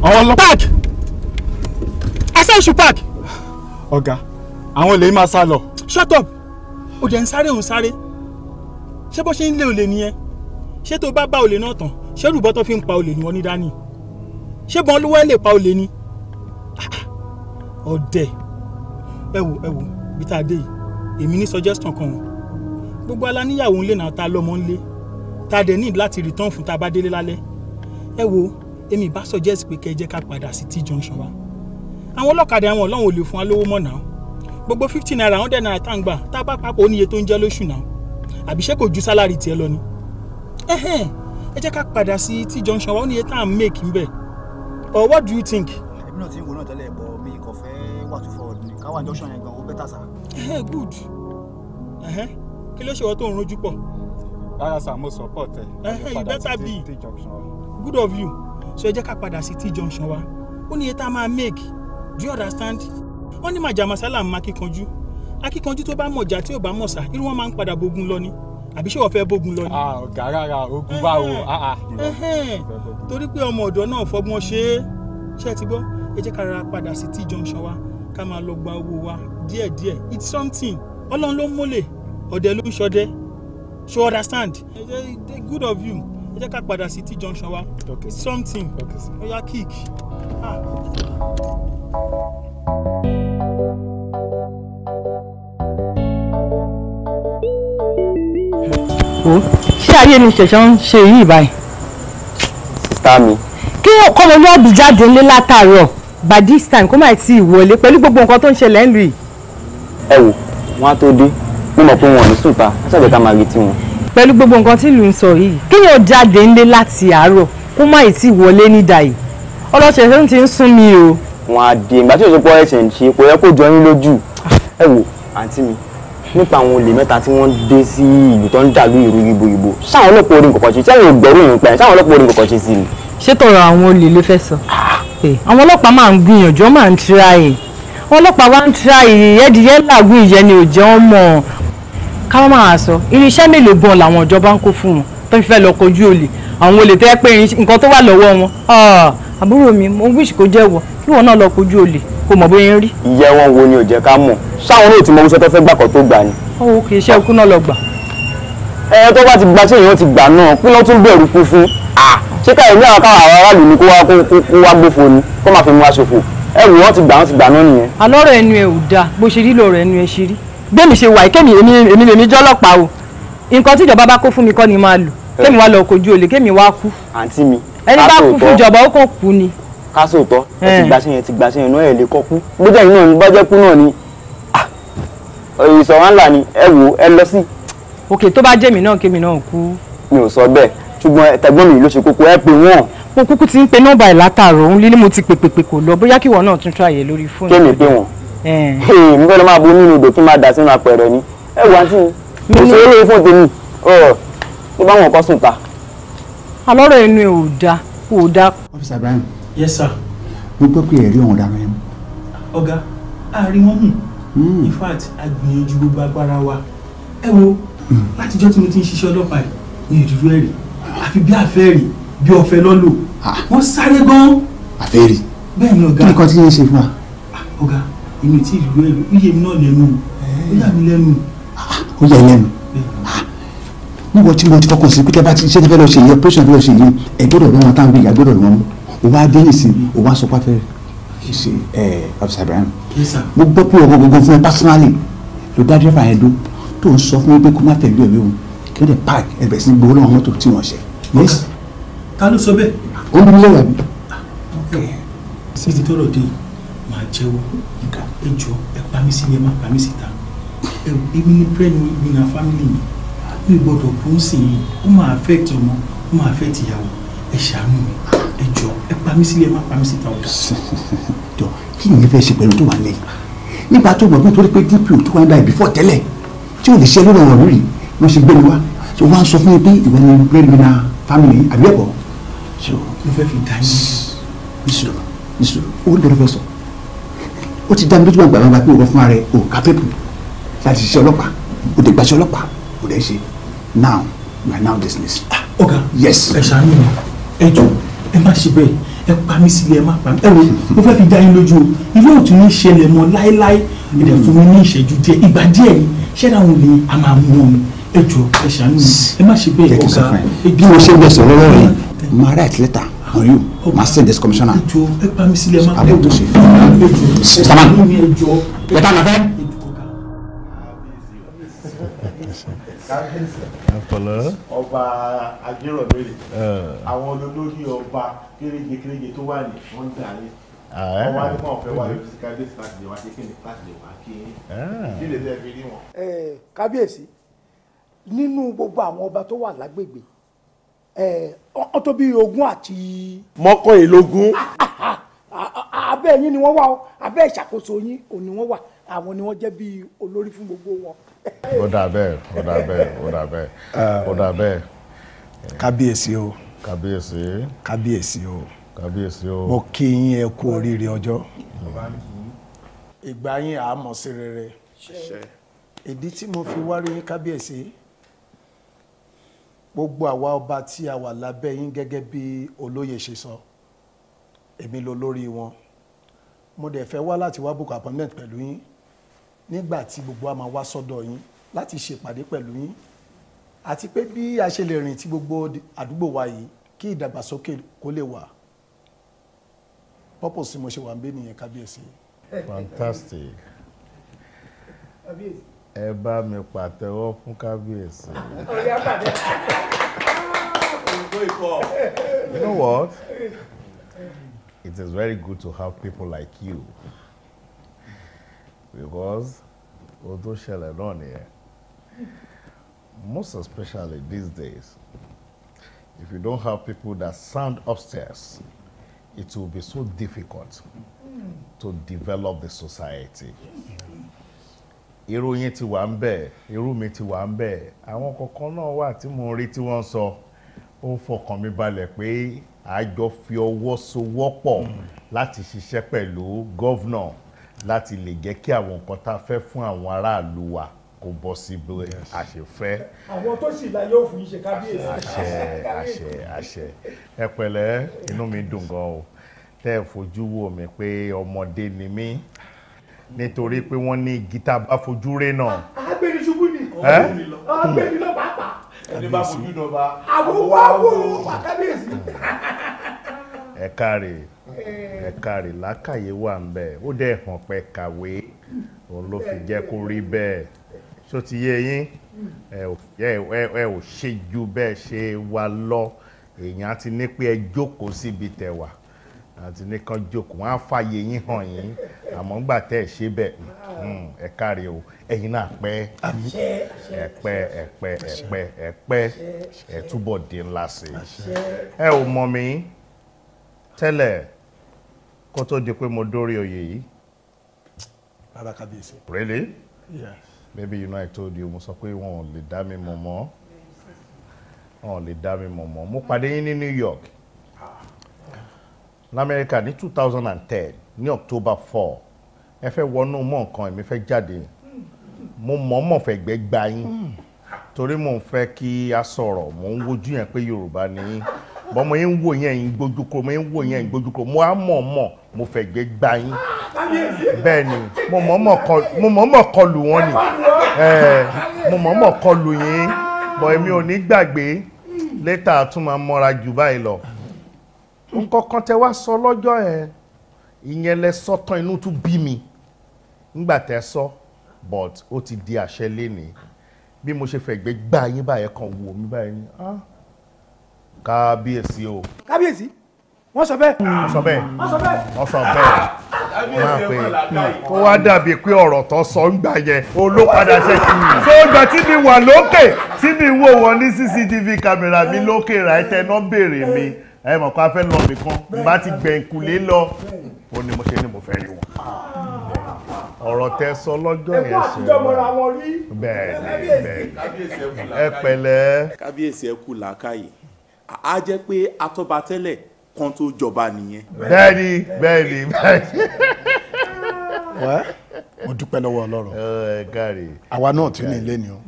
àwọn ọlọ́pàá. park ẹsẹ̀ ìṣù park. ọ̀gá àwọn olè máa sá lọ. shut up ó jẹ́ ń sáré òun sáré ṣé bó ṣe ń lé olè nìyẹn ṣé tó bá bá olè náà tán ṣé rúbọ tó fi ń pa olè ni wọ́n ní dání ṣé bọ́n olúwa lè pa olè ni ah, ọ̀dẹ̀ ẹ wò ẹ wò bí tá a dé yìí èmi ní suggestion kan gbogbo aláníyàwó ńlẹ̀ náà ta lọ́mọ ńlẹ̀ ta dẹ̀ ní láti return fún tá lálẹ́ ẹ wò ó èmi bá suggest pé kẹ́ ẹ jẹ́ ká padà sí t junction wa àwọn ọlọ́kadà àwọn ọlọ́run ò lè fún wa lówó mọ̀ náà gbogbo fifty naira hundred naira tá ń gbà tá a bá papọ̀ oníye tó ń jẹ́ lóṣù náà àbí ṣé kò ju sálárì tiẹ̀ lọ ni ẹ̀hẹ́n ẹ jẹ́ ká padà sí t junction wa oníye tá à ń make ń bẹ̀ or what do you think. èmi náà ti ń wo náà tẹ́lẹ̀ bọ̀ mi kò fẹ́ wà tó fọ ọdún káwá junction yẹn gan ó bẹ́tà sá. ẹ̀hẹ́n good ẹ̀hẹ́n kí ló ṣe wọ́n tó ń rojú pọ̀. rárá sá mo support ẹ. ẹ̀hẹ́n you better be good of you so ẹ jẹ́ ká padà sí tí junction wa ó ní iye tá a máa make do you understand wọ́n ní màjà masala máa kíkanjú akíkanjú tó bá mọ̀jà tí ò bá mọ̀sà irú wọn máa ń padà bógun lọ ni àbí ṣé wọ́n fẹ́ bógun lọ ni. Ah, ọ̀gá rárá ogun bá wo. Ah, ah. torí pé ọmọ ọ̀dọ́ náà fọgbọ́n ṣe é ṣe ti gbọ́ ẹ jẹ́ ká rárá padà sí tí junction wa ká máa lọ gba owó wa díẹ̀díẹ̀ it's something ọlọ́run ló ń mólè ọ̀dẹ ló ń ṣọdẹ so understand good of you jẹ́ ká padà sí t junction wa okay. it's something ó yá kick. Ah. ṣé ayé ni ṣẹ̀ṣẹ̀ ń ṣe yìí báyìí. sísá mi. kí kọ́mọlúwàbí jáde ńlé látàárọ̀ by this time kó má ti ìwọlé pẹ̀lú gbogbo nǹkan tó ń ṣẹlẹ̀ ńlùú yìí. ẹ wò wọn á tó dé mo mọ̀ pé wọn ò ní sùn ta ẹ ṣàgbéká máa retí wọn pẹ̀lú gbogbo nǹkan tí ìlú ń sọ yìí kéèyàn jáde ńlé láti àárọ̀ kó má ì tí wọlé nídà yìí ọlọ́ṣẹ̀ tó ń ti ń sún mi o. wọn á di ìgbà tí òṣèlú pọ ẹsẹ̀ ń ṣe kò yẹ kó jọ yín lójú ẹ wo àǹtí mi nípa àwọn olè mẹ́ta tí wọ́n dé sí ìlú tó ń dàlú ìlú iboibo sáwọn ọlọ́pàá orin kọ̀kọ̀ ṣe sáwọn ògbẹ́rù ìrìn pẹ̀lú sáwọn ọlọ́pàá orin kọ̀kọ̀ ṣe sí i. ṣé tọrọ àwọn olè ló fẹ́ sọ. àwọn ọlọ́pàá máa ń gbìyànjú wọ́n máa ń tíráyè àwọn ọlọ́pàá wá ń tíráyè yẹ́dìyẹ́ làágùn ìyẹn ni ò jẹ́ wọn mọ̀ ká má máa sọ irinṣẹ́ mélòó gan làwọn ìjọba ń kó fún wọn tó fi fẹ́ lọ kojú olè àwọn olè tẹ́ pé nǹkan tó wà lọ́wọ́ wọn ah, àbúrò mi mo wíṣì kó jẹ́ wọ kí wọn náà lọ kojú olè kó mọ̀ bóyá ń rí. ìyẹ́ wọn wo ni ò jẹ́ ká mọ̀ sáwọn náà ti mọ oúnjẹ tó fẹ́ gbà kọ́ tó gbà ni. ó kì í ṣe ikú náà lọ gbà. ẹ tó bá ti gba tí èèyàn ti gbà náà kí ló tún bẹ̀rù kú fún ṣé káyọ̀ ní àwọn káwọn aráàlú ni kó wá kó wá gbófo ni kó má fi mú aṣòfò ẹ wò wọ́n ti gbà wọ́n ti gbà náà nìyẹn. alọ́rọ̀ ẹnu ẹ ò dáa bó ṣe rí lọ́rọ̀ ẹnu ẹ ṣe rí bẹ́ẹ̀ mi ṣe wà kémi èmi lèmi jọ́lọ́pàá o nǹkan tíjọba bá kó fún mi kọ́ ni máa lò eh. kémi wá lọ kojú olè kémi wá kú. àǹtí mi ẹni bá kú fún ìjọba ó kàn kú ni. kásòótọ́ ẹ ti eh. gbàṣẹ yẹn ti gbàṣẹ yẹn náà ẹ lè kọ́ kú bójú ẹ̀yin náà ni bọ́jẹ́ kú náà ni ah, ìsọ̀rọ̀ ńlá ni ẹ wò ẹ lọ sí. òkè tó bá jẹ́ mi náà kémi náà kú. mi ò sọ bẹ́ẹ̀ ṣùgbọ́n tẹ̀gbọ́n mi ló ṣe kókó ẹ pè wọ́n. mo kúkú ti ń pe nọ́mbà ẹ̀ látàrọ̀ òun lílé mo ti pèpèpè kò lọ bóyá kíwọ náà tún tún àyè lórí fóònù. kémi pé wọn Eh. mo fẹ́ lọ máa bu nínú ìdò kí n máa dà sínú apẹ̀rẹ̀ ni ẹ wà tí mo ṣe eré fún tèmi ló bá wọn kọ́ sùn ta. alọ́rọ̀ ẹnu ò da ò da. ọ́fíìsì Ibrahim. yes sir. mo gbọ́ pé ẹ̀rí ọ̀hún dára ẹ̀mú. ọ̀gá àárín wọn mú hmm. in fact a gbìyànjú gbogbo agbára wa ẹ wo hmm. látijọ́ tí mo ti ń ṣiṣẹ́ ọlọ́pàá yìí ní ìdúró ẹ̀rí àfi bí àfẹ́rì bí ọ̀fẹ́ lọ́lò ah. wọ́n sáré gan-an. àfẹ́rì bẹ́ẹ̀ ni ọ̀gá kí ni kan ti ń ṣe fún wa. Ah, ọ̀gá èmi tí ìlú ẹ̀rọ ó yẹ mi náà lẹ́nu o yà mí lẹ́nu. o yà lẹ́nu níwọ̀n ah, tí mo ti fọkàn sí pé tẹ́ bá ti ṣe tẹ́ fẹ́ lọ ṣe yẹ pẹ́sọ̀n fẹ́ lọ ṣe yẹ ẹ gbọ́dọ̀ rán wọn táwọn gbìyànjú gbọ́dọ̀ rán wọn o wá dé ìsìn o wá sọ pé afẹ́ ṣe ẹ ọ̀fíìsà Ibrahim mo gbọ́ pé ọkọ̀ gbogbo fún ẹ pásínálì ló dá dírẹ́fà yẹn dó tó ń sọ fún mi pé kó má tẹ̀lé ẹ̀mí òun kí wọ́n dẹ̀ páàkì ẹ̀bẹ̀ sí gbowó lọ́wọ́ mọ́tò tí wọ́n ṣe. ká ló sọ bẹ́ẹ̀. ó ń bí lọ́wọ́ àbí. síbi tọ́rọ̀ dé máa jẹ́wọ́ nǹkan ẹ jọ ẹ pa mí sílé má pa mí síta èmi ní pẹ́ẹ́nì mi na fámìlì mi mi gbọ́dọ̀ kó ń sìn yìí ó máa affect ọmọ ó máa affect ìyàwó ẹ ṣàánú mi ẹ jọ ẹ pa mí sílé má pa mí síta ọ̀dà. jọ kí ni ìfẹ́ ṣe pẹ̀lú tó wà lẹ́yìn nípa tó mọ̀ bí torí pé dp tó wà ń da ìbífọ̀ tẹ́lẹ̀ tí ò lè ṣe lórí ọ̀rọ̀ rírì wọ́n ṣe gbé mi wá so wọ́n á sọ fún mi pé ìwọ ni pẹ́ẹ́nì mi na fámìlì àbí ẹ̀kọ́. mo fẹ́ fi dá yín. nísòro nísòro ó ń dọ́rọ́ fẹ́ sọ ó ti dá mi lójú àgbà bàbá pé òun fúnra rẹ̀ ò kápẹ́pù láti ṣiṣẹ́ ọlọ́pàá ó dẹ̀ gbaṣẹ́ ọlọ́pàá ó dẹ̀ ṣe now you are now business ah, ọ̀gá yes. ẹ ṣàánú mi ẹ jọ ẹ má ṣe bẹ́ẹ̀ ẹ pa mí sílẹ̀ ẹ má pa mí ẹ wo mo fẹ́ fi dá yín lójú o ilé òtún ní ṣẹlẹ̀ mọ́ láéláé ẹ̀dẹ̀ fún mi ní ìṣẹ́jú díẹ̀ ìgbà díẹ̀ ni ṣẹ́ra òun lè a máa mú wọn mi ẹ jọ ẹ ṣàánú mi ẹ má ṣe bẹ́ẹ̀ ọ̀gá bí mo ṣe gbẹ̀sọ̀ lọ́wọ́ rẹ̀ máa write letter How are you? Okay. Master this commissioner. Ẹjọ́ ẹ pa mi sílẹ̀ máa. Àbẹ̀ tó ṣe. Mr. Man, bẹ́tà nàfẹ́. Kábíyèsí. Ọba Ajérọ̀mẹ́rẹ̀. Àwọn olólórí ọba kéréje kéréje tó wà ní wọ́n ń dà ní. Ọba ní kàn fẹ́ wá lórí sí kábíyèsí láti lè wá ṣe kí ni láti lè wá kí ni. Kí lè tẹ́ fi rí wọn? Kábíyèsí, nínú gbogbo àwọn ọba tó wà lágbègbè ọ eh, tó bí ogún àti. mọ́kànlélógún. abẹ́ yín ni wọ́n wà o abẹ́ ìṣàkóso yín ò ní wọ́n wà àwọn ni wọ́n jẹ́ bí olórí fún gbogbo wọn. ó dà bẹ́ẹ̀ ó dà bẹ́ẹ̀ ó dà bẹ́ẹ̀ ó dà bẹ́ẹ̀. kábíyèsí o. kábíyèsí. kábíyèsí o. kábíyèsí o. mo kí yín ẹ kú oríire ọjọ́. ìgbà yín àá mọ̀ sí rere. ìdí tí mo fi wá yín kábíyèsí gbogbo àwa ọba tí a wà lábẹ́ yín gẹ́gẹ́ bí olóyè ṣe sọ èmi ló lórí wọn mo dẹ̀ fẹ́ wá láti wá book appointment pẹ̀lú yín nígbà tí gbogbo a máa wá sọ́dọ̀ yín láti ṣèpàdé pẹ̀lú yín àti pé bí a ṣe lè rìn tí gbogbo àdúgbò wa yìí kí ìdàgbàsókè kó lè wà purpose mo ṣe wà ń bẹ nìyẹn kábíyèsí. fantastic. kábíyèsí ẹ bá mi pàtẹ́wọ́ fún kábíyèsí. You know what? It is very good to have people like you because o tó ṣẹlẹ̀ náà nìyẹn most especially these days if you don't have people that sound upstairs it will be so difficult to develop the society. Yeah irú yín ti wà ń bẹ̀ irú mi ti wà ń bẹ̀ àwọn kọ̀ọ̀kan náà wà tí mo ń rí tí wọ́n sọ ó fọkàn mi balẹ̀ pé àjọ fi ọwọ́ sowọ́pọ̀ mm. láti ṣiṣẹ́ pẹ̀lú gọ́vnà láti lè jẹ́ kí àwọn nǹkan tá a fẹ́ fún àwọn aráàlú wa kò bọ́ sí bí a ṣe fẹ́. àwọn tó sì la yóò fún yín ṣe kábíyèsí. àṣẹ àṣẹ àṣẹ ẹ pẹ̀lẹ́ inú mi dùn gan o tẹ́ ẹ fojú wò mí pé ọmọdé ni mí nítorí pé wọ́n ní gita àfojúre náà. Ah, ah, agbẹni ṣubú ni agbẹni ah, lọ pàápàá. ẹni bá fojú dọba. àbúwá wo kábíyèsí. ẹ káre eh. ẹ káre lákàyè wà ń bẹ ó dẹ hàn pé kàwé òun ló fi jẹ́ kó rí bẹ́ẹ̀ ṣó ti yé yín hmm. ẹ ò ṣe ju bẹ́ẹ̀ ṣe wà lọ èèyàn ti ní pé ẹ jókòó síbi tẹ̀wà àti nìkan jókòó wọn á fààyè yín hàn yín àmọ́ ńgbà tẹ́ ẹ̀ ṣe bẹ́ẹ̀ hmm, ẹ káre o ẹ̀yin náà pẹ́ ẹ̀pẹ́ ẹ̀pẹ́ ẹ̀pẹ́ ẹ̀pẹ́ ẹ̀ túbọ̀ dín ńlá sí i ẹ ò mọ̀ mí tẹ́lẹ̀ kó tó di pé mo dórí oyè yìí. bàbá kábíyèsí. really? yes. maybe you know I told you mo sọ pé wọn ò lè dá mi mọ̀ mọ́ wọn ò lè dá mi mọ̀ mọ́ mo pàdé yín ní New York lamẹ́ríkà ní two thousand and ten ní october four ẹ fẹ́ wọnú mọ́ nǹkan èmi fẹ́ jáde mo mọ̀ọ́mọ̀ fẹ́ gbẹ́ gba yín torí mò ń fẹ́ kí a sọ̀rọ̀ mò ń wojú yẹn pé yorùbá ni bọ́n mo ń wò yẹn ń gbójú kúrò mo ń wò yẹn ń gbójú kúrò mo á mọ̀ọ́mọ̀ mo fẹ́ gbẹ́ gba yín bẹ́ẹ̀ ni mo mọ̀ọ́mọ̀ kọlù wọn ni mo mọ̀ọ́mọ̀ kọlù yín bọ̀ èmi ò ní gbàgbé lẹ́tà tún máa mọ́ra jù báyìí lọ nǹkan kan tẹ wá sọ lọ́jọ́ yẹn ìyẹn lẹ sọ tán inú tún bí mi ńgbà tẹ sọ but ó ti di àṣẹ lénìí bí mo ṣe fẹ́ gbé gbá yín báyẹn kan wò mí báyẹn ni ah, kábíyèsí o. kábíyèsí wọ́n sọ bẹ́ẹ̀. wọ́n sọ bẹ́ẹ̀ wọ́n sọ bẹ́ẹ̀ máa pe kó wá dàbí pé ọ̀rọ̀ tó sọ ń gbà yẹn olókàdá ṣe so ìgbà tí mi wà lókè tí mi wò wọ́n ní cctv kámẹ́rà mi lókè rà ẹ́ tẹ́ náà béèrè mi ẹ mọ̀ kó a fẹ́ lọ nìkan bá ti gbẹ̀ǹkùlé lọ ó ní mo ṣe ni mo fẹ́ rí wọn. ọ̀rọ̀ tẹ sọ lọ́jọ́ yẹn ṣe wọ́n. ẹ̀kọ́ àtijọ́ mọ́ra wọn rí. bẹ́ẹ̀ ni ẹ pẹ̀lẹ́. kábíyèsí ẹ kú làákàyè a jẹ́ pé atọ́ba tẹ́lẹ̀ kan tó jọba nìyẹn. bẹ́ẹ̀ ni bẹ́ẹ̀ ni bẹ́ẹ̀ ni. wẹ́ẹ́ mo dúpẹ́ lọ́wọ́ ọlọ́run àwa náà tún ní ilé ni o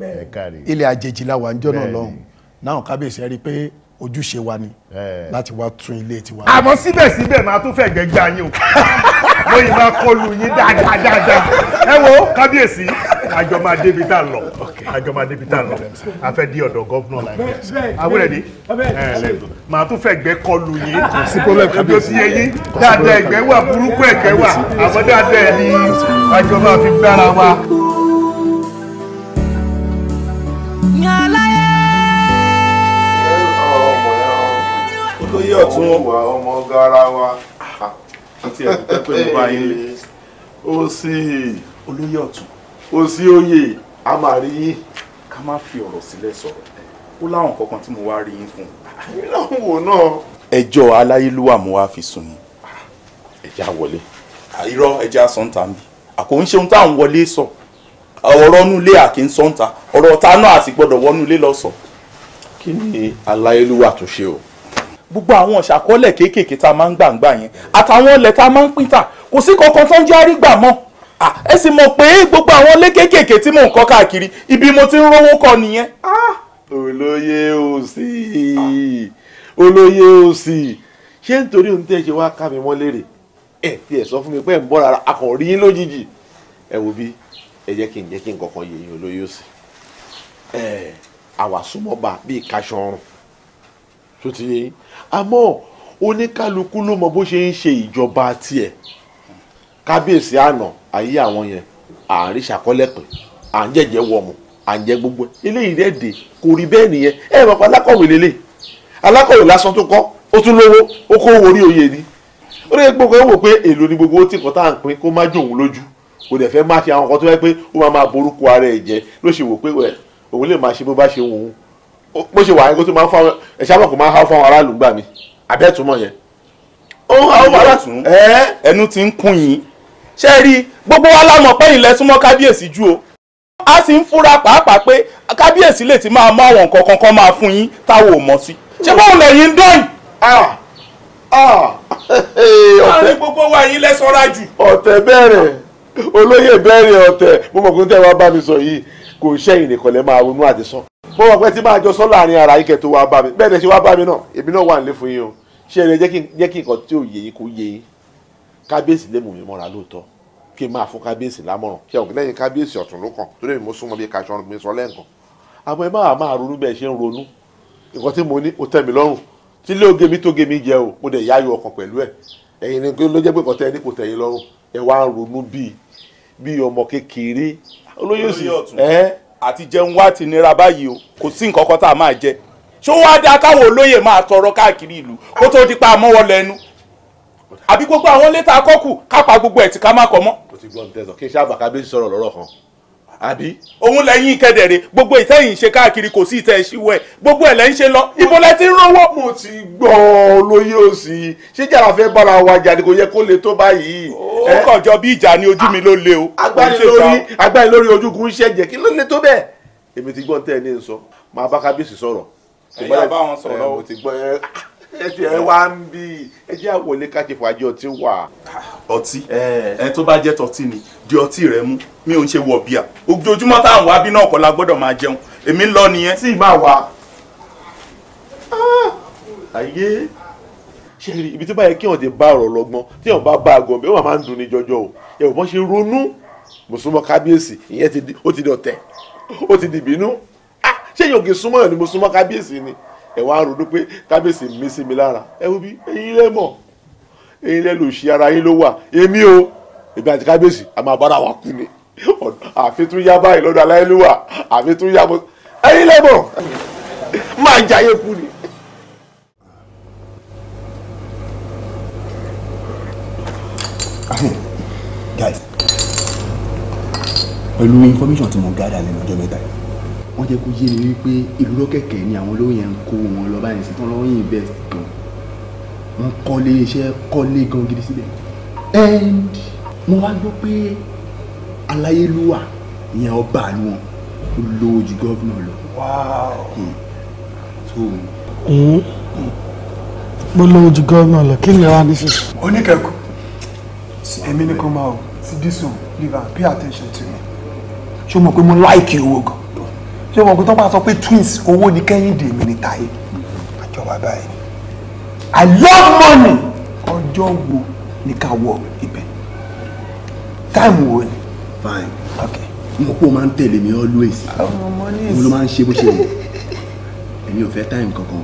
ilé àjèjì la wà ń lọ́hùn náà kábíyèsí ẹ rí i pé ojúṣe wa ni eh. láti wá tún ilé tiwa. àmọ́ síbẹ̀síbẹ̀ máa tún fẹ́ gbẹ́gbẹ́ yín o mo yìí máa kọlù yín dáadáa dáadáa ẹ wo kábíyèsí àjọ máa débi tá a lọ àjọ máa débi tá a lọ a di ọ̀dọ̀ gọ́vnọ̀ láìpẹ́ àwúrẹ́ ni máa tún fẹ́ gbẹ́ kọlù yín ẹbí ó ti yẹ yín dáadáa ẹ̀gbẹ́ wà burúkú ẹ̀gbẹ́ wà àmọ́ dáadáa ẹ̀ ni àjọ máa fi gbára wa. yé ọ̀tún o. ọmọ gara wa. àti ah, ẹ̀dùnkẹ́ pé mo bá yín lé. ó sì. olóyè ọ̀tún. ó sì òye a máa rí yín. ká má fi ọ̀rọ̀ sílẹ̀ sọ̀rọ̀ ó láwọn kankan tí mo wá rí yín fún. èmi náà wò náà. ẹjọ́ aláyélúwà mo wá fi sùn yín ẹja wọlé irọ́ ẹja sọ́ńtà mi àkó ń ṣe ohun tá à ń wọlé sọ ọ̀rọ̀ nulẹ̀ àkín sọ́ńtà ọ̀rọ̀ ọ̀tá náà àti gbọ́dọ̀ wọnú ilé lọ kí ni aláyélúwà tó ṣe o gbogbo àwọn ìṣàkọọ́lẹ̀ kéékèèké tá a máa ń gbàǹgbà yẹn àtàwọn ọlẹ̀ tá a máa ń pín tà kò sí kankan tó ń jẹ́ àrígbà mọ́ ẹ sì mọ̀ pé gbogbo àwọn ilé kéékèèké tí mò ń kọ́ káàkiri ibi mo ti ń rówó kọ nìyẹn. olóyè òsì olóyè òsì ṣé nítorí ohun tí ẹ ṣe wá ká mi mọ́ lérè ẹ fi ẹ̀ sọ fún mi pé ẹ̀ ń bọ́ rárá a kàn rí yín lójijì ẹ wo bí ẹ jẹ́ kí n jẹ́ kí n kọ̀ọ̀kan yẹ yín olóyè òsì ẹ àwàsúmọ́ba bíi kaṣọ ọrùn tó ti yé yín àmọ́ oníkálukú ló mọ bó ṣe ń ṣe ìjọba tiẹ̀ kábíyèsí àná ayé àwọn yẹn à ń rí ṣàkọ́lẹ̀ pé à ń jẹ̀jẹ̀ wọ̀mù à ń jẹ gbogbo eléyìí rẹ̀ dé kò rí bẹ́ẹ̀ nìyẹn ẹ mọ̀ pé alákọ̀wé lélẹ̀ alákọ̀wé lásán tó kọ́ ó tún lówó ó kó owó orí oyè ni ó lè gbogbo ẹ wò pé èlò ni gbogbo ó tì kọ́ tá à ń pín kó má jòun lójú kò dẹ̀ fẹ́ má ṣe àwọn kan tó fẹ́ pé ó máa máa borúkọ ara ẹ̀ jẹ́ ló ṣe wò pé òun lè máa ṣe bó bá ṣe wù ú bó ṣe wà yẹn kó tó máa ń fáwọn ẹ sábà kó máa ń há fáwọn aráàlú gbà mí àbẹ́ẹ̀túmọ̀ yẹn. ó ń há wàhálà tún ẹnu ti ń kún yín ṣe rí gbogbo wa lámọ̀ pé ilẹ̀ súnmọ́ kábíyèsí jù o a sì ń fura pàápàá pé kábíyèsí lè ti máa mọ àwọn nǹkan kankan máa fún yín táwọn ò mọ̀ sí ṣé bóun lẹ́yìn ń dán yìí. láàrin gbogbo wa yín lẹ ṣọ́ra jù. ọ̀tẹ̀ bẹ̀rẹ̀ olóyè bẹ̀rẹ̀ ọ̀tẹ̀ mo mọ̀ pé tẹ́ wá bá mi sọ yìí kò ṣẹ́yìn nìkan lẹ́ máa ronú àti mo rò pé tí máa jọ sọ láàrin ara yìí kẹtó wá bá mi bẹ́ẹ̀ ni ṣe wá bá mi náà èmi náà wà nílé fún yín o ṣé ẹni jẹ́ kí nǹkan tí ò yé yín kó yé yín kábíyèsí lè mú mi mọ́ra lóòótọ́ kí n máa fún kábíyèsí lámọ̀ràn kí ọ̀gbìn lẹ́yìn kábíyèsí ọ̀tún ló kàn torí mi mo súnmọ́ bí kaṣọ mi sọ lẹ́ǹkan àmọ́ ẹ má máa ronú bẹ́ẹ̀ ṣe ń ronú nǹkan tí mo ní ó tẹ́ mi lọ́rùn tí ilé oge mi o mo dẹ̀ yáyọ ọkàn pẹ̀lú ẹ̀ àti jẹun wá ti nira báyìí o kò sí nǹkan kan tá a máa jẹ ṣó wáá dáa káwọn olóyè máa tọrọ káàkiri ìlú kó tó di pa àmọ́wọ́ lẹ́nu àbí gbogbo àwọn létà akọ́kù ká gbogbo ẹ̀ tí ká má kọ mọ́. o ti gbọ́ ní tẹ̀sán kí n ṣe àbàkábí sọ̀rọ̀ lọ́rọ̀ kan àbí òun lẹ́yìn kẹ́dẹ̀rẹ́ gbogbo ìtẹ́yìn ṣe káàkiri kò sí ìtẹ́ ìṣíwẹ̀ gbogbo ẹ̀ lẹ́ ń ṣe lọ ibo lẹ ti ń rówó. mo ti gbọ́ olóyè òsì ṣé jàrá fẹ́ bára wa jà ni kò yẹ kó le tó báyìí. ó kàn jọ bí ìjà ni ojú mi ló le o. agbáni lórí ojúkùn iṣẹ́ jẹ́ kí ló le tó bẹ́ẹ̀. èmi ti gbọ́ tẹ́ ẹ ní sọ máa bá kábíyèsí sọ̀rọ̀. ẹ̀yin àbá wọn sọ̀rọ̀ ẹ ti ẹ wá ń bí ẹ jẹ́ àwọlé kájí fàájì ọtí wà. ọtí ẹ tó bá jẹ́ tọtí ni di ọtí rẹ mú mi ò ń ṣe wọ bíà ojoojúmọ́ táwọn wá bí náà kọ́ la gbọ́dọ̀ máa jẹun èmi ń lọ nìyẹn. tí ì máa wà ah! ayé ṣe rí ibi tó bá yẹ kí ọ̀dẹ bá ọ̀rọ̀ lọ́gbọ́n tí ọ̀n bá bá àgọ́ ọ̀bẹ wọn máa ń dùn ní jọjọ o ẹ̀wọ̀n bọ́n ṣe ronú mùsùlùmọ́ kábíyèsí ìyẹn ó ti di ọ̀tẹ̀ ó ti di ìbínú ah! ṣé yóò gé súnmọ́ ẹ̀ ní mùsùlùmọ́ kábíyèsí ni ẹ wá ronú pé kábíyèsí mi sí mi lára ẹ wo bí ẹ̀yin lẹ mọ̀ ẹ̀yin lẹ lò sí ara yín ló wà èmi o èmi àti kábíyèsí a máa bára wa kú ni àfi tún yá báyìí lọ́dọ̀ aláìlúwà àfi tún yá bọ́ ẹ̀yin lẹ mọ̀ máa jayé kú ni. guys pẹ̀lú information tí mo gather lẹ́nu ọjọ́ mẹ́ta yìí wọ́n jẹ́ kó yé mi wípé ìlú kẹ̀kẹ́ ni àwọn olóyè ń kó wọn lọ báyìí sí tán lọ́wọ́ invest gan wọ́n kọ́lé iṣẹ́ kọ́lé gan gidi síbẹ̀ and mo wá gbọ́ pé aláyélúwà ìyẹn ọba ni wọn ó lówó ju lọ. mo hmm. hmm. hmm. lówó ju gómìnà lọ kí ni ẹ wá ní ṣe. oníkẹ́kọ̀ọ́ èmi ni kò máa ò sí dísùn liver pay attention to me ṣé o mọ̀ pé mo láìkì owó gan ṣé o mọ̀ tó bá sọ pé twins owó ni kẹ́hìndé mi ni tàyè àjọ wa báyìí i love money ọjọ́ wo ni ká wọ ibẹ̀ táìmù wo ni. fine okay mo kó o máa ń tẹ̀lé mi always oh, mo ló máa ń ṣe bó ṣe yẹ èmi ò fẹ́ táìmù kankan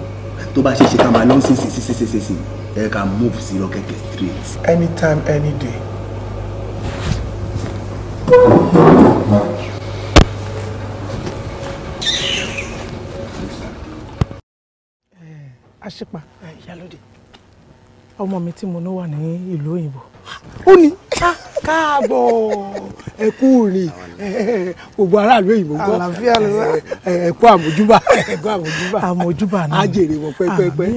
tó bá ṣe ṣe ká máa lọ sí sí sí sí sí sí ẹ ká move sí rocket street. anytime any day. àṣìpà ìyálóde ọmọ mi tí mo ní wà ní ìlú òyìnbó ó ní ah, káàbọ̀ ẹ̀kú rìn gbogbo aráàlú òyìnbó gbọ́ ẹ̀kú àmójúbà ẹ̀kú àmójúbà àmójúbà náà àjèrè wọ̀ pẹ́pẹ́pẹ́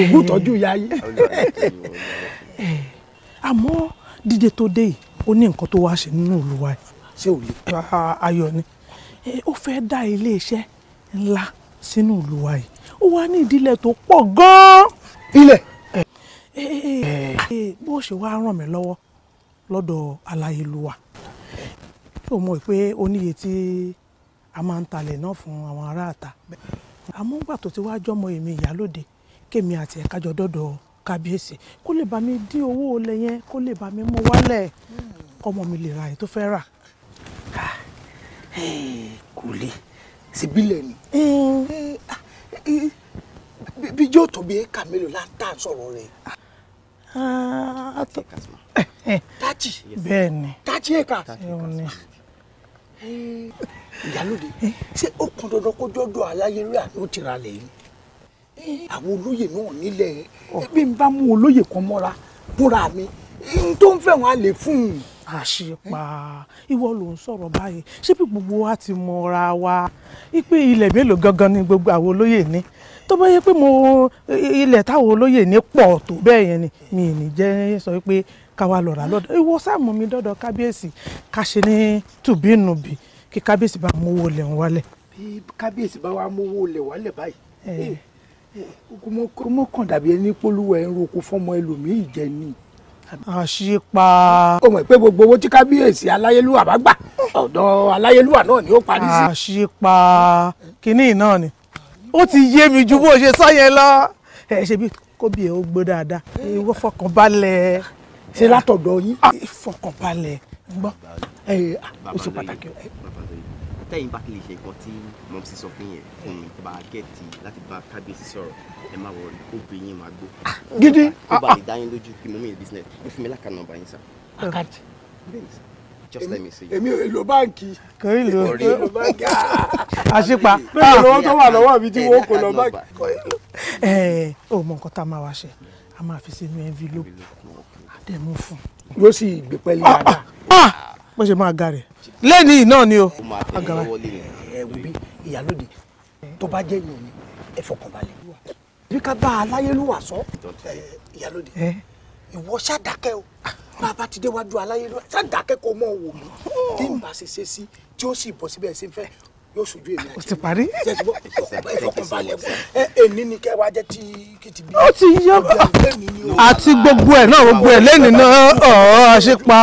ògùn tọ́jú yáyé àmọ́ dídé tó dé yìí ó ní nǹkan tó wá ṣe nínú olùwà yìí ṣé ò lè ayọ̀ ni ó fẹ́ dá iléeṣẹ́ ńlá sínú olùwà yìí ó wá ní ìdílé tó pọ̀ gan-an. ilẹ̀. bó ṣe wá ràn mí lọ́wọ́ lọ́dọ̀ aláyélúwà yóò mọ̀ pé oníye tí a máa ń talẹ̀ náà fún àwọn aráàta àmọ́ ńgbà tó ti wá jọ́mọ èmi ìyálòde kémi àti ẹ̀ka jọ dọ́dọ̀ kábíyèsí kó lè bá mi dín owó olè yẹn kó lè bá mi mú wálẹ̀ kọ́mọ mi lè ra èyí tó fẹ́ rà. Ah, eh, kò lè síbílẹ̀ ni bí yóò tó bí éka mélòó la ń tà sọ̀rọ̀ rẹ̀. tájì bẹ́ẹ̀ ni tájì éka ìyálòde ṣé ó kan dandan kó jọ́dọ̀ aláyẹ̀rẹ́ àná tìra lẹ̀ yìí àwọn olóyè náà nílẹ̀ oh. bí n bá mú olóyè kan mọ́ra búra mi n tó ń fẹ́ wọn a lè fún un àṣepa ìwọ ló ń sọ̀rọ̀ báyìí ṣé bí gbogbo wa ti mọra wa ipe ilẹ̀ mélòó gangan ni gbogbo àwọn olóyè ní tó bá yẹ pé mo ilẹ̀ táwọn olóyè ní pọ̀ tó bẹ́ẹ̀ yẹn ni mi ì ní jẹ́ sọ pé ká wa lọ́ra lọ́dọ̀ ìwọ sáàmù mi dọ́dọ̀ kábíyèsí ká ṣe ní tùbínùbì kí kábíyèsí bá mówó lẹ̀ ń wálẹ̀. bí kábíyèsí bá wa mówó lẹ̀ wálẹ̀ báyìí eh, eh, kò mọ̀ kàn dàbí ẹni pólúwa ń roko fọ́mọ ẹlòmíì jẹ ni àṣìpa. o mọ̀ pé gbogbo owó tí kábíyèsí aláyélúwà bá gbà ọ̀dọ̀ aláyélúwà náà ni ó parí sí. àṣìpa kínní náà ni ó ti yé mi ju bó ṣe sọ yẹn lọ ẹ ṣe bí kóbi ẹ ó gbó dáadáa ìwọ fọkànbalẹ̀. ṣe látọ̀dọ̀ yín. fọkànbalẹ̀ gbọ́ ẹ ó ṣe pàtàkì tẹ́yìn bá ti lè ṣe nǹkan tí mọ̀ sí sọ fún yẹn fún mi bá a gẹ̀ẹ́tì láti bá kábíyèsí sọ̀rọ̀ ẹ má wọrí obìnrin yẹn máa gbó. Ah, gidi ó bá ah, lè dá yín lójú kí mo mi business ẹ fún mi láka nọ́mbà yín sá. àkáǹtì. Ah. just let me see. èmi ò lo báǹkì. kò í lo àṣìpa. bẹ́ẹ̀ lọ́wọ́ tó wà lọ́wọ́ mi tí wọ́n kò lọ báǹkì. ẹ ẹ o mọ nǹkan tá a máa wá ṣe a máa fi sínú envelope àdẹ̀mú fún. yóò sì gbé pẹ́ẹ́lí dáadáa. bó ṣe máa ga lẹ́nìí náà ni o. agara ẹ wò bí ìyálóde tó bá jẹ́ ìyọ̀ni ẹ fọkànbalẹ̀ bí ká bá aláyélúwà sọ ìyálóde ìwọ ṣàdákẹ́ o bá a bá ti déwájú aláyélúwà ṣàdákẹ́ kó mọ̀ wò mí kí n bá ṣe ṣe sí tí ó sì bọ̀ síbẹ̀ ṣe fẹ́ yóò ṣojú èmi àti. o ti parí. èmi ni kẹ́ wá jẹ́ tí kì í ti bí. ó ti yọ àti gbogbo ẹ̀ náà gbogbo ẹ̀ lẹ́nu náà ọ̀ọ́ ṣe pa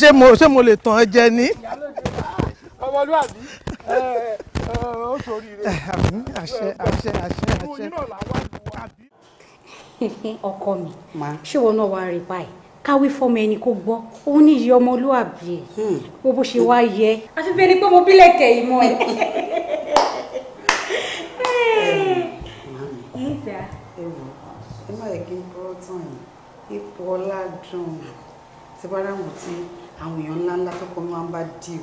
ṣé mo lè tàn ẹ́ jẹ ni. ọmọlúwàbí ó sori rẹ. àṣẹ àṣẹ àṣẹ àṣẹ. ọkọ mi ṣé wọn náà wá rí báyìí káwé fọmọ ẹni kò gbọ́ òun ní ìyá ọmọlúàbí ẹ̀ wo hmm. bó ṣe wá yẹ. àfi bẹ́ẹ̀ ni pé mo bílẹ̀ kẹ̀ yìí mọ́ ẹ. ẹ má yẹ kí n bọ́ tán yìí ipò ọlá dùn tí bá ráwọn tí àwọn èèyàn ńlá ńlá tó kọ́ni wọn bá díò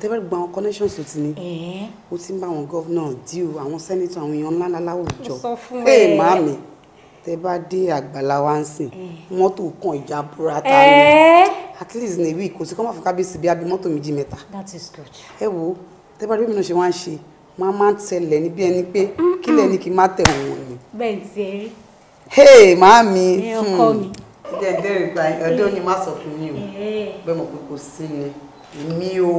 tẹ́ bá àwọn connections tó ti ní o ti ń bá àwọn gọ́vnà díò àwọn sẹ́nitọ̀ àwọn èèyàn ńlá ńlá láwùjọ ẹ máa mi tẹ bá dé àgbàlá wa ń sìn mm. mọ́tò kan ìjà burata ni eh? at least ní week kò sí kọ́ máa fi kábíyèsí bí abí mọ́tò méjì mẹ́ta ẹ wo tẹ bá rí bí mi náà ṣe wá ń ṣe máa máa ń tẹlẹ̀ níbi ẹni pé kílẹ̀ ni kí n má tẹ̀ wọ́n ni. bẹ́ẹ̀ ni ti ẹ rí. hey màámi hmm. jẹ́ ìbéèrè gba ọdún eh. ni má sọ fún mi o bẹ́ẹ̀ eh. mọ̀ pé kò sí ni mi ò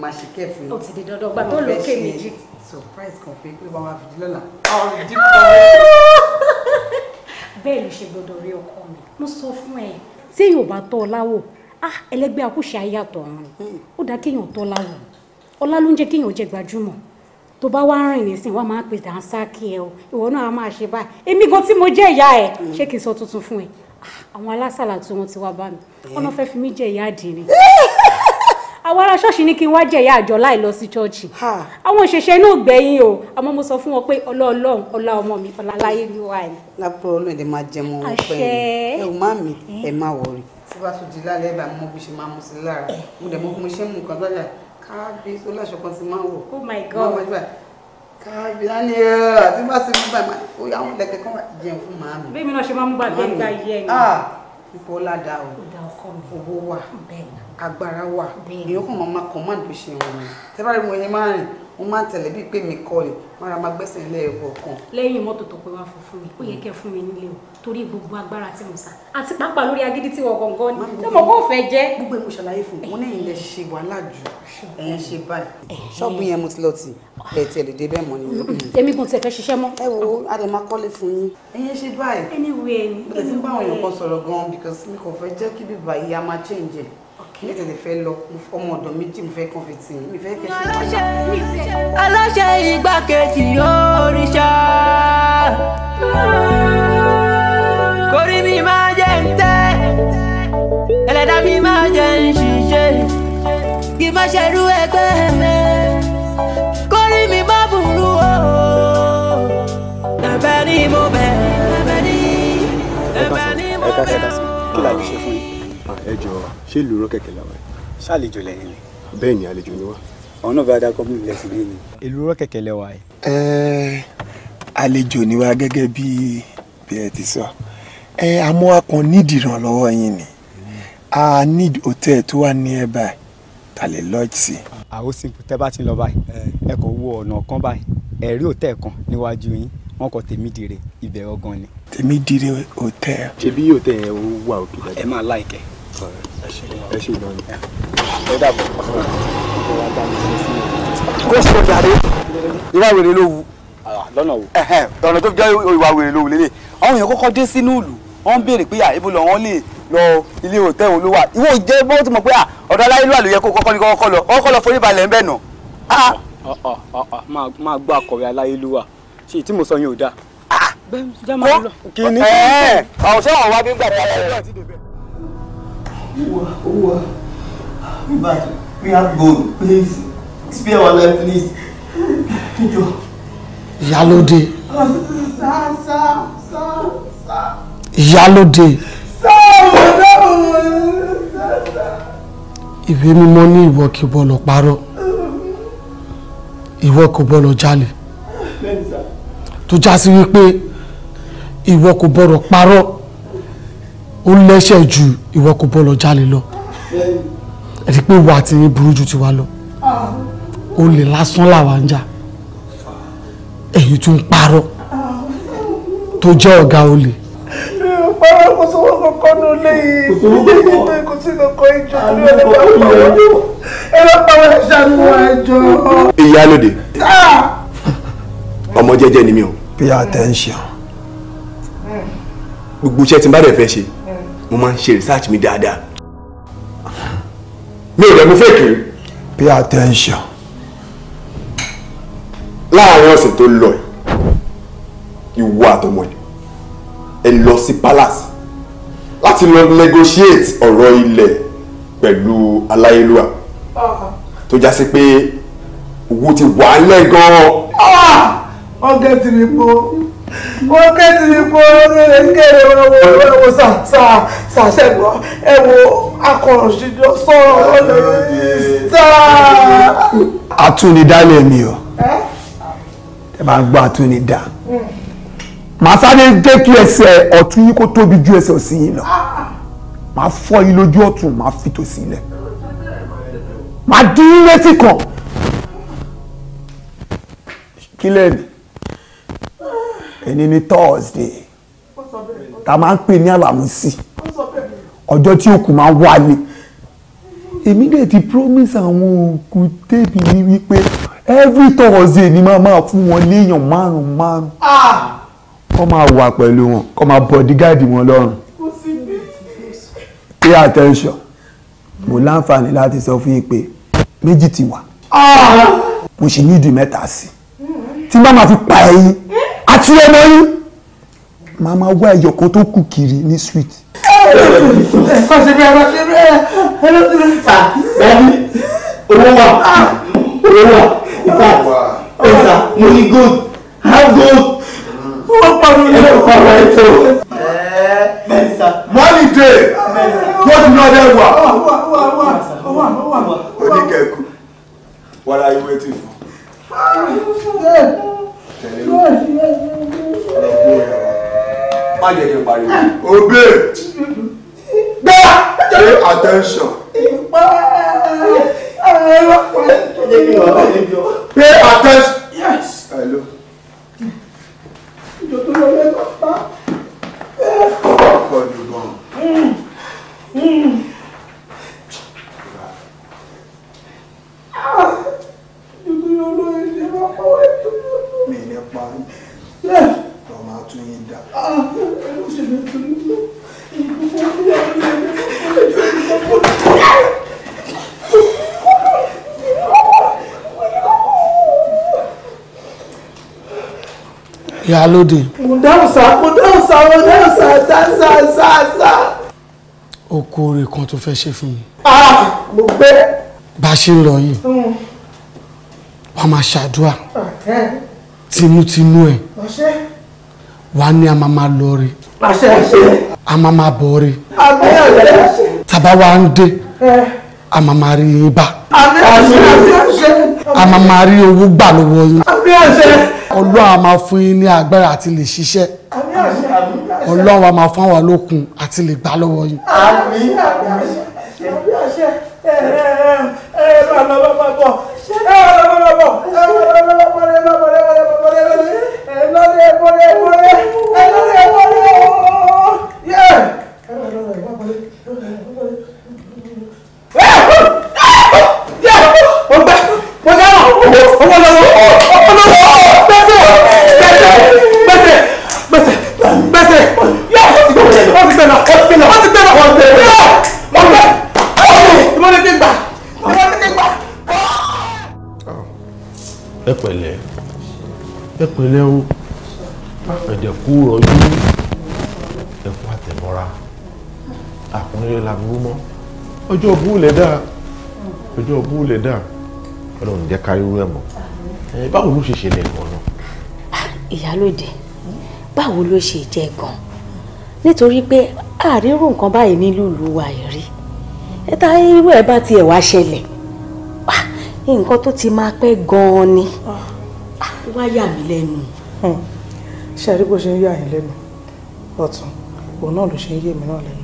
má ṣe kẹ́fù. o ti di dandan gba lókè méjì. surprise kan pé pé wọn máa fi di lọ́la. ọ̀rọ̀ bẹ́ẹ̀ ló ṣe gbọdọ̀ rí ọkọ mi mo sọ fún ẹ tí èèyàn bá tọ́ ọ láwò ah ẹlẹgbẹ́ akúṣe ayé àtọ̀ ọ̀run hmm. ó dá kéèyàn tọ́ láwò ọlá ló ń jẹ́ kéèyàn jẹ́ gbajúmọ̀ tó bá wá rìn nísìn wá máa pè dá ń sáàkì ẹ o ìwọ náà máa ṣe báyìí èmi gan tí mo jẹ́ ìyá ẹ hmm. ṣé kì sọ tuntun fún ẹ ah, àwọn alásàlà tí wọ́n ti wá bá mi hmm. ọ̀nà fẹ́ fi mí jẹ́ ìyá àdìrín àwọn ará ṣọ́ọ̀ṣì ní kí n wá jẹ̀yà àjọ láì lọ sí ṣọ́ọ̀ṣì àwọn òṣìṣẹ́ náà gbẹ̀yìn o àmọ́ mo sọ fún wọn pé ọlọ́ọ̀lọ́run ọlá ọmọ mi ọlá láyé ló wà ní. lápò ọlọ́ọ̀dẹ máa jẹ mọ́ wọn pẹ́ ẹ ò má mi ẹ eh. má wọrí. tí wàá tún di lálẹ́ ẹ bá mọ bí ṣe máa mú sí lára eh. mo dẹ̀ mọ bí mo ṣe mú nǹkan lọ́jà kábíyèsí oláṣọ kan ti máa wọ̀ oh my god kábíyèsí àti ah, bá ti mú bàbá ó yà wọn lẹ́kẹ̀ẹ́ kan jẹun fún màámi. bẹ́ẹ̀ mi náà ṣe máa mú bàbá agbára wà èyí kàn máa command bó ṣe wọn ni tẹ́ bá rí mo yẹn máa rìn mo máa ń tẹ̀lé bíi pé mi kọ́ ni wọ́n ra máa gbẹ́sẹ̀ ilé ẹ̀kọ́ kan. lẹ́yìn mọ́tò tó pé wá fún fún mi ó yẹ kẹ́ fún mi nílé o torí gbogbo agbára tí mo sá àti pàápàá lórí agídí tí wọ́n gangan ni tó mọ̀ kó fẹ́ jẹ́. gbogbo èmi ṣàlàyé fún mi mo ní ilẹ̀ ṣe wàhálà jù ẹ̀yẹn ṣe báyìí ṣọ́ọ̀bù yẹn mo ti lọ tì ẹ̀ tiẹ̀ lè dé bẹ́ẹ̀ mọ́ ni. èmi kò tiẹ̀ fẹ́ ṣiṣẹ́ mọ́. ẹ wo adé máa kọ́lé fún yín ẹ̀yẹn ṣe báyìí. anyway ẹni. mo tẹ̀sí báwọn èèyàn kan sọ̀rọ̀ gan-an because mi kò fẹ́ jẹ́ kí bíbá yìí máa change mi tètè fẹ́ lọ ọmọ ọ̀dọ̀ méjì mo fẹ́ kàn fi tì mí fẹ́ kẹ́ aláṣẹ igbákejì òrìṣà kórí mi máa jẹ́ ń tẹ́ ẹlẹ́dàá mi máa jẹ́ ń ṣiṣẹ́ kí n má ṣerú ẹgbẹ́ mi kórí mi má burú o ẹ̀bẹ̀ ni mo bẹ̀ ẹ̀bẹ̀ ni mo bẹ̀ o. ẹ jọ̀ọ́ ṣé ìlú rán kẹ̀kẹ́ làwọn yìí. ṣàlejò lẹ́yìn ni. bẹ́ẹ̀ ni àlejò ni wá. àwọn náà bá dá kọ́ mímu lẹ́sìn lẹ́yìn ni. ìlú rán kẹ̀kẹ́ lẹ́wà yìí. ẹ àlejò ni wá gẹ́gẹ́ bí bí ẹ ti sọ ẹ àmọ́ a nídìí ìrànlọ́wọ́ yín ni a need hotel tó wà ní ẹ̀ báyìí ta lè lọ́ọ̀jì sí. àwo simple tẹ́ bá ti lọ báyìí ẹ kò wo ọ̀nà kan báyìí ẹ̀rí òtẹ́ kan níwájú yín wọn kọ tèmídìrẹ ibẹ̀ ọgàn ni. tèmídìrẹ òtẹ́. ṣebí òtẹ́ yẹn wà òkè dáadáa. ẹ máa láìkẹ́ ẹ ṣe gan ni. ẹ dàbọ̀ kó sọ jàre ìwà wèrè ló wu. lọ́nà wo. ọ̀nà tó fi jẹ́ ìwà wèrè ló wu lélẹ̀ àwọn èèyàn kọ́kọ́ dé sínú ìlú wọ́n béèrè pé ibo lọ wọ́n lè lọ ilé òtẹ́ òun ló wà ìwọ ìjẹ́ bó ti mọ̀ pé ọ̀dọ̀ aláìlú àlùyẹ kó kọ́kọ́ ní kọ́kọ́ lọ kọ́kọ́ lọ forí balẹ̀ ń bẹ̀ nà. máa gbọ́ akọ̀wé aláìlúwà ṣe tí mo sọ yín ò dáa. kí ni. Uwa, Uwa. We back. We have gold. Please. Spare our life, please. Ìyálóde. Sá, sá, sá, sá. Ìyálóde. Sá, ọ̀dọ́ ìwé mímọ́ ní ìwọ kì bọ́lọ̀ parọ́ ìwọ kò bọ́lọ̀ jalè tó já sí wípé ìwọ kò bọ́lọ̀ parọ́ ó lẹ́ṣẹ̀ jù ìwọ kò bọ́ lọ jálè lọ ẹ̀rí pé wà tí ń burú ju tiwa lọ o lè lásán làwa ń jà èyí tún parọ́ tó jẹ́ ọ̀gá olè. parọ́ kò sówó kankan ní olè yìí kò sí kankan ìjọ ní ọ̀lẹ́dàpọ̀ ẹlọ́pàá ẹ̀ṣà ni wọ́n ẹjọ́. ìyálòdè ah! ọmọ jẹ́jẹ́ ni mi o. pay attention. gbogbo iṣẹ́ tí n bá dẹ̀ fẹ́ ṣe mo máa ń ṣe research mi dáadáa mi ò dẹ̀mú fèkì. pay attention. láàárín ọ̀sẹ̀ tó lọ ìwọ àtọmọ ẹ lọ sí palace láti lọ negotiate ọ̀rọ̀ ilẹ̀ pẹ̀lú aláyélúwà tó já sí pé owó ti wà á lẹ́ gan-an. Ah! ọ̀gá ti wákàtí ni kò kéré wọ́wọ́ ṣàṣẹ̀gbọ́ ẹ wo akọ̀rọ̀ṣìjọ sọ̀rọ̀ lọ́dọ̀ àtúnidá lẹ́mi o ẹ máa ń gbọ́ àtúnidá màá sáré jẹ́ kí ẹsẹ̀ ọ̀tún yín kó tóbi ju ẹsẹ̀ òsì yín lọ màá fọ́ yín lójú ọ̀tún màá fi tòsì lẹ̀ màá dín létí kan kí lẹ́nu ẹni ní Thursday ta máa ń pè ní àlàmúsì ọjọ́ tí òkú máa ń wálé èmi dẹ̀ ti promise àwọn òkú tèmi ní wípé every Thursday ni màá máa fún wọn léèyàn márùn-ún márùn-ún kọ́ máa wà pẹ̀lú wọn kọ́ máa bodyguard wọn lọ́rùn pay attention mo láǹfààní láti sọ fún yín pé méjì ti wà mo sì ní ìdí mẹ́ta sí tí bá máa fi pa ẹyin àti ọmọ yín màá máa wá ẹyọ kan tó kù kiri ní sweet. kọ́sibí ẹ̀rọ ti rẹ̀ ẹ̀rọ ti rẹ̀ fà bẹ́ẹ̀ni owó wà owó wà ìfà ẹ̀sà mo ní gold have gold owó pàmò ilé ọ̀pá wa ètò. money dey gold no dey wa. oníkẹ́kù what are you waiting for tẹ̀lé má jẹ́ kí n pariwo òbí gbá pay attention. pay attention. yes. hello. ọkọ̀ ni gan nítorí olóyè ṣe máa kọ́ ètò mi nípa lọ máa tún yín dá. ó sì lè tún yín lọ ìgbìmọ̀ bí àwọn ẹgbẹ́ ìjọba ìjọba. ìyálóde. mo dáhùn sá mo dáhùn sá mo dáhùn sá sá sá sá sá. o kó oore kan tó fẹ́ ṣe fún mi. Ah, mo gbé. bá a ṣe ń lọ yìí hmm wàá máa ṣàdúrà tinútinú ẹ̀ wàá ní a máa máa lọ rí a máa máa bọ̀ rí tàbá wa ń dé a máa máa rí yín bá a máa máa rí owó gbà lọ́wọ́ yín ọlọ́run a máa fún yín ní agbára àti lè ṣiṣẹ́ ọlọ́run a máa fún àwọn olókun àti lè gbà lọ́wọ́ yín. ẹ pẹ̀lẹ́ o ẹ̀dẹ̀kú rọjú ẹ̀kú àtẹ̀mọ́ra àkúnlẹ̀ làbúrú mọ́ ọjọ́ búlẹ̀ dáa ọjọ́ búlẹ̀ dáa ọlọ́run jẹ́ kárí irú ẹ̀ mọ́ báwo ló ṣe ṣẹlẹ̀ gan náà. ìyálòde báwo ló ṣe jẹ́ gan nítorí pé àrírò nǹkan báyìí nílùú wa rí ẹ̀ta irú ẹ̀ bá tiẹ̀ wá ṣẹlẹ̀ nǹkan tó ti máa pẹ́ gan-an ni. Ah wá yà mí lẹ́nu. Hmm. ṣe àrí bó ṣe ń yà yín lẹ́nu ọ̀tún òun náà ló ṣe ń yé mi náà lẹ́nu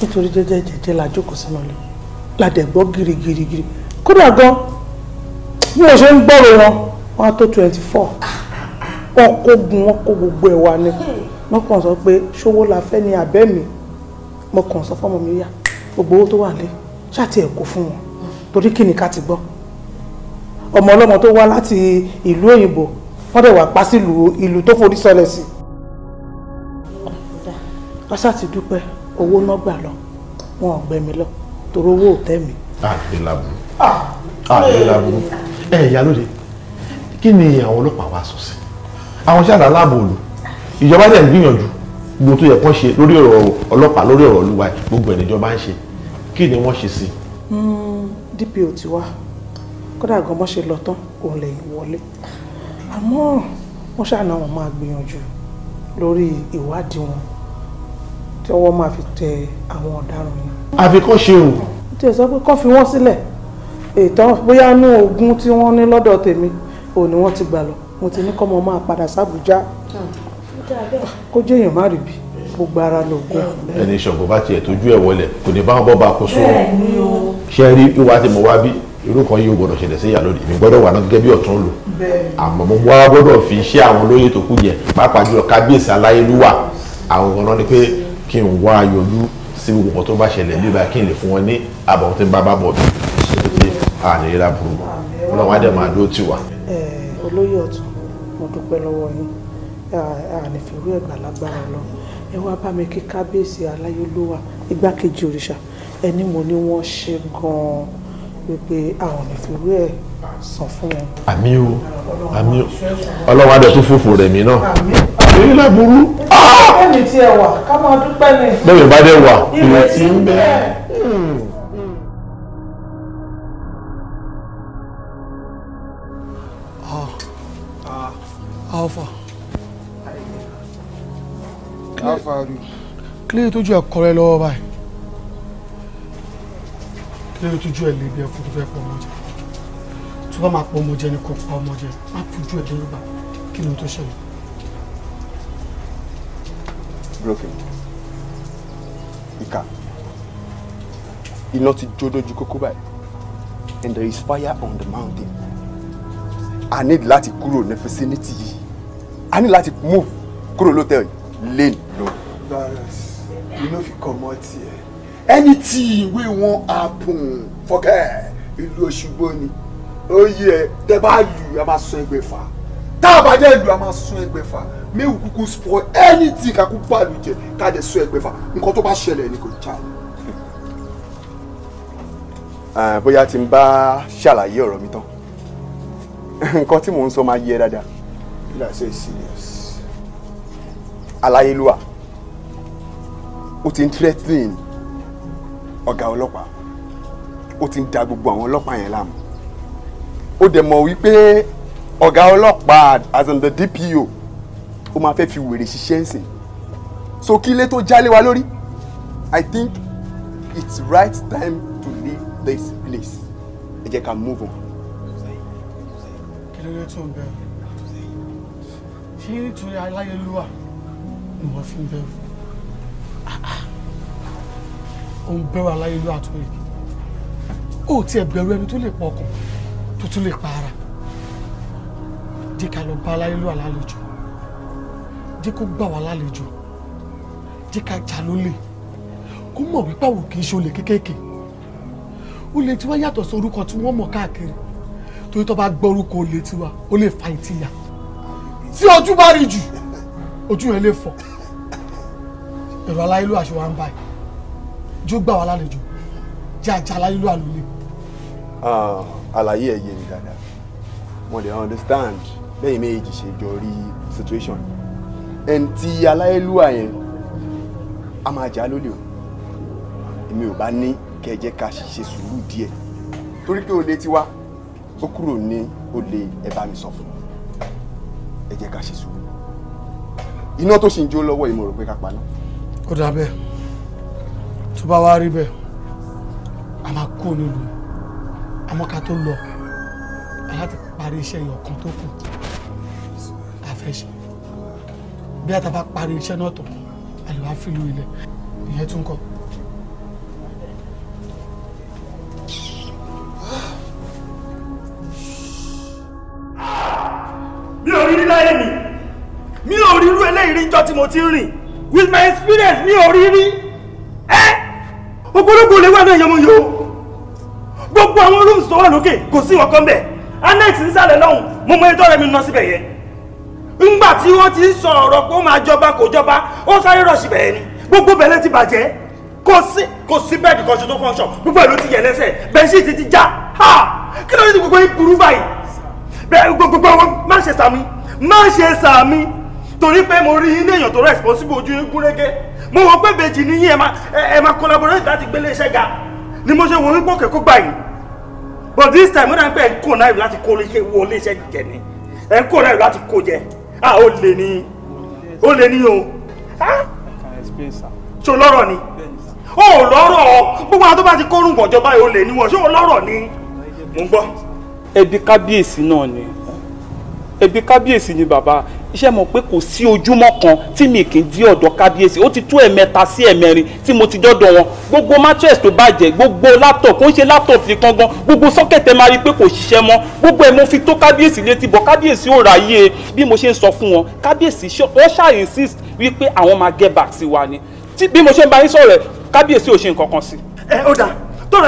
nítorí jẹ́jẹ́ jẹ́jẹ́ la jókòó sínú ilé la dẹ̀ gbọ́ girigirigiri kódà gan bí mo ṣe ń gbọ́rọ̀ wọn wọn á tó twenty four wọn kó gun wọn kó gbogbo ẹ̀ wá ni wọn kàn sọ pé ṣòwò la fẹ́ ni àbẹ́ mi mo kàn sọ fọ́mọ mi yá gbogbo owó tó wà lé ṣáà tiẹ̀ kó fún wọn torí kí ni ká ti gbọ́ ọmọ ọlọ́mọ tó wá láti ìlú òyìnbó wọ́n dẹ̀ wá pa sílùú ìlú tó forí sọlẹ̀ sí. pásá ti dúpẹ́ owó náà gbà lọ wọn ò gbẹ̀mí lọ torí owó ò tẹ́ mi. Ah, àgbẹ̀ làbúrú ah! ah, àgbẹ̀ làbúrú ẹ̀ ìyá lóde kí ni àwọn ọlọ́pàá wa sọ sí àwọn ṣáàdà aláàbò òlu ìjọba dẹ̀ ń gbìyànjú gbogbo tó yẹ kán ṣe lórí ọ̀rọ̀ ọlọ́pàá lórí ọ̀rọ̀ olúwa gbogbo ẹ̀ níjọba ń ṣe kí ni wọ́n ṣe sí. Hmm, DPO ti wá kódà gan bọ́n ṣe lọ tán òun lè wọlé àmọ́ wọ́n ṣàna wọn máa gbìyànjú lórí ìwádìí wọn tí ọwọ́ máa fi tẹ àwọn ọ̀daràn yẹn. àfikún ṣe o. tí o sọ pé kọ́ fi wọ́n sílẹ̀ ètò bóyá inú ogun tí wọ́n ní lọ́dọ̀ tèmi ò ní wọ́n ti gbà lọ mo ti ní kọ́ mọ máa padà sábùjá kó jẹ́ èèyàn má rí bí gbogbo ara lògùn. ẹni ìṣọ̀gbọ́n bá tiẹ̀ tójú ẹ̀ wọlé kò ní bá wọn bọ́ bá a kó sóhun ṣe wíwá tí mo wá bí irú kan yìí ò gbọdọ̀ sí ìyá mi gbọdọ̀ wà náà gẹ́gẹ́ bí ọ̀tún lò àmọ́ mo wá gbọdọ̀ fi iṣẹ́ àwọn olóyè tó kù jẹ pàápàá jùlọ kábíyèsí aláyélúwà àwọn ọ̀nà ni pé kí n wá yọjú sí gbogbo nǹkan tó bá ṣẹlẹ̀ bí báyìí kí n lè fún wọn ní àbọ̀ tó bá bá bọ̀ bí ṣe àlè rà burú ọlọ́run á dẹ̀ máa dó tì wá. olóyè ọ̀tún mo dúpẹ́ lọ́wọ́ yín ànífẹ̀wé ẹ̀gbà lágbára ọlọ́run ẹ wá bá mi kí kábíyèsí aláyélúwà igbákejì òrìṣà ẹni mo ní wọ́n ṣe gan-an wípé àwọn ò ní fi rú ẹ̀ sàn fún wọn. àmì o àmì o ọlọ́wọ́ adé tó fòfò rẹ̀ mí náà èyí láburú. Ah! ẹnì tí ẹ wà ká máa dúpẹ́ ni. bẹ́ẹ̀ bá dé wà ìrètí ń bẹ. Hmm. Ah. Ah. Alpha. Alpha. Clay tójú ẹ̀ kọ́rẹ́ lọ́wọ́ báyìí kí ló tójú ẹ̀ lè bí ẹkùn tó fẹ́ pọ̀ ọmọ jẹ tó máa pọ̀ ọmọ jẹ ni kò má fojú ẹ̀ lórí bá kí ló tó ṣẹlẹ̀. broken ìkà iná ti jó dójú kókó báyìí and there is fire on the mountain i need láti kúrò ní facility yìí i need láti move kúrò lótẹ́ẹ̀lì lane lọ. barras you no fit comot here. Anything tí ìwé happen, àpùn fọkẹ́ ìlú Òṣùgbó ni ó yẹ tẹ bá lù ẹ máa sún ẹgbẹ́ fà tá a bá dẹ́ lù ẹ máa sún ẹgbẹ́ fà méwù kúkú spoil anything kakú bàlù jẹ ká dẹ̀ sún ẹgbẹ́ fà nǹkan tó bá ṣẹlẹ̀ ni kò já lọ. bóyá tí n bá ṣàlàyé ọ̀rọ̀ mi tán nǹkan tí mò ń sọ máa yẹ dáadáa. you are serious. aláyélúwà ó ti ń threatening ọ̀gá ọlọ́pàá ó ti ń da gbogbo àwọn ọlọ́pàá yẹn láàmú ó dẹ̀ mọ̀ wípé ọ̀gá ọlọ́pàá as in the DPO ó máa fẹ́ fi wèrè ṣiṣẹ́ ǹsìn so kí ilé tó jálé wa lórí I think it's right time to leave this place ẹ jẹ́ ká move on. kí ló dé tó ń bẹ̀rù ṣé nítorí aláyélúwà ni wọ́n fi ń bẹ̀rù òun bẹ̀rù aláyélú àtúnyẹ ó tiẹ̀ bẹ̀rù ẹni tó lè pọ̀ ọkàn tó tún lè pa ara jẹ́ ká lọ bá aláyélú àlálejò jẹ́ kó gbà wá lálejò jẹ́ ká jà lólè kó mọ̀ wípé àwọn kì í ṣe olè kékèké olè tiwa yàtọ̀ sí orúkọ tí wọ́n mọ̀ káàkiri torí tó bá gbọ́ orúkọ olè tiwa ó lè fa ìtìyà tí ojú bá rí jù ojú yẹn lè fọ́ ẹ̀rọ aláyélú àṣewà ń báyìí jó gbà wá lálejò jẹ́ ajá aláyélú àlòlé. Ah, àlàyé ẹ̀ yé mi dáadáa mo lè understand lẹ́yìn méjì ṣe jọ rí situation ẹni tí aláyélúwà yẹn a máa jà lólè o èmi ò bá ní kẹjẹ ká ṣe sùúrù díẹ̀ torí pé olè ti wá ó kúrò ní olè ẹ bá mi sọ fún ẹ jẹ́ ká ṣe sùúrù iná tó ṣì ń jó lọ́wọ́ yìí rò pé ká paná. ó dà bẹ́ẹ̀ bá wá rí bẹ́ẹ̀ a máa kú nílùú àmọ́ ká tó lọ láti parí iṣẹ́ ìyọ̀kan tó kù tá a fẹ́ ṣe bí a ta bá parí iṣẹ́ náà tán a lè wá fìlú ilẹ̀ ìyẹn tún kọ́. mi ò rí rí láyé mi ò rí irú eléyìí rí tí mo ti rìn with my experience mi ò rí rí ògbólógbò lè wà náà yọmọ yòó gbogbo àwọn rooms tó wà lókè kò sí ìwọ̀n kan bẹ̀ annex nísàlẹ̀ lọ́hùn mo mọ ẹjọ́ rẹ mi ná síbẹ̀ yẹn ńgbà tí wọ́n ti ń sọ ọ̀rọ̀ pé ó máa jọba kò jọba ó sáré rọ̀ṣì bẹ̀yẹn ni gbogbo bẹ̀lẹ̀ ti bàjẹ́ kò sí kò sí bẹ́ẹ̀dì kan ṣe tó function gbogbo ẹ̀ ti yẹ̀ lẹ́sẹ̀ bẹ́ẹ̀ṣì ti já ha kí ló ní gbogbo yín burú báyìí bẹ́ẹ̀ gbogbo má ṣe sàmì má ṣe sàmì torí pé mo rí ilé tó responsible ojú yín mo wọ pé bèjì ni yín ẹ máa ẹ máa collaborate láti gbélé iṣẹ́ ga ni mo ṣe wò wípé òkè kó gbà yín but this time ó dà ń pẹ́ ń kó náà láti kó wọlé iṣẹ́ jẹ ni ẹ̀ ń kó náà láti kó jẹ à ó lè ní ó lè ní o ṣo lọ́rọ̀ ni ó lọ́rọ̀ gbogbo àwọn tó bá ti kórùn gbọ̀njọ báyìí ó lè ní wọn ṣó lọ́rọ̀ ni mò ń gbọ́. ẹbí kábíyèsí náà ni ẹbí kábíyèsí ni bàbá iṣẹ́ mọ̀ pé kò sí ojúmọ́ kan tí mi kì í di ọ̀dọ̀ kábíyèsí ó ti tó ẹ̀mẹ́ta sí ẹ̀mẹ́rin tí mo ti dọ́dọ̀ wọn gbogbo mattress tó bàjẹ́ gbogbo laptop ó ń ṣe laptop nìkan gan gbogbo sọ́kẹ̀tẹ̀ máa rí i pé kò ṣiṣẹ́ mọ́ gbogbo ẹ̀ mo fi tó kábíyèsí létí bọ̀ kábíyèsí ò ráyè bí mo ṣe ń sọ fún wọn kábíyèsí ó ṣáà insist wípé àwọn máa get back sí wa ni bí mo ṣe ń bá sọ̀rọ̀ kábíyèsí ò ṣe nǹkan kan sí. ẹ ó dáa tó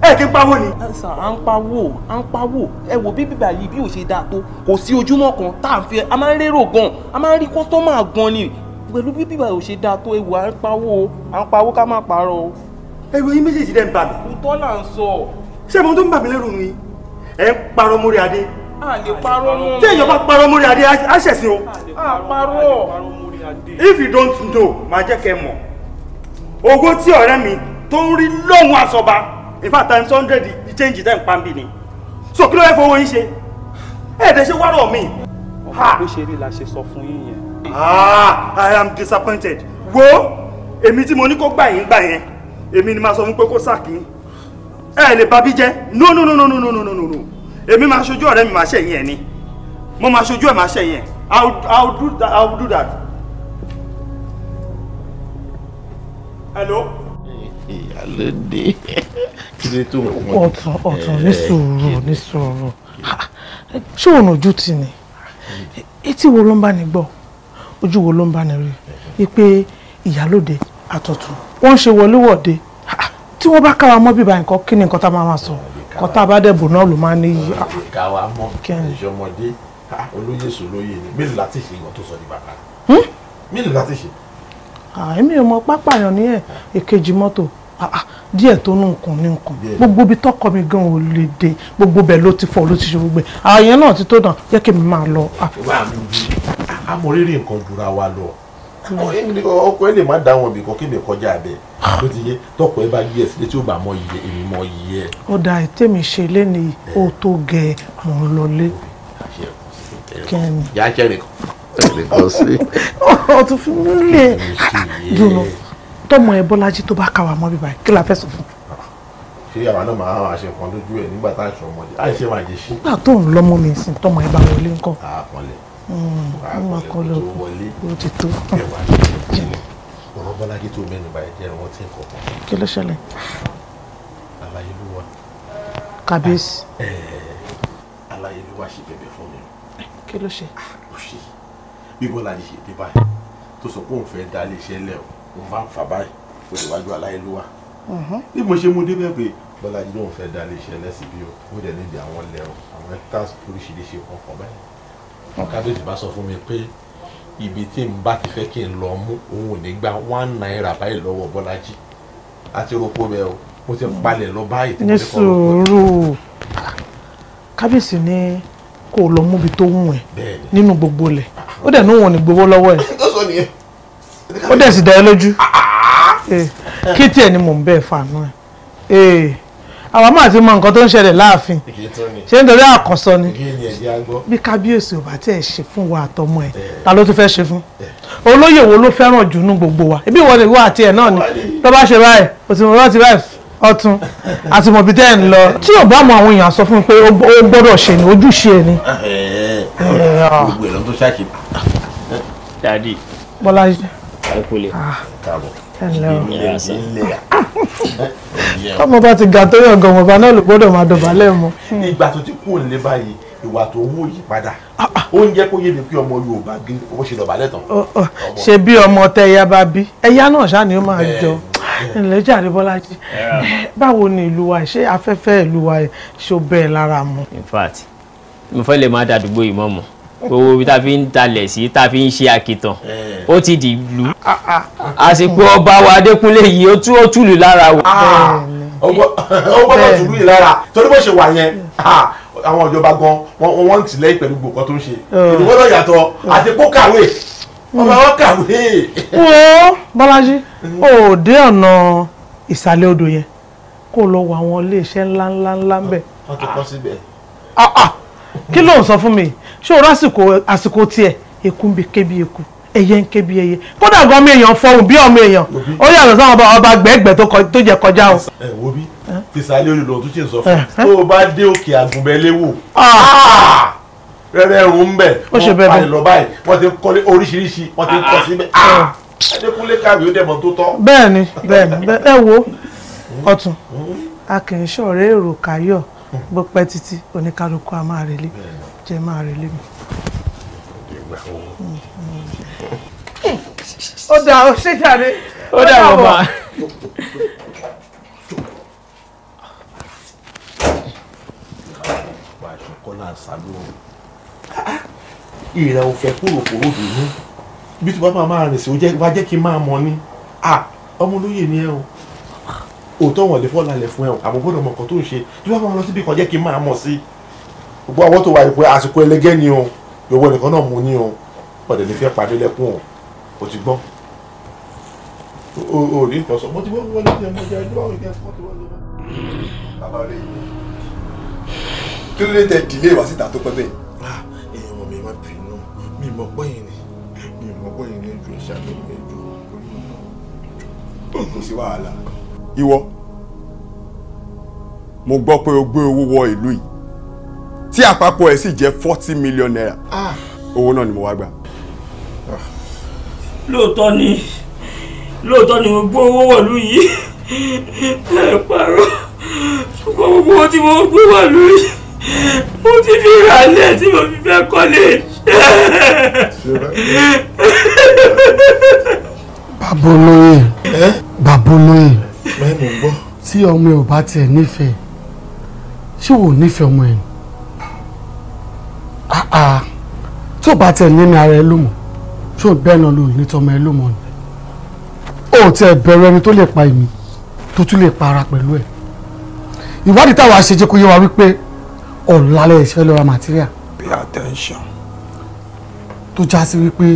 ẹ kí n pawó ni. sà à ń pawó à ń pawó ẹ wò bí bíbà yìí bí ò ṣe dáa tó kò sí ojúmọ́ kan tá à ń fi a máa ń rérò gan a máa ń rí kọ́tọ́mà gan ni pẹ̀lú bí bíbà ò ṣe dáa tó ẹ wò à ń pawó à ń pawó ká má parọ́ o. ẹ wo yín méjèèjì dẹ́ ń bà mí. òótọ́ là ń sọ. ṣé mo tó ń bà mí lẹ́rù ni ẹ ń parọ́ mórí adé. a lè parọ́ mọ́. tí èèyàn bá parọ́ mórí adé á ṣẹ̀sìn o. a parọ́ if you don't know màá jẹ́ kẹ́ mọ̀ owó tí ọ̀rẹ́ mi tó in fact times hundred the change ten pambi ni so kí ló fẹ́ fowó yín ṣe ẹ̀ẹ́dẹ̀ ṣe wárọ̀ mi. ọ̀pọ̀ bó ṣe rí la ṣe sọ fún yín yẹn. ah i am disappointed wo èmi tí mo ní kó gbà yín gbà yẹn èmi ni máa sọ fún pé kó sàkí ẹ lè babí jẹ no no no no no no no no no èmi máa ṣojú ọ̀rẹ́ mi máa ṣẹ̀yìn ẹ̀ ni mo máa ṣojú ẹ̀ máa ṣẹ̀yìn ẹ̀ i i will do that i will do that. hello lóde kílé tó wọ̀ wọ́n. ọ̀tún ọ̀tún ní eh, sùúrù ní sùúrù ṣé òun ojú ti ni etí wo ló ń bá ní gbọ́ ojú wo ló ń bá ní rí i pé ìyálòde àtọ̀tún wọ́n ń ṣe wọléwọ̀de tí wọ́n bá káwa mọ́ bíbá nǹkan kí ni nǹkan tá a máa máa sọ nǹkan tá a bá dẹ̀ bò náà ló máa ní yí. káwa mọ ìṣọmọdé olóyè sòlóyè ni mélòó láti ṣe ìwọ tó sọ ní bàbá hm? mélòó láti ṣe. èmi ò pápá yàn ní ẹ èkejì mọ́tò Ah, ah, díẹ̀ tó nù nǹkan ní nǹkan gbogbo ibi tọkọ mi gan ò lè dé gbogbo bẹ́ẹ̀ ló ti fọ ló ti ṣe gbogbo àyẹn náà ti tó dàn jẹ́ kí mi máa lọ. amòrírì ah. nǹkan jura wa lọ ọkọ ẹ lè má dá wọn bìkan kí mi kọjá abẹ ló ti yé tọkọ ẹ bá yí ẹ sílé tí ó bá mọ iye èmi mọ iye ẹ. ó da ètèmi ṣe léni ó tó gẹ mò ń lọlé. kẹ́mi. ó tún fi mí lè dùn tọmọ ẹ Bọ́lájí tó bá kà wá mọ́ bíbá kí la fẹ́ sọ fún. ṣé àwa náà máa ṣe nǹkan lójú ẹ nígbà tá à ń sọ ọmọdé à ń ṣe máa jẹ ṣe. nígbà tó ń lọ́mọ mi sìn tọmọ ẹ bá wọlé ńkọ́. àkànlẹ̀ àkànlẹ̀ tó wọlé ó ti tó. ọ̀rọ̀ Bọ́lájí tó mẹ́nu báyìí jẹ́ wọ́n ti ń kọ̀ kan. kí ló ṣẹlẹ̀. aláyélúwà. kábíyèsí. aláyélúwà ṣe bẹ̀bẹ̀ fún mi. kí ló ṣe. bí Bọ́lájí mo bá fà báyìí mo sì wájú aláìlúwa mhm. bí mo ṣe mú débẹ̀ pé bọ́lájí ló ń fẹ́ dá iléeṣẹ́ lẹ́sìn bí o ó dẹ̀ níbi àwọn lẹ́rọ àwọn hectares oríṣiríṣi ọkọ̀ báyìí wọn kábíyèsí bá sọ fún mi pé ibi tí n bá ti fẹ́ kí n lọ mú òun ò ní gba one naira báyìí lọ́wọ́ bọ́lájí àti rọ́pò bẹ́ẹ̀ o mo ti palẹ̀ lọ báyìí. ní sùúrù kábíyèsí ni kò lọ mú ibi tó wù ẹ́ nínú gbogbo ilẹ̀ ah, ah. ó dẹ̀ ní òun ò ní gbowó lọ́wọ́ ẹ̀ ó dẹ̀ sì dá ẹ lójú ah, ah, ah. kí tiẹ̀ ni mò ń bẹ́ẹ̀ fàánú ẹ̀ àwa máa ti mọ nǹkan tó ń ṣẹlẹ̀ láàfin ṣé nítorí àkànṣọ ni bí kábíyèsí ò bá tiẹ̀ ṣe fún wa àtọmọ ẹ̀ ta ló tún fẹ́ ṣe fún olóyè wo ló fẹ́ràn jù nú gbogbo wa ibi ìwọ ni ìwọ àti ẹ̀ náà ni tó bá ṣe báyìí òtún ọ̀rọ̀ ti báyìí ọ̀tún àti mọ̀bí tẹ́ ẹ̀ ń lọ tí ò bá mọ àwọn èèyàn sọ fún mi pé ó gbọ́dọ̀ ṣe ni ojúṣe ni. gbogbo ẹ̀ tó ṣáàkì ẹ kò lè káàbọ̀ ọmọ bá ti ga tó yàn gan ọmọba náà ló gbọ́dọ̀ máa dọ̀bálẹ̀ mọ́. Hmm. ìgbà tó ti kú òní báyìí ìwà tó wú yìí padà oúnjẹ ah, ah. kó yé mi pé ọmọ Yorùbá bí ó ṣe dọ̀bálẹ̀ tán. Oh, oh. ṣe bí ọmọ tẹ ẹyá bá bí ẹyá náà ṣáà ni ó máa jọ ẹlẹ́jà àdébọ́lájí báwo ni ìlú wa ṣé afẹ́fẹ́ ìlú wa ṣó bẹ́ẹ̀ lára mu. in fact mo fẹ́ lè má dàdúgbò yìí mọ́ mọ́ owó bí ta fi ń talẹ̀ sí ta fi ń ṣe àkìtàn ó ti di ìlú ah, ah. àsìkò ọba wa Adékúnlé yìí ó tú ó túlù lára wò. Ah. ó gbọ́dọ̀ túlù yìí lára torí bó ṣe wà yẹn àwọn ìjọba gan wọn wọn ń tìlẹ́yìn pẹ̀lú gbogbo tó ń ṣe oh. ìlú gbọ́dọ̀ yàtọ̀ oh. àti kó kàwé hmm. ọba wa kàwé. wo Bọ́lájí ó hmm. dé ọ̀nà ìsàlẹ̀ odò yẹn kó lọ wọ àwọn iléeṣẹ́ ńláńláńlá ń bẹ̀. wọ́n ti kọ́ síbẹ̀ kí ló ń sọ fún mi ṣé o rásìkò àsìkò tiẹ̀ eku ń bi kébi eku ẹyẹ ń kébi ẹyẹ kódà gan mi èèyàn fọhùn bí ọmọ èèyàn ó yàtọ̀ sáwọn ọba ọba gbẹ́gbẹ́ tó jẹ kọjá o. ẹ wo bí tìsàlẹ̀ olùdó tó ṣe ń sọ fún tó o bá dé òkè àgùnbẹ́lé wò ah. ah! rẹ́rẹ́ rùn ń bẹ̀ wọ́n palẹ̀ lọ báyìí wọ́n ti kọ́lé oríṣiríṣi wọ́n ti kọ́ síbẹ̀ ah. adékúnlé kàwé ó dẹ̀mọ́ tó tọ́. bẹ́ẹ̀ni bẹ́ẹ̀ni ẹ wo ọtún a kì í ṣọ̀rẹ́ èrò káyọ̀ bó pẹ́ títí oníkálukú a máa relé jẹ́ máa relé mi. ó dà ó ṣe jàre ó dà bọ̀ bá. ìrẹ̀ ò fẹ́ kúrò kúrò dùnú bí tí bàbá máa rìn sí ó jẹ́ kí n máa mọ ni ọmọ olóyè ni ẹ o òótọ́ wọn lè fọ́ lálẹ́ fún ẹ o àmọ́ gbọ́dọ̀ mọ̀ nǹkan tó ń ṣe tí wọ́n máa lọ síbi kan jẹ́ kí n máa mọ̀ sí. gbogbo àwọn tó wà ní pé àsìkò ẹlẹgẹ́ ni o yòówó nìkan náà mú ní o ọ̀dẹ̀ lè fẹ́ pàdé lẹ́kùn o ò ti gbọ́. o rí nǹkan sọ mo ti wọ́n wọlé ní ọmọ ìjọba ìjọba ìjọba ìjọba ìjọba kí ló dé tẹ dìlé wá síta tó pẹ́ bẹ́ẹ̀. èèyàn ah, mi máa bínú mi mọ̀ pẹ́yìn ni mi mọ̀ pẹ́yìn ni ju ìṣàlẹ̀ mi ju. kò sí wàhálà ìwọ mo gbọ́ pé o gbé owó wọ ìlú yìí tí àpapọ̀ ẹ̀ sì jẹ́ forty million naira ah, owó náà ni mo wá gbà. Ah. lóòótọ́ ni lóòótọ́ ni mo gbé owó wọ̀lú yìí ẹ parọ́ ṣùgbọ́n gbogbo owó tí mo gbé wọ̀lú yìí mo ti fi ra ilẹ̀ tí mo fi fẹ́ kọ́lé. babolóye eh? babolóye mẹ́nu gbọ́. tí ọmọ ẹ ò bá tiẹ̀ nífẹ̀ẹ́ ṣé wò ó nífẹ̀ẹ́ ọmọ ẹ nù àà tí ò bá tiẹ̀ nínú ara ẹ lómọ ṣé ò bẹ́ẹ̀ náà ló ní tọmọ ẹ lómọ ni ó tiẹ̀ bẹ̀rù ẹni tó lè pa èmi tó tún lè pa ara pẹ̀lú ẹ̀ ìwádìí táwa ṣe jẹ́ kó yé wa wípé ọ̀la lẹ̀ ṣe lọ́ra màtíríà. pay attention. tó já sí wípé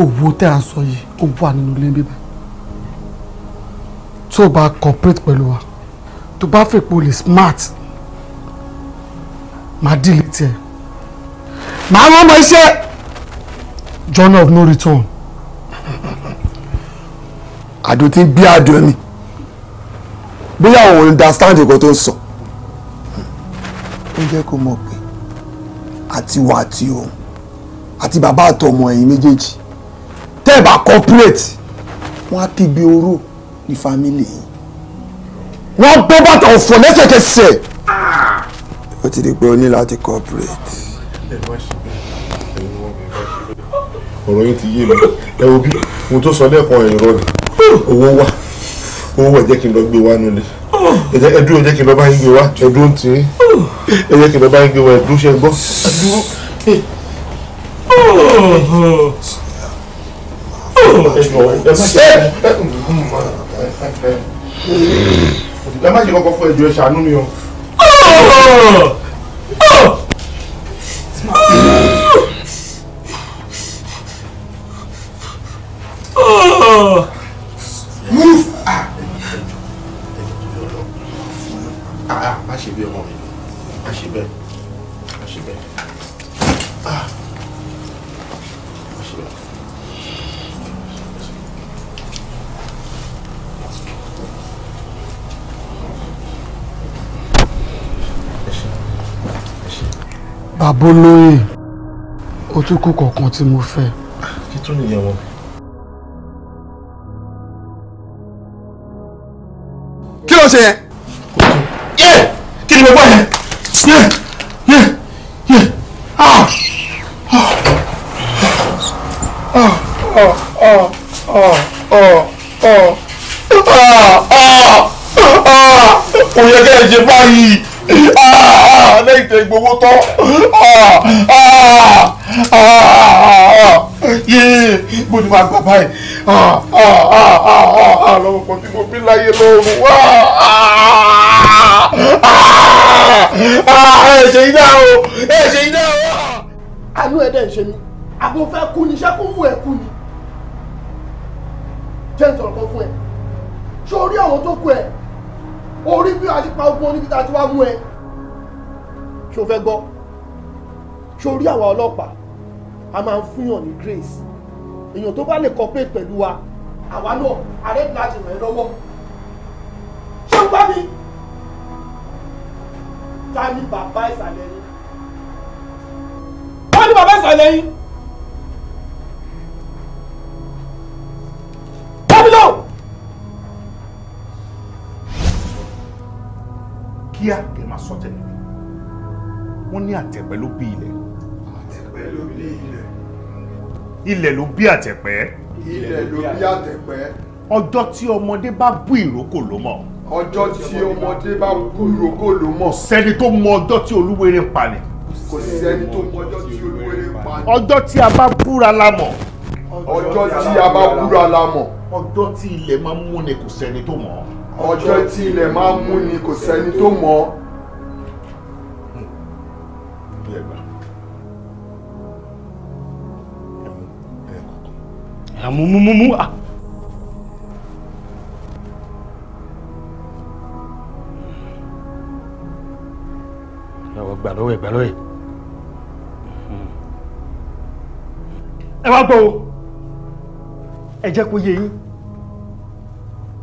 òwò tẹ́ à ń sọ yìí ó wà nínú ilé bíbá tó bá cooperate pẹ̀lú wa tó bá fẹ́ lè smart máa delete ẹ̀ máa wọ́n mọ iṣẹ́ journey of no return. àdó tí ń bí àdó ni bóyá àwọn understand nǹkan tó ń sọ ó jẹ́ kó mọ̀ pé àti wà àti òun àti bàbá àtọmọ ẹ̀yìn méjèèjì tẹ́ ẹ̀ bá cooperate wọ́n á kígbe oró ní fámìlì yìí. wọ́n gbé bàtà ọ̀fọ̀ lẹ́sẹ̀kẹsẹ̀. ó ti di pé o ní láti cooperate. ọ̀rọ̀ yín ti yé mi ẹ wo bí mo tó sọ lẹ́ẹ̀kan ẹ̀rọ ni owó wà owó wà jẹ́ kí n lọ gbé wá nílé ẹ dúró jẹ́ kí n lọ bá yín gbé wá ẹ dúró ti rí ẹ jẹ́ kí n lọ bá yín gbé wá ẹ dúró ṣe gbọ́. ẹ jọ̀wọ́ ẹ má ṣe é ẹ má ṣe kọ́kọ́ fún ẹjọ́ ẹ ṣàánú mi o. Oh! bólóyè ó tún kú kọ̀ọ̀kan tí mo fẹ́. kí tún nìyẹn wọn. máa gbà báyìí ah, ah, ah, lọ́wọ́ kan tí mo bí láyé lọ́rùn wá ẹ ṣe iná o ẹ ṣe iná o. àánú ẹ̀ dẹ̀ ń ṣe mí àbò fẹ́ kú ni iṣẹ́ kó mú ẹ kú ni jẹ́ ń sọ̀rọ̀ kan fún ẹ ṣé orí àwọn tó kú ẹ orí bí a ti pa ogun oníbi tá a ti wá mú ẹ ṣé o fẹ́ gbọ́ ṣé orí àwa ọlọ́pàá a máa ń fúnyàn ní grace èèyàn tó bá lè cooperate pẹ̀lú wa àwa náà ààrẹ láti ràn ẹ́ lọ́wọ́ ṣé o gbá mi ta ni bàbá ìsàlẹ̀ yín wọ́n ní bàbá ìsàlẹ̀ yín. kíá kì í máa sọ tẹ̀lé wọn ní àtẹ̀pẹ́ ló bí ilẹ̀. àtẹ̀pẹ́ ló bí ilẹ̀ ilẹ̀ ló bí àtẹ̀pẹ́. ilẹ̀ ló bí àtẹ̀pẹ́. ọjọ́ tí ọmọdé bá bú ìrókò ló mọ̀. ọjọ́ tí ọmọdé bá bú ìrókò ló mọ̀. kò sẹ́ni tó mọ ọjọ́ tí olúwere ń pa ni. kò sẹ́ni tó mọ ọjọ́ tí olúwere ń pa ni. ọjọ́ tí a bá búra la mọ̀. ọjọ́ tí a bá búra la mọ̀. ọjọ́ tí ilẹ̀ máa ń mú kò sẹ́ni tó mọ̀. ọjọ́ tí ilẹ̀ máa ń mú kò sẹ́ni tó mọ̀. àmú mú mú mú à. lọ́wọ́ gbà lọ́wọ́ ẹ̀ gbà lọ́wọ́ ẹ̀. ẹ wá gbọ́ o ẹ jẹ́ kó yé yín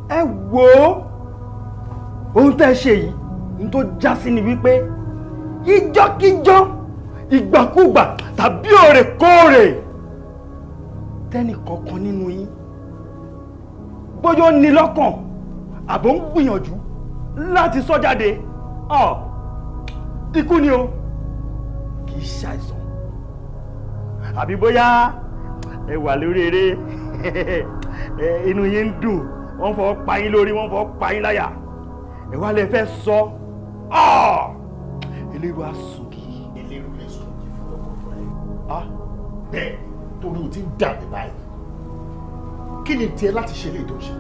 ẹ wò ó ohun tẹ́ ẹ ṣe yìí n tó já sí ni wípé ìjọ́kíjọ́ ìgbàkúgbà tàbí òrèkóòrè tẹ́nì kọ̀ọ̀kan nínú yín bóyá ó ní lọ́kàn àbò ń gbìyànjú láti sọ jáde ikú ni o kì í ṣàìsàn àbí bóyá ẹ wà lórí eré inú yín ń dùn wọ́n fọ́ pa lórí wọ́n fọ́ pa láyà ẹ wá lè fẹ́ sọ eléru àsùnkì. eléru lè sùn kí fún ọkọ fún ẹ torí o ti ń dà mí báyìí kí ni tiẹ̀ láti ṣe lè dọ̀ṣe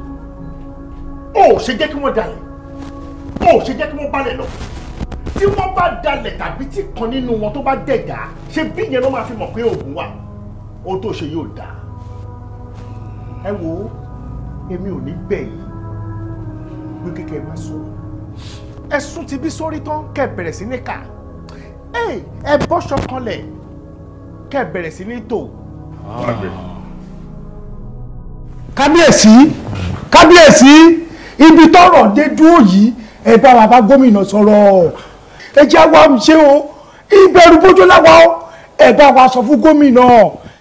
o ò ṣe jẹ́ kí wọ́n dalẹ̀ o ò ṣe jẹ́ kí wọ́n balẹ̀ lọ tí wọ́n bá dalẹ̀ tàbí tí kan nínú wọn tó bá dẹ̀gà ṣe bí ìyẹn ló máa fi mọ̀ pé oògùn wà ohun tó ṣe yóò dáa ẹ wo èmi ò ní bẹ̀ yìí gbé kékeré máa sọ ẹ̀sùn ti bí sórí tán kẹ́ bẹ̀rẹ̀ sí ní kà ẹ bọ́ṣọ kanlẹ̀ kẹ́ bẹ̀rẹ̀ sí ní tò kábíyèsí kábíyèsí ibi tọ́rọ̀ dé dúró yìí ẹ bá bàbá gómìnà sọ̀rọ̀ ẹ jẹ́ àwa ṣe o ìbẹ̀rù bójú láwa o ẹ bá wa sọ fún gómìnà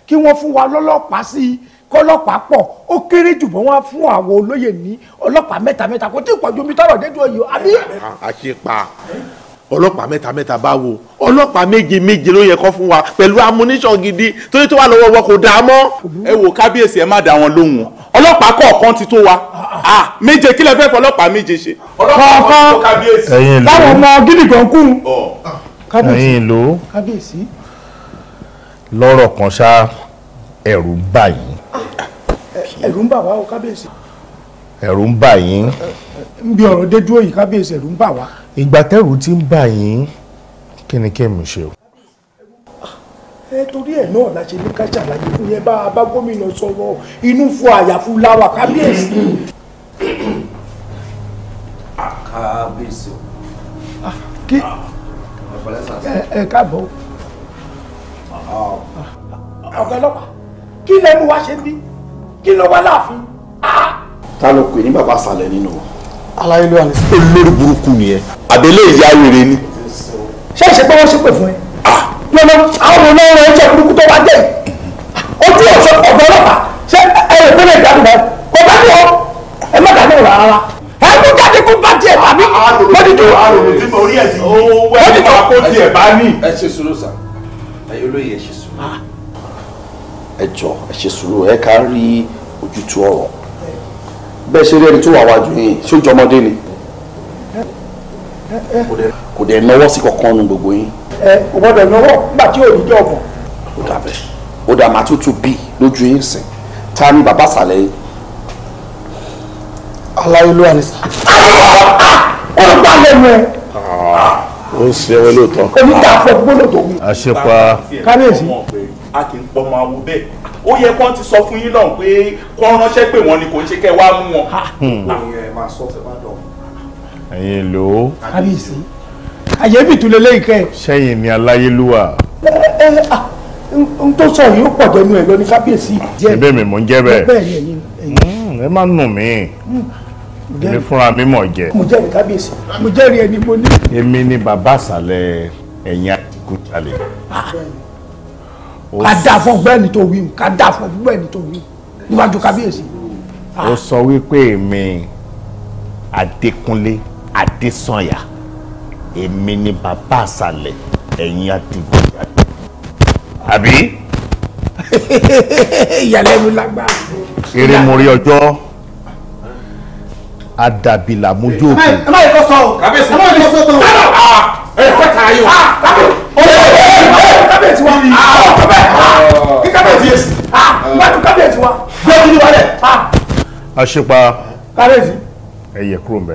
kí wọ́n fún wa lọ́lọ́pàá sí i kọ́lọ́pàá pọ̀ ó kéré jù bọ́ wọ́n á fún àwọn olóyè ní ọlọ́pàá mẹ́ta mẹ́ta kò tí ì pọ̀jù omi tọ́rọ̀ dé dúró yìí o àbí. àṣepa ọlọ́pàá mẹ́ta mẹ́ta báwo ọlọ́pàá méje méje ló yẹ kọ́ fún wa pẹ̀lú amúnísàn gidi torí tó wà lọ́wọ́ wọn kò dáa mọ́. ẹ wo kábíyèsí ẹ má dá wọn lóhùn ọlọ́pàá kọ̀ọ̀kan ti tó wa méje kílẹ̀ fẹ́ fọ ọlọ́pàá méje ṣe. kọ̀ọ̀kan báwo mọ gidi kan kú. ẹ̀yin ló lọ́rọ̀ kan ṣá ẹ̀rù ń bà yín. ẹ̀rù ń bà wá o kábíyèsí. ẹ̀rù ń bà yín ń bí ọ̀rọ̀ dé dúró yìí kábíyèsí ẹ̀rù ń bà wá. ìgbà tẹ́rù ti ń bà yín kí ni kí ẹ̀mí ṣe o. ẹ torí ẹ̀ náà la ṣe ní ká ṣàlàyé fún yẹn bá a bá gómìnà sọ̀rọ̀ inú fún àyàfu láwà kábíyèsí. Ah, kábíyèsí o. Ah, kí ah, ẹ káàbọ̀. ọ̀gá ọlọ́pàá kí lẹ́nu wa ṣe ń bí kí ló wá láàfin. ta ló pè ní bàbá àṣàlẹ̀ nínú wọn aláyé ló wà ní. olórí burúkú nìyẹn àbẹ̀lẹ̀ ìyá rere ni. ṣé ìṣe pé wọ́n ṣépè fún ẹ. lọ́nà àwọn ọmọ náà ń jẹ́ burúkú tó wá dé yìí. ojú ọ̀ṣọ́ ọ̀gá ọlọ́pàá ṣé ẹ rò pé lẹ́yìn ìdádùn báyìí kò bá dùn ọ́ ẹ má dàgbé rà rárá. ẹ kú jáde kú bá tiẹ̀ tàbí mo ti dùn. àròlù tí mo rí ẹ̀ ti yí mo ti dùn. kó tiẹ̀ bá ní. ẹ ṣe sùúrù sà ẹ̀yọ́ olóye ẹ ṣe sùúrù. ẹ jọ ẹ ṣe sùúrù ẹ ká rí ojútùú ọ̀rọ̀ bẹ́ẹ̀ ṣe rí ẹni tó wà wájú yìí ṣójú ọmọdé ni kò dẹ̀ nọwọ́ sí kankan nu gbogbo yín. ẹ o gbọdọ̀ nọwọ́ nígbà tí ò ní jẹ́ ọ̀bùn. ó dà bẹ́ẹ̀ ó dà máa tútù bí lójú yín sìn ta ni bàbá àsàlẹ̀ yìí. aláyé ló wà ní sàn. ọ̀rọ̀ bá lẹ́nu ẹ̀. ó ń ṣe ẹwẹ́ lóòótọ́. oníta fọ gbólóòtò mi. àṣepa kábíyèsí a kì í pọ ọmọ àwo bẹ́ẹ̀ ó yẹ kó ti sọ fún yín náà pé kó ránṣẹ́ pé wọ́n ni kò ń ṣe kẹ́ wá mú wọn. ẹ̀yin ló. kábíyèsí àyẹ̀bí ìtúlẹ̀ lẹ́yìn kẹ́. sẹ́yìn ni aláyélúwà. n tó sọ yìí ó pọ̀ jẹ́nu ẹ̀ lọ kábíyèsí. ìbẹ́ mi mò ń jẹ́ bẹ́ẹ̀. Hmm, ẹ má nù mí hmm, èmi fúnra mi mọ̀ jẹ́. mo jẹ́rìí kábíyèsí mo jẹ́rìí ẹni mo ní. èmi ni bàbá àṣàlẹ̀ ẹ̀yìn adigunjalè ká dà fọgbẹ́ ẹni tó wí ká dà fọgbẹ́ ẹni tó wí níwájú kábíyèsí. ó sọ wípé mi Adékúnlé Adésànyà èmi ni bàbá àṣàlẹ̀ ẹ̀yin adigunjalè àbí. ìyàlẹ́nu lágbára. eré mo rí ọjọ́ adàbìlà mojú òkú. ẹ má yẹ kó sọ o ẹ má yẹ kó sọ o. Ah, ẹ kọ́ ta ayò kábíyèsí wa kí kábíyèsí yẹsì gbádùn kábíyèsí wa gbẹ́bí ni wálẹ̀. àṣepa kábíyèsí. ẹ yẹ kúrò mbẹ.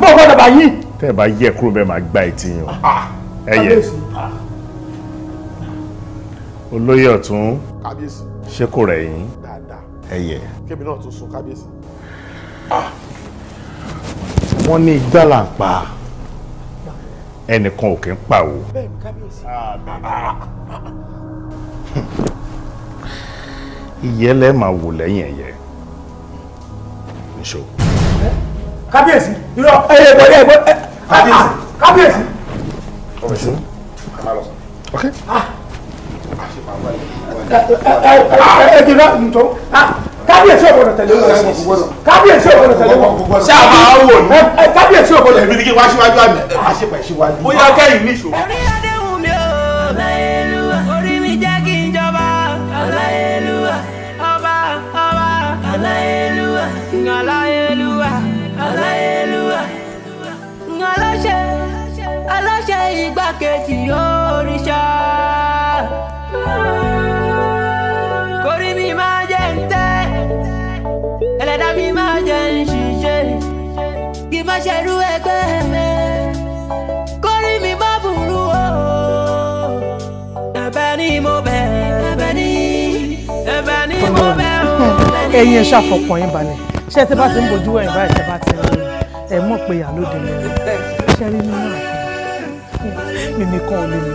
bó o gbọ́dọ̀ bá yí. tẹ ẹ bá yẹ kúrò mbẹ máa gba ìtì yín o ẹ yẹ. olóyè ọ̀tún ṣé kò rẹ̀ yín ẹ yẹ. kébì náà tún sun kábíyèsí. wọ́n ní ìgbàlà pa ẹnìkan ò kí ń pàwò. bẹ́ẹ̀ni kábíyèsí. ìyẹ́ lẹ́ máa wò lẹ́yìn ẹ̀yẹ níṣó. kábíyèsí irọ́ ẹ̀yẹ bọ̀ ẹ̀yẹ bọ̀ kábíyèsí. kábíyèsí. ọ̀bẹ̀sí ká má lọ. ok. ẹ ẹ ẹ ẹ ẹ ẹ ẹ ẹ ẹ ẹ ẹ ẹ ẹ ẹ ẹ ẹ kábíyèsí òbọ̀dọ̀ tẹ̀lé wọn kábíyèsí òbọ̀dọ̀ tẹ̀lé wọn. ṣé a máa wò ní. kábíyèsí òbọ̀dọ̀ èmi ni kí wá síwájú àmì àṣepà ìṣíwájú. bóyá kẹ́yìn ní ìṣòro. ẹ̀rí adéhùn mi ò ọláyélúwà orí mi jẹ́ kí n jọba ọláyélúwà ọba ọba ọláyélúwà ọláyélúwà ọláyélúwà ọlọ́ṣẹ́ ọlọ́ṣẹ́ igbákejì oríṣà. ẹ̀yin ẹ ṣàfọkàn yín balẹ̀ ṣé tẹ́ bá ti ń bojú ẹ̀yìn báyìí tẹ́ bá ti ń rí ẹ mọ̀ pé ìyálóde ni ṣe rí nínú àfihàn mímí kan ò lè mímí.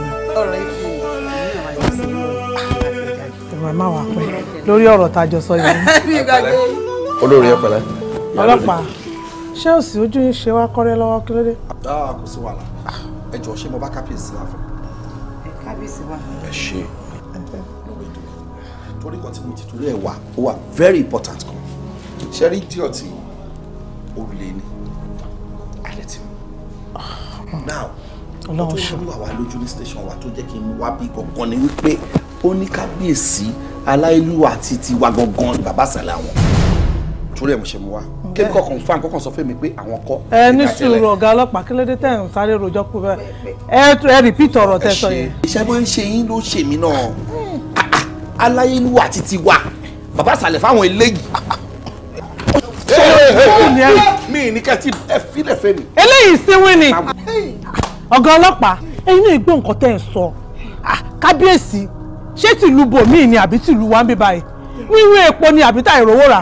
ẹ̀rọ ẹ̀ má wà pẹ́ lórí ọ̀rọ̀ tá a jọ sọ yẹn. olórí ẹ pẹ̀lẹ́. ọlọ́pàá ṣé òsì ojú yín ṣe wá kọ́rẹ́ lọ́wọ́ kí ló dé. Ah, kò sí wàhálà ẹ jọ̀ọ́ ṣé mo bá kábíyèsí wà fún. kábíyèsí wà. ẹ ṣe torí kan tí mo ti torí ẹ̀ wà ó wà very important kan ṣe rí díọ̀ tí òrùlé ni alẹ́ ti mú now ọlọ́run ṣe wà wá lójú ní station wa tó jẹ́ kí n wá bí gangan ni wípé ó ní kábíyèsí aláìlúwà àti tiwa gangan ni bàbá àṣàlẹ̀ àwọn torí ẹ̀ mo ṣe mu wá kébí kọkàn fún àkọkàn sọ fún mi pé àwọn kọ. ẹ ní sùúrù ọ̀gá ọlọ́pàá kí ló dé tẹ̀ ń sáré rojọ́ kú bẹ́ẹ̀ ẹ ẹ rìpíìtì ọ̀rọ̀ tẹ sọ yẹn. ìṣẹ́ bó ń ṣe yín ló ṣèmí náà aláyélúwà àti tiwa bàbá sàlẹ̀ fáwọn eléyìí. mi ní kẹ́tì ẹ fílẹ̀ fẹ́ mi. eléyìí síwìn ni ọ̀gá ọlọ́pàá ẹ̀yin náà gbọ́ nǹkan tẹ́ ẹ̀ sọ ah, kábíyèsí ṣé tìlú bòmíì ni àbí tìlú wa ń bí báyìí wíwú epo ni àbí táì rówó rà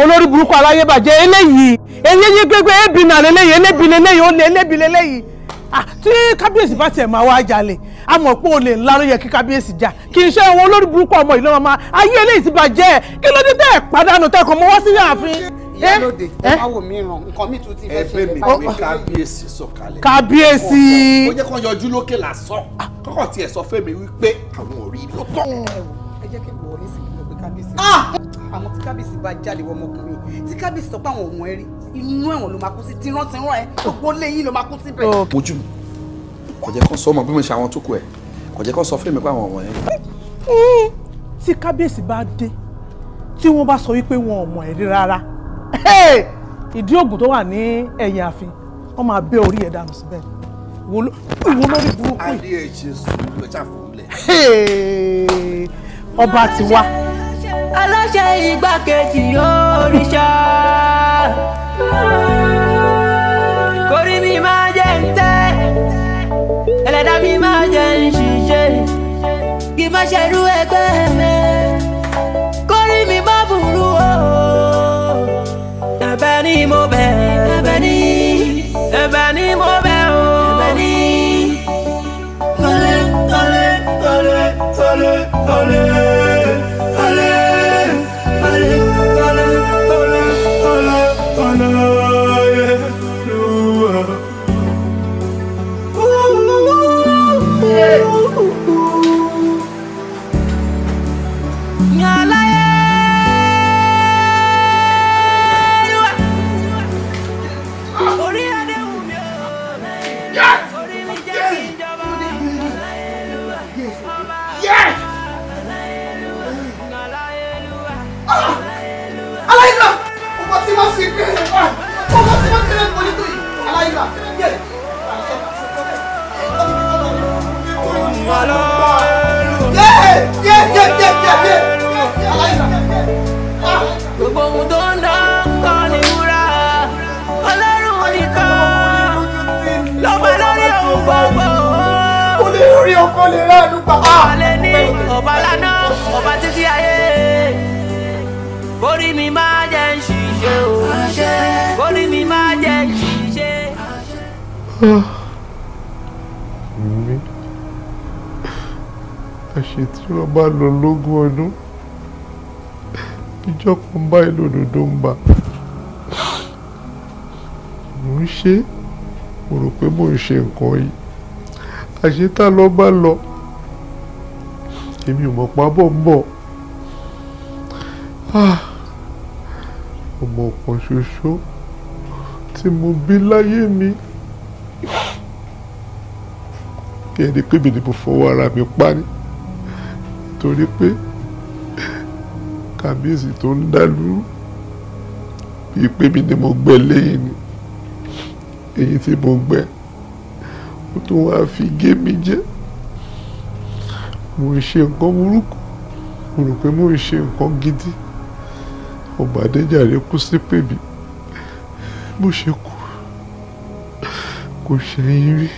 olórí burúkú aláyébàjẹ́ eléyìí eléyìí gbégbé ébìnà lélẹ́yìí elébìnà lélẹ́yìí ó lé elébìnà lélẹ́yìí ah, tí kábíyèsí bá tiẹ̀ máa wá jalè a mọ̀ pé olè ńlá ló yẹ kí kábíyèsí jà kì í ṣe àwọn olórí burúkú ọmọ ìlú ọmọ ayé eléyìí ti bàjẹ́ kí ló dé tẹ́ ẹ̀ pàdánù tẹ́kọ̀ mọ́ wá sí ààfin. ìyálòdè eh? eh? ẹ má wò mí ràn nǹkan mi tún ti fẹ́ ṣe lè bá mi kábíyèsí sọ̀kalẹ̀. kábíyèsí. ó jẹ́ kó yọjú lókè lásán kọ́kọ́ tiẹ̀ sọ fẹ́mi wípé àwọn ò rí lọ́bọ̀. ẹ jẹ́ kí n wọ̀ ọ́ nísìnyí lọ pé kábíyèsí ah! àmọ́ tí kábíyèsí bá jáde wọ ọmọkùnrin tí kábíyèsí sọ pé àwọn òun ẹ rí inú ẹ̀wọ̀n ló máa kú sí tìrántìrán ẹ gbogbo lẹ́yìn ló máa kú síbẹ̀ kò jẹ́ kó sọ ọmọ bí mo ṣe àwọn tó kù ẹ̀ kò jẹ́ kó sọ fún mi pé àwọn ọmọ yẹn. tí kábíyèsí bá dé tí wọ́n bá sọ wípé wọn ò mọ̀ ẹ̀rí rárá ìdí ògùn tó wà ní ẹ̀yìn ààfin wọ́n máa bẹ́ orí ẹ̀ dànù síbẹ̀ ìwọ lórí burúkú yìí. adé ẹ̀jẹ̀ ló jà fún lẹ̀. ọba ti wá. aláṣẹ igbákejì oríṣà. ẹlẹ́dá mi máa jẹ́ ń ṣiṣẹ́ kí n má ṣerú ẹgbẹ́ mi kórìí mi má burú o ẹ̀bẹ̀ ni mo bẹ̀ ẹ̀bẹ̀ ni ẹ̀bẹ̀ ni mo bẹ̀ o ẹ̀bẹ̀ ni. Olé, olé, olé, olé, olé. lè rẹ́ ẹnu pa. Ah! ọba lè ọba lánà ọba títí ayé borí mi máa jẹ ń ṣiṣẹ́ borí mi máa jẹ ń mi àṣẹ tí wọn bá lọ lógún ọdún ìjọ kan báyìí lòdòdó ń bà mò ń ṣe mo rò pé mò ń ṣe nǹkan yìí àṣetà lọ bá lọ èmi ò mọ̀ pábọ̀ ń bọ̀ ọmọ ah, ọ̀kan ṣoṣo tí mo bí láyé mi ẹni pé mi ni mo fọwọ́ ara mi pa torí pé kàbíyèsí tó ń dá bíi pé mi ni mo gbẹ lẹ́yìn ni èyí tí mo gbẹ ó tún wá fi gé mi jẹ mo ń ṣe nǹkan burúkú mo rò pé mo ń ṣe nǹkan gidi ọba adéjàre kú sí pèbí bó ṣe kú kò ṣẹ̀yìn rí.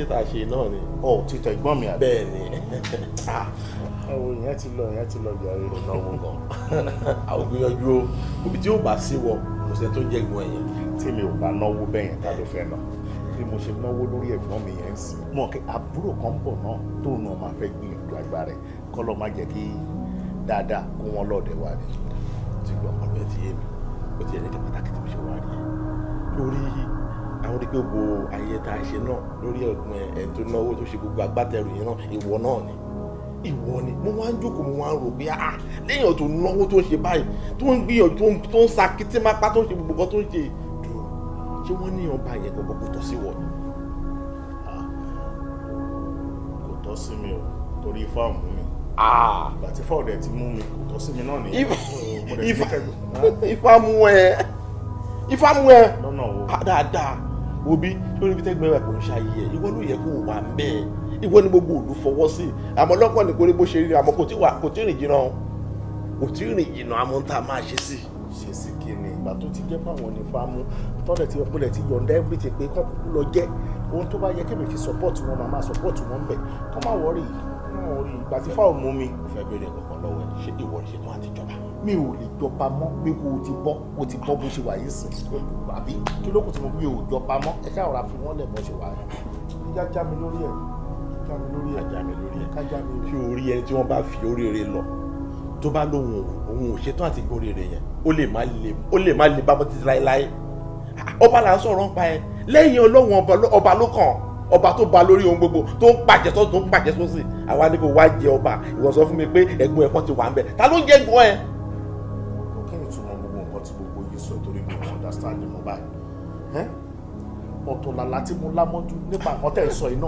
títà ṣe náà ni. ọ títà ẹ̀gbọ́n mi àbí. bẹ́ẹ̀ ni. Ah. àwọn èèyàn ti lọ èèyàn ti lọ jàre. ìnáwó gan. àwọn gbìyànjú o níbi tí yóò bá sí wọ kò sẹ́ni tó jẹ́ ìgbọ̀n yẹn. tí mi ò bá náwó bẹ́yẹn tá ló fẹ́ náà bí mo ṣe náwó lórí ẹ̀gbọ́n mi yẹn ń sìn. mọ̀ kí àbúrò kan pọ̀ náà tóun náà máa fẹ́ gbìyànjú agbára rẹ̀ kọ́ lọ́ọ́ má jẹ́ kí dáadáa kó wọn lọ́ọ̀dẹ̀ wá ni. ti gbọ́ ọ̀rọ̀ ẹ ti yé mi ó ti yẹ lẹ́dẹ̀ pàtàkì tí mo ṣe wá rí i lórí àwọn rí pé gbogbo ayẹyẹ tá a ṣe náà lórí ẹ̀gbọ́n ẹ̀ tó náwó tó ṣe gbogbo agbátẹrù yẹn náà ìwọ náà ni ìwọ ni mo wá ń jókòó mo wá ń rò pé ah, ah lẹ́yìn tó náwó tó ń ṣe báyìí tó ń gbìyànjú tó ń sa kìtìmápá tó ń ṣe gbogbo tó ń ṣe dùn ṣé wọ́n ní ọba yẹn kọ̀ọ̀kan kò tọ́ sí wọ ni. Ah, kò tọ́ sí mi o torí ifá mú mi ah. ìgbà ifá ọ̀dẹ̀ ti mú mi kò tọ́ sí mi náà ni. ifá mú ẹ ifá mú ẹ dáadáa òbí lórí ibi tẹ́gbẹ́ rẹ̀ kò ń ṣayẹ ìwọ ló yẹ kó wà mẹ́ẹ̀ ìwọ ni gbogbo òlu fọwọ́ sí àmọ́ lọ́kàn ní kórè bó ṣe rí àmọ́ kò tí kò tí rìn jìnnà kò tí rìn jìnnà àmọ́ ń ta máa ṣe sí. ṣe sí kí ni ìgbà tó ti jẹ́ fáwọn ní fámú tọ́lẹ̀ tí ọpọlẹ̀ ti yọ̀ǹda everything pé kọ́kúkú lọ jẹ́ ohun tó bá yẹ kẹ́mi fi support wọn màmá support wọn bẹ̀ kọ́ má wọ́rì yìí orí ìgbà tí fáwọn mú mi. mo fẹ́ bèrè kankan lọ́wọ́ ẹ̀ ṣé ìwọ ṣe tán àti jọba. mi ò lè jọba mọ́ pé kò ti bọ́ kò ti bọ́ bó ṣe wà yìí sìn àbí kí ló kù tí mo fi ò jọba mọ́ ẹ ṣáà rà fi wọ́n lẹ̀ bọ́ ṣe wà yìí. ìyá já mi lórí ẹ̀ já mi lórí ẹ̀ já mi lórí ẹ̀ ká já mi lórí ẹ̀. kí orí ẹni tí wọ́n bá fi oríire lọ tó bá lóhun òun ò ṣetán àti gbóríire yẹn ó lè má le ó lè má le bábọ́ títí láéláé ọba là ń sọ̀rọ̀ ń pa ẹ lẹ́yìn ọlọ́run ọba ló kàn ọba tó ba lórí ohun gbogbo tó ń pàjẹ́ sọ́tún tó ń pàjẹ́ sósì àwa ní kò wá jẹ ọba ìwọ sọ fún mi pé ẹ̀gbọ́n ẹ̀ kan ti wà ń bẹ̀ ta ló ń jẹ́ ẹ̀gbọ́n ẹ̀. kí ni ìtumọ̀ gbogbo nǹkan tí gbogbo yìí sọ torí mi ò understand mo báyìí ọ̀tọ̀ làlá tí mo lámọ́jú nípa nǹkan tẹ̀ ń sọ yìí ni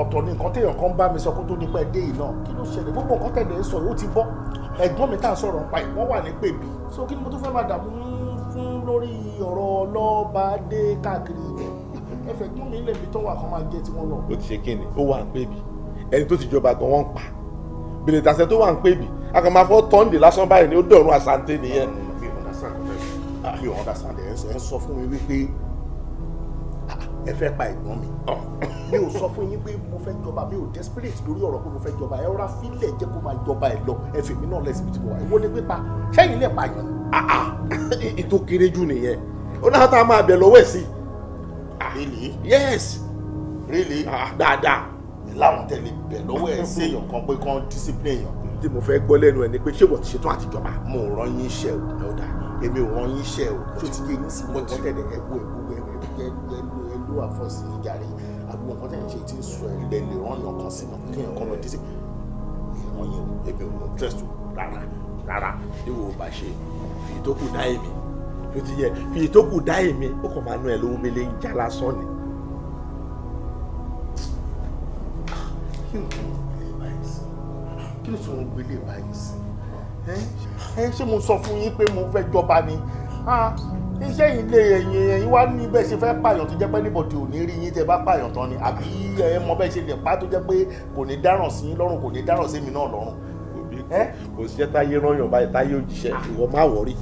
ọ̀tọ̀ ni nǹkan téèyàn kan bá mi sọ kó tó nípa ẹdẹ yìí náà kí ló ṣẹlẹ̀ gbogbo nǹkan tẹ̀ ń sọ yìí ó ti bọ́ ẹ̀gbọ́n mi tá à sọ̀rọ̀ nípa ìwọ́n wà ní pèbí so kí ni mo tún fẹ́ máa dààmú fún lórí ọ̀rọ̀ ọlọ́ọ̀bàdé káàkiri ẹ̀fẹ̀ gbọ́n mi lè fi tọ́wọ́ àkọ́mọ́ ajẹ́ tí wọ́n lọ. ó ti ṣe kí ni ó wà ń pèbí ẹni tó ti jọba gan wọ́n pa bèrè tàṣẹ tó wà ń pè bì a kàn máa fọ́ tọ́ǹdì lásán báyìí ni ó dọ̀rùn àṣàǹtẹ̀ nìyẹn. mi ò understand ah, mi ò understand ẹ̀ ń sọ fún mi wípé ah, ẹ fẹ́ pa ẹ̀gbọ́n mi ah. mi ò sọ fún yín pé mo fẹ́ jọba mi ò desperate lórí ọ̀rọ̀ pé mo fẹ́ jọba ẹ rà fílẹ̀ jẹ́ kó máa jọba ẹ lọ ẹ fèmí náà lẹ́sìn bí ti wà ìwọ ni pípa sẹ́yìn lẹ́pa yìí. ètò kéré jù nìyẹn ó náà tá a máa bẹ̀ lọ́wọ́ ẹ̀ sí. really yes really dáadáa láwọn tẹ̀lé bẹ̀ lọ́wọ́ ẹ̀ sí èèyàn kan pé kán discipline èèyàn. tí mo fẹ́ gbọ́ lẹ́nu ẹ̀ ni pé ṣé wọ́n ti ṣetán àtijọba. mo rán yín iṣẹ́ o lọ́dà èmi ò rán yín iṣẹ́ o tó ti yé yín sí mo tẹ́ ẹ wo ìwúwo ẹ ẹ ló àfọ̀sí ìjàre àbúrò nǹkan tẹ̀ ń ṣe tí ń sọ ẹ̀ lẹ̀ lè rán yàn kan sí náà kí yàn kan lọ discipline ìran yẹn o èmi ò interest o rárá rárá níwò bá ṣe fi ìtókù dá èmi tó ti yẹ fi ìtókù dá èmi ó kàn máa nú ẹ lówó mi lé ń já lásán ni. kí ló tún gbélé báyìí sí kí ló tún gbélé báyìí sí ẹ ṣé mo sọ fún yín pé mo fẹ́ jọba ni iṣẹ́ yìí lè ẹ̀yìn ẹ̀yìn wá ní bẹ́ẹ̀ ṣe fẹ́ pààyàn tó jẹ́ pé níbọ̀dì ò ní rí yín tẹ́ bá pààyàn tán ni àbí ẹ mọ bẹ́ẹ̀ ṣe lè pa tó jẹ́ pé kò ní dáràn sí yín lọ́rùn kò ní dáràn sí mi náà lọ́rùn. kò sí iṣẹ́ táyé rányàn báyìí táyé òjíṣẹ́ ìwọ má wọ̀rí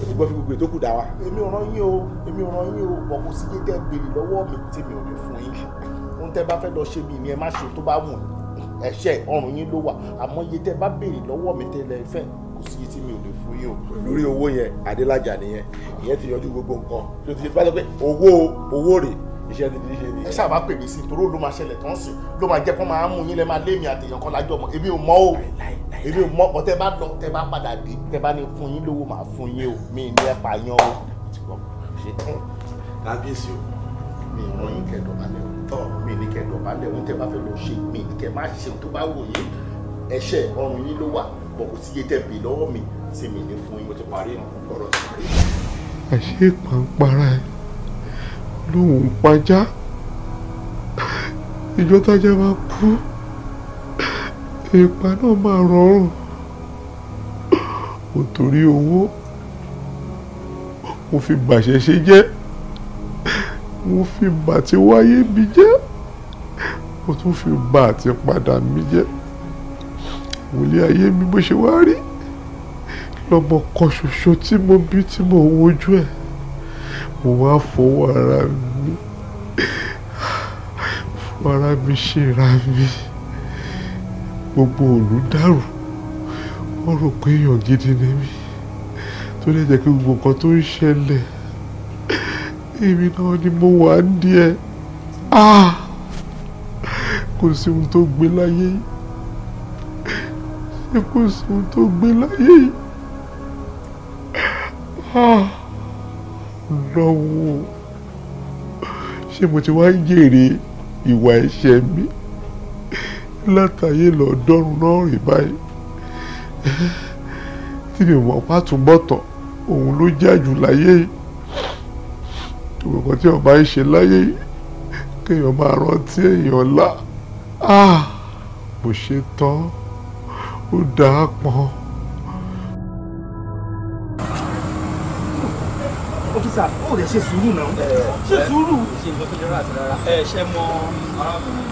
o ti gbọ́ fi gbogbo ètò kù dá wa. èmi ò rán yín o èmi ò rán yín o ọ̀pọ̀ sí yín tẹ́ gbèrè lọ́wọ́ mi tí mi ò ní fún yín tẹ́ bá fẹ́ lọ ṣe mí ni ẹ má ṣe tó bá wù ẹ̀ṣẹ̀ ọrùn yín ló wà àmọ́ iye tẹ́ bá béèrè lọ́wọ́ mi tẹ́lẹ̀ fẹ́ kò sí iye tí mi ò lè fún yín o lórí owó yẹn adélájà nìyẹn ìyẹn ti yọjú gbogbo nǹkan ló ti bá sọ pé owó owó rè iṣẹ́ ti di iṣẹ́ ni. ẹ sábà pè mí sí i torí ló máa ṣẹlẹ̀ tán sí ló máa jẹ́ kó máa mú yín lẹ́ máa lé mi àtẹ̀yàn kan lájọ mọ́ èmi ò mọ̀ o èmi ò mọ̀ ọ̀tẹ́ bá lọ tẹ́ bá padà dé tẹ́ bá ní fún yín lówó máa fún yín o mi ní ẹ pààyàn o. kábíyèsí o mi ìran yín kẹ́dọ̀ balẹ̀ o mi ní kẹ́ dọ̀bálẹ̀ ohun tẹ́ bá fẹ́ lọ ṣe mi ní kẹ́ má ṣe tó bá wò yín ẹ̀ṣẹ̀ ọrùn yín ló wà bọ̀ kò sí iye tẹ́ bì lọ́wọ́ mi tí mi ní fún yín mo ti parí ọ̀rọ̀ ti parí. àṣé ìpàǹpara ẹ lóun pajá ìjọ tájà máa kú ìpa náà máa rọrùn ò torí owó mo fi bàṣẹ ṣe jẹ́ mo fi bà tí wáyé mi jẹ́ mo tún fi bà tí padà mi jẹ́ wòlé ayé mi bó ṣe wá rí lọ́mọ kan ṣoṣo tí mo bí tí mo wojú ẹ̀ mo wá fọwọ́ ara mi fọwọ́ ara mi ṣera mi gbogbo òlù wọ́n rò pé èèyàn gidi ni mí tó lè jẹ́ kí gbogbo nǹkan tó ń ṣẹlẹ̀ èmi náà ni mo wà ń díẹ̀ ah! kò sí ohun tó gbé láyé yìí ṣé kò sí ohun tó gbé láyé yìí ah! lọ́wọ́ ṣé mo ti wá ń jèrè ìwà ẹ̀ṣẹ̀ mi látàyè lọ́ọ́dọ́rùn náà rìn báyìí tí mi mọ̀ pátùbọ̀tọ̀ òun ló jà jù láyé yìí gbogbo tí ọba ń ṣe láyé kéèyàn máa rántí èèyàn ńlá bó ah, ṣe tán ó dáa pọn. ọ́fíìsà ó lè ṣe sùúrù náà ṣe sùúrù. ṣe mọ arábìnrin.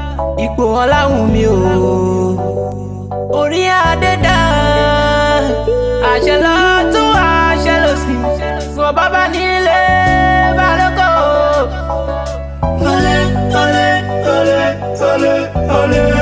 ipò Ọláwùmí o orí adé dá àṣẹ lọ́tún àṣẹ lòsì sọ bàbá nílé balóko. olè olè olè olè olè.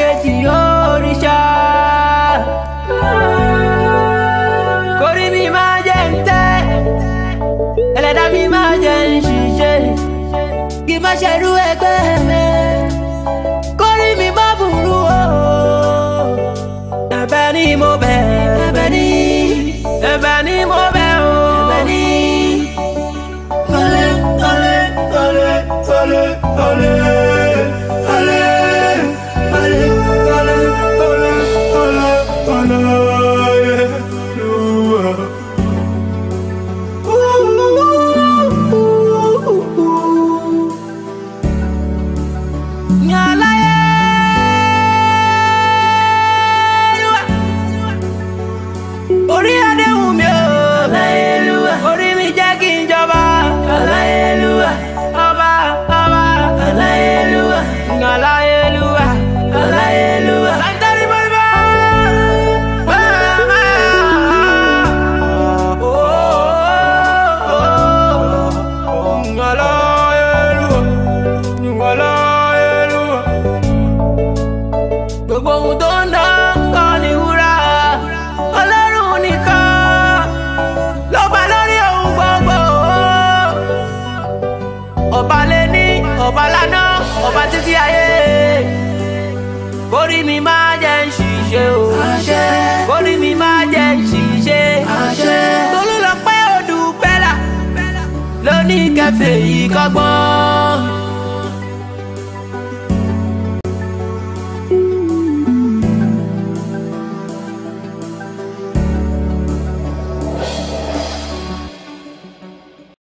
kejì òrìṣà. Kórí mi máa jẹ́ ń tẹ́, ẹlẹ́dàá mi máa jẹ́ ń ṣiṣẹ́, kí n fèyí kọ́gbọ́n.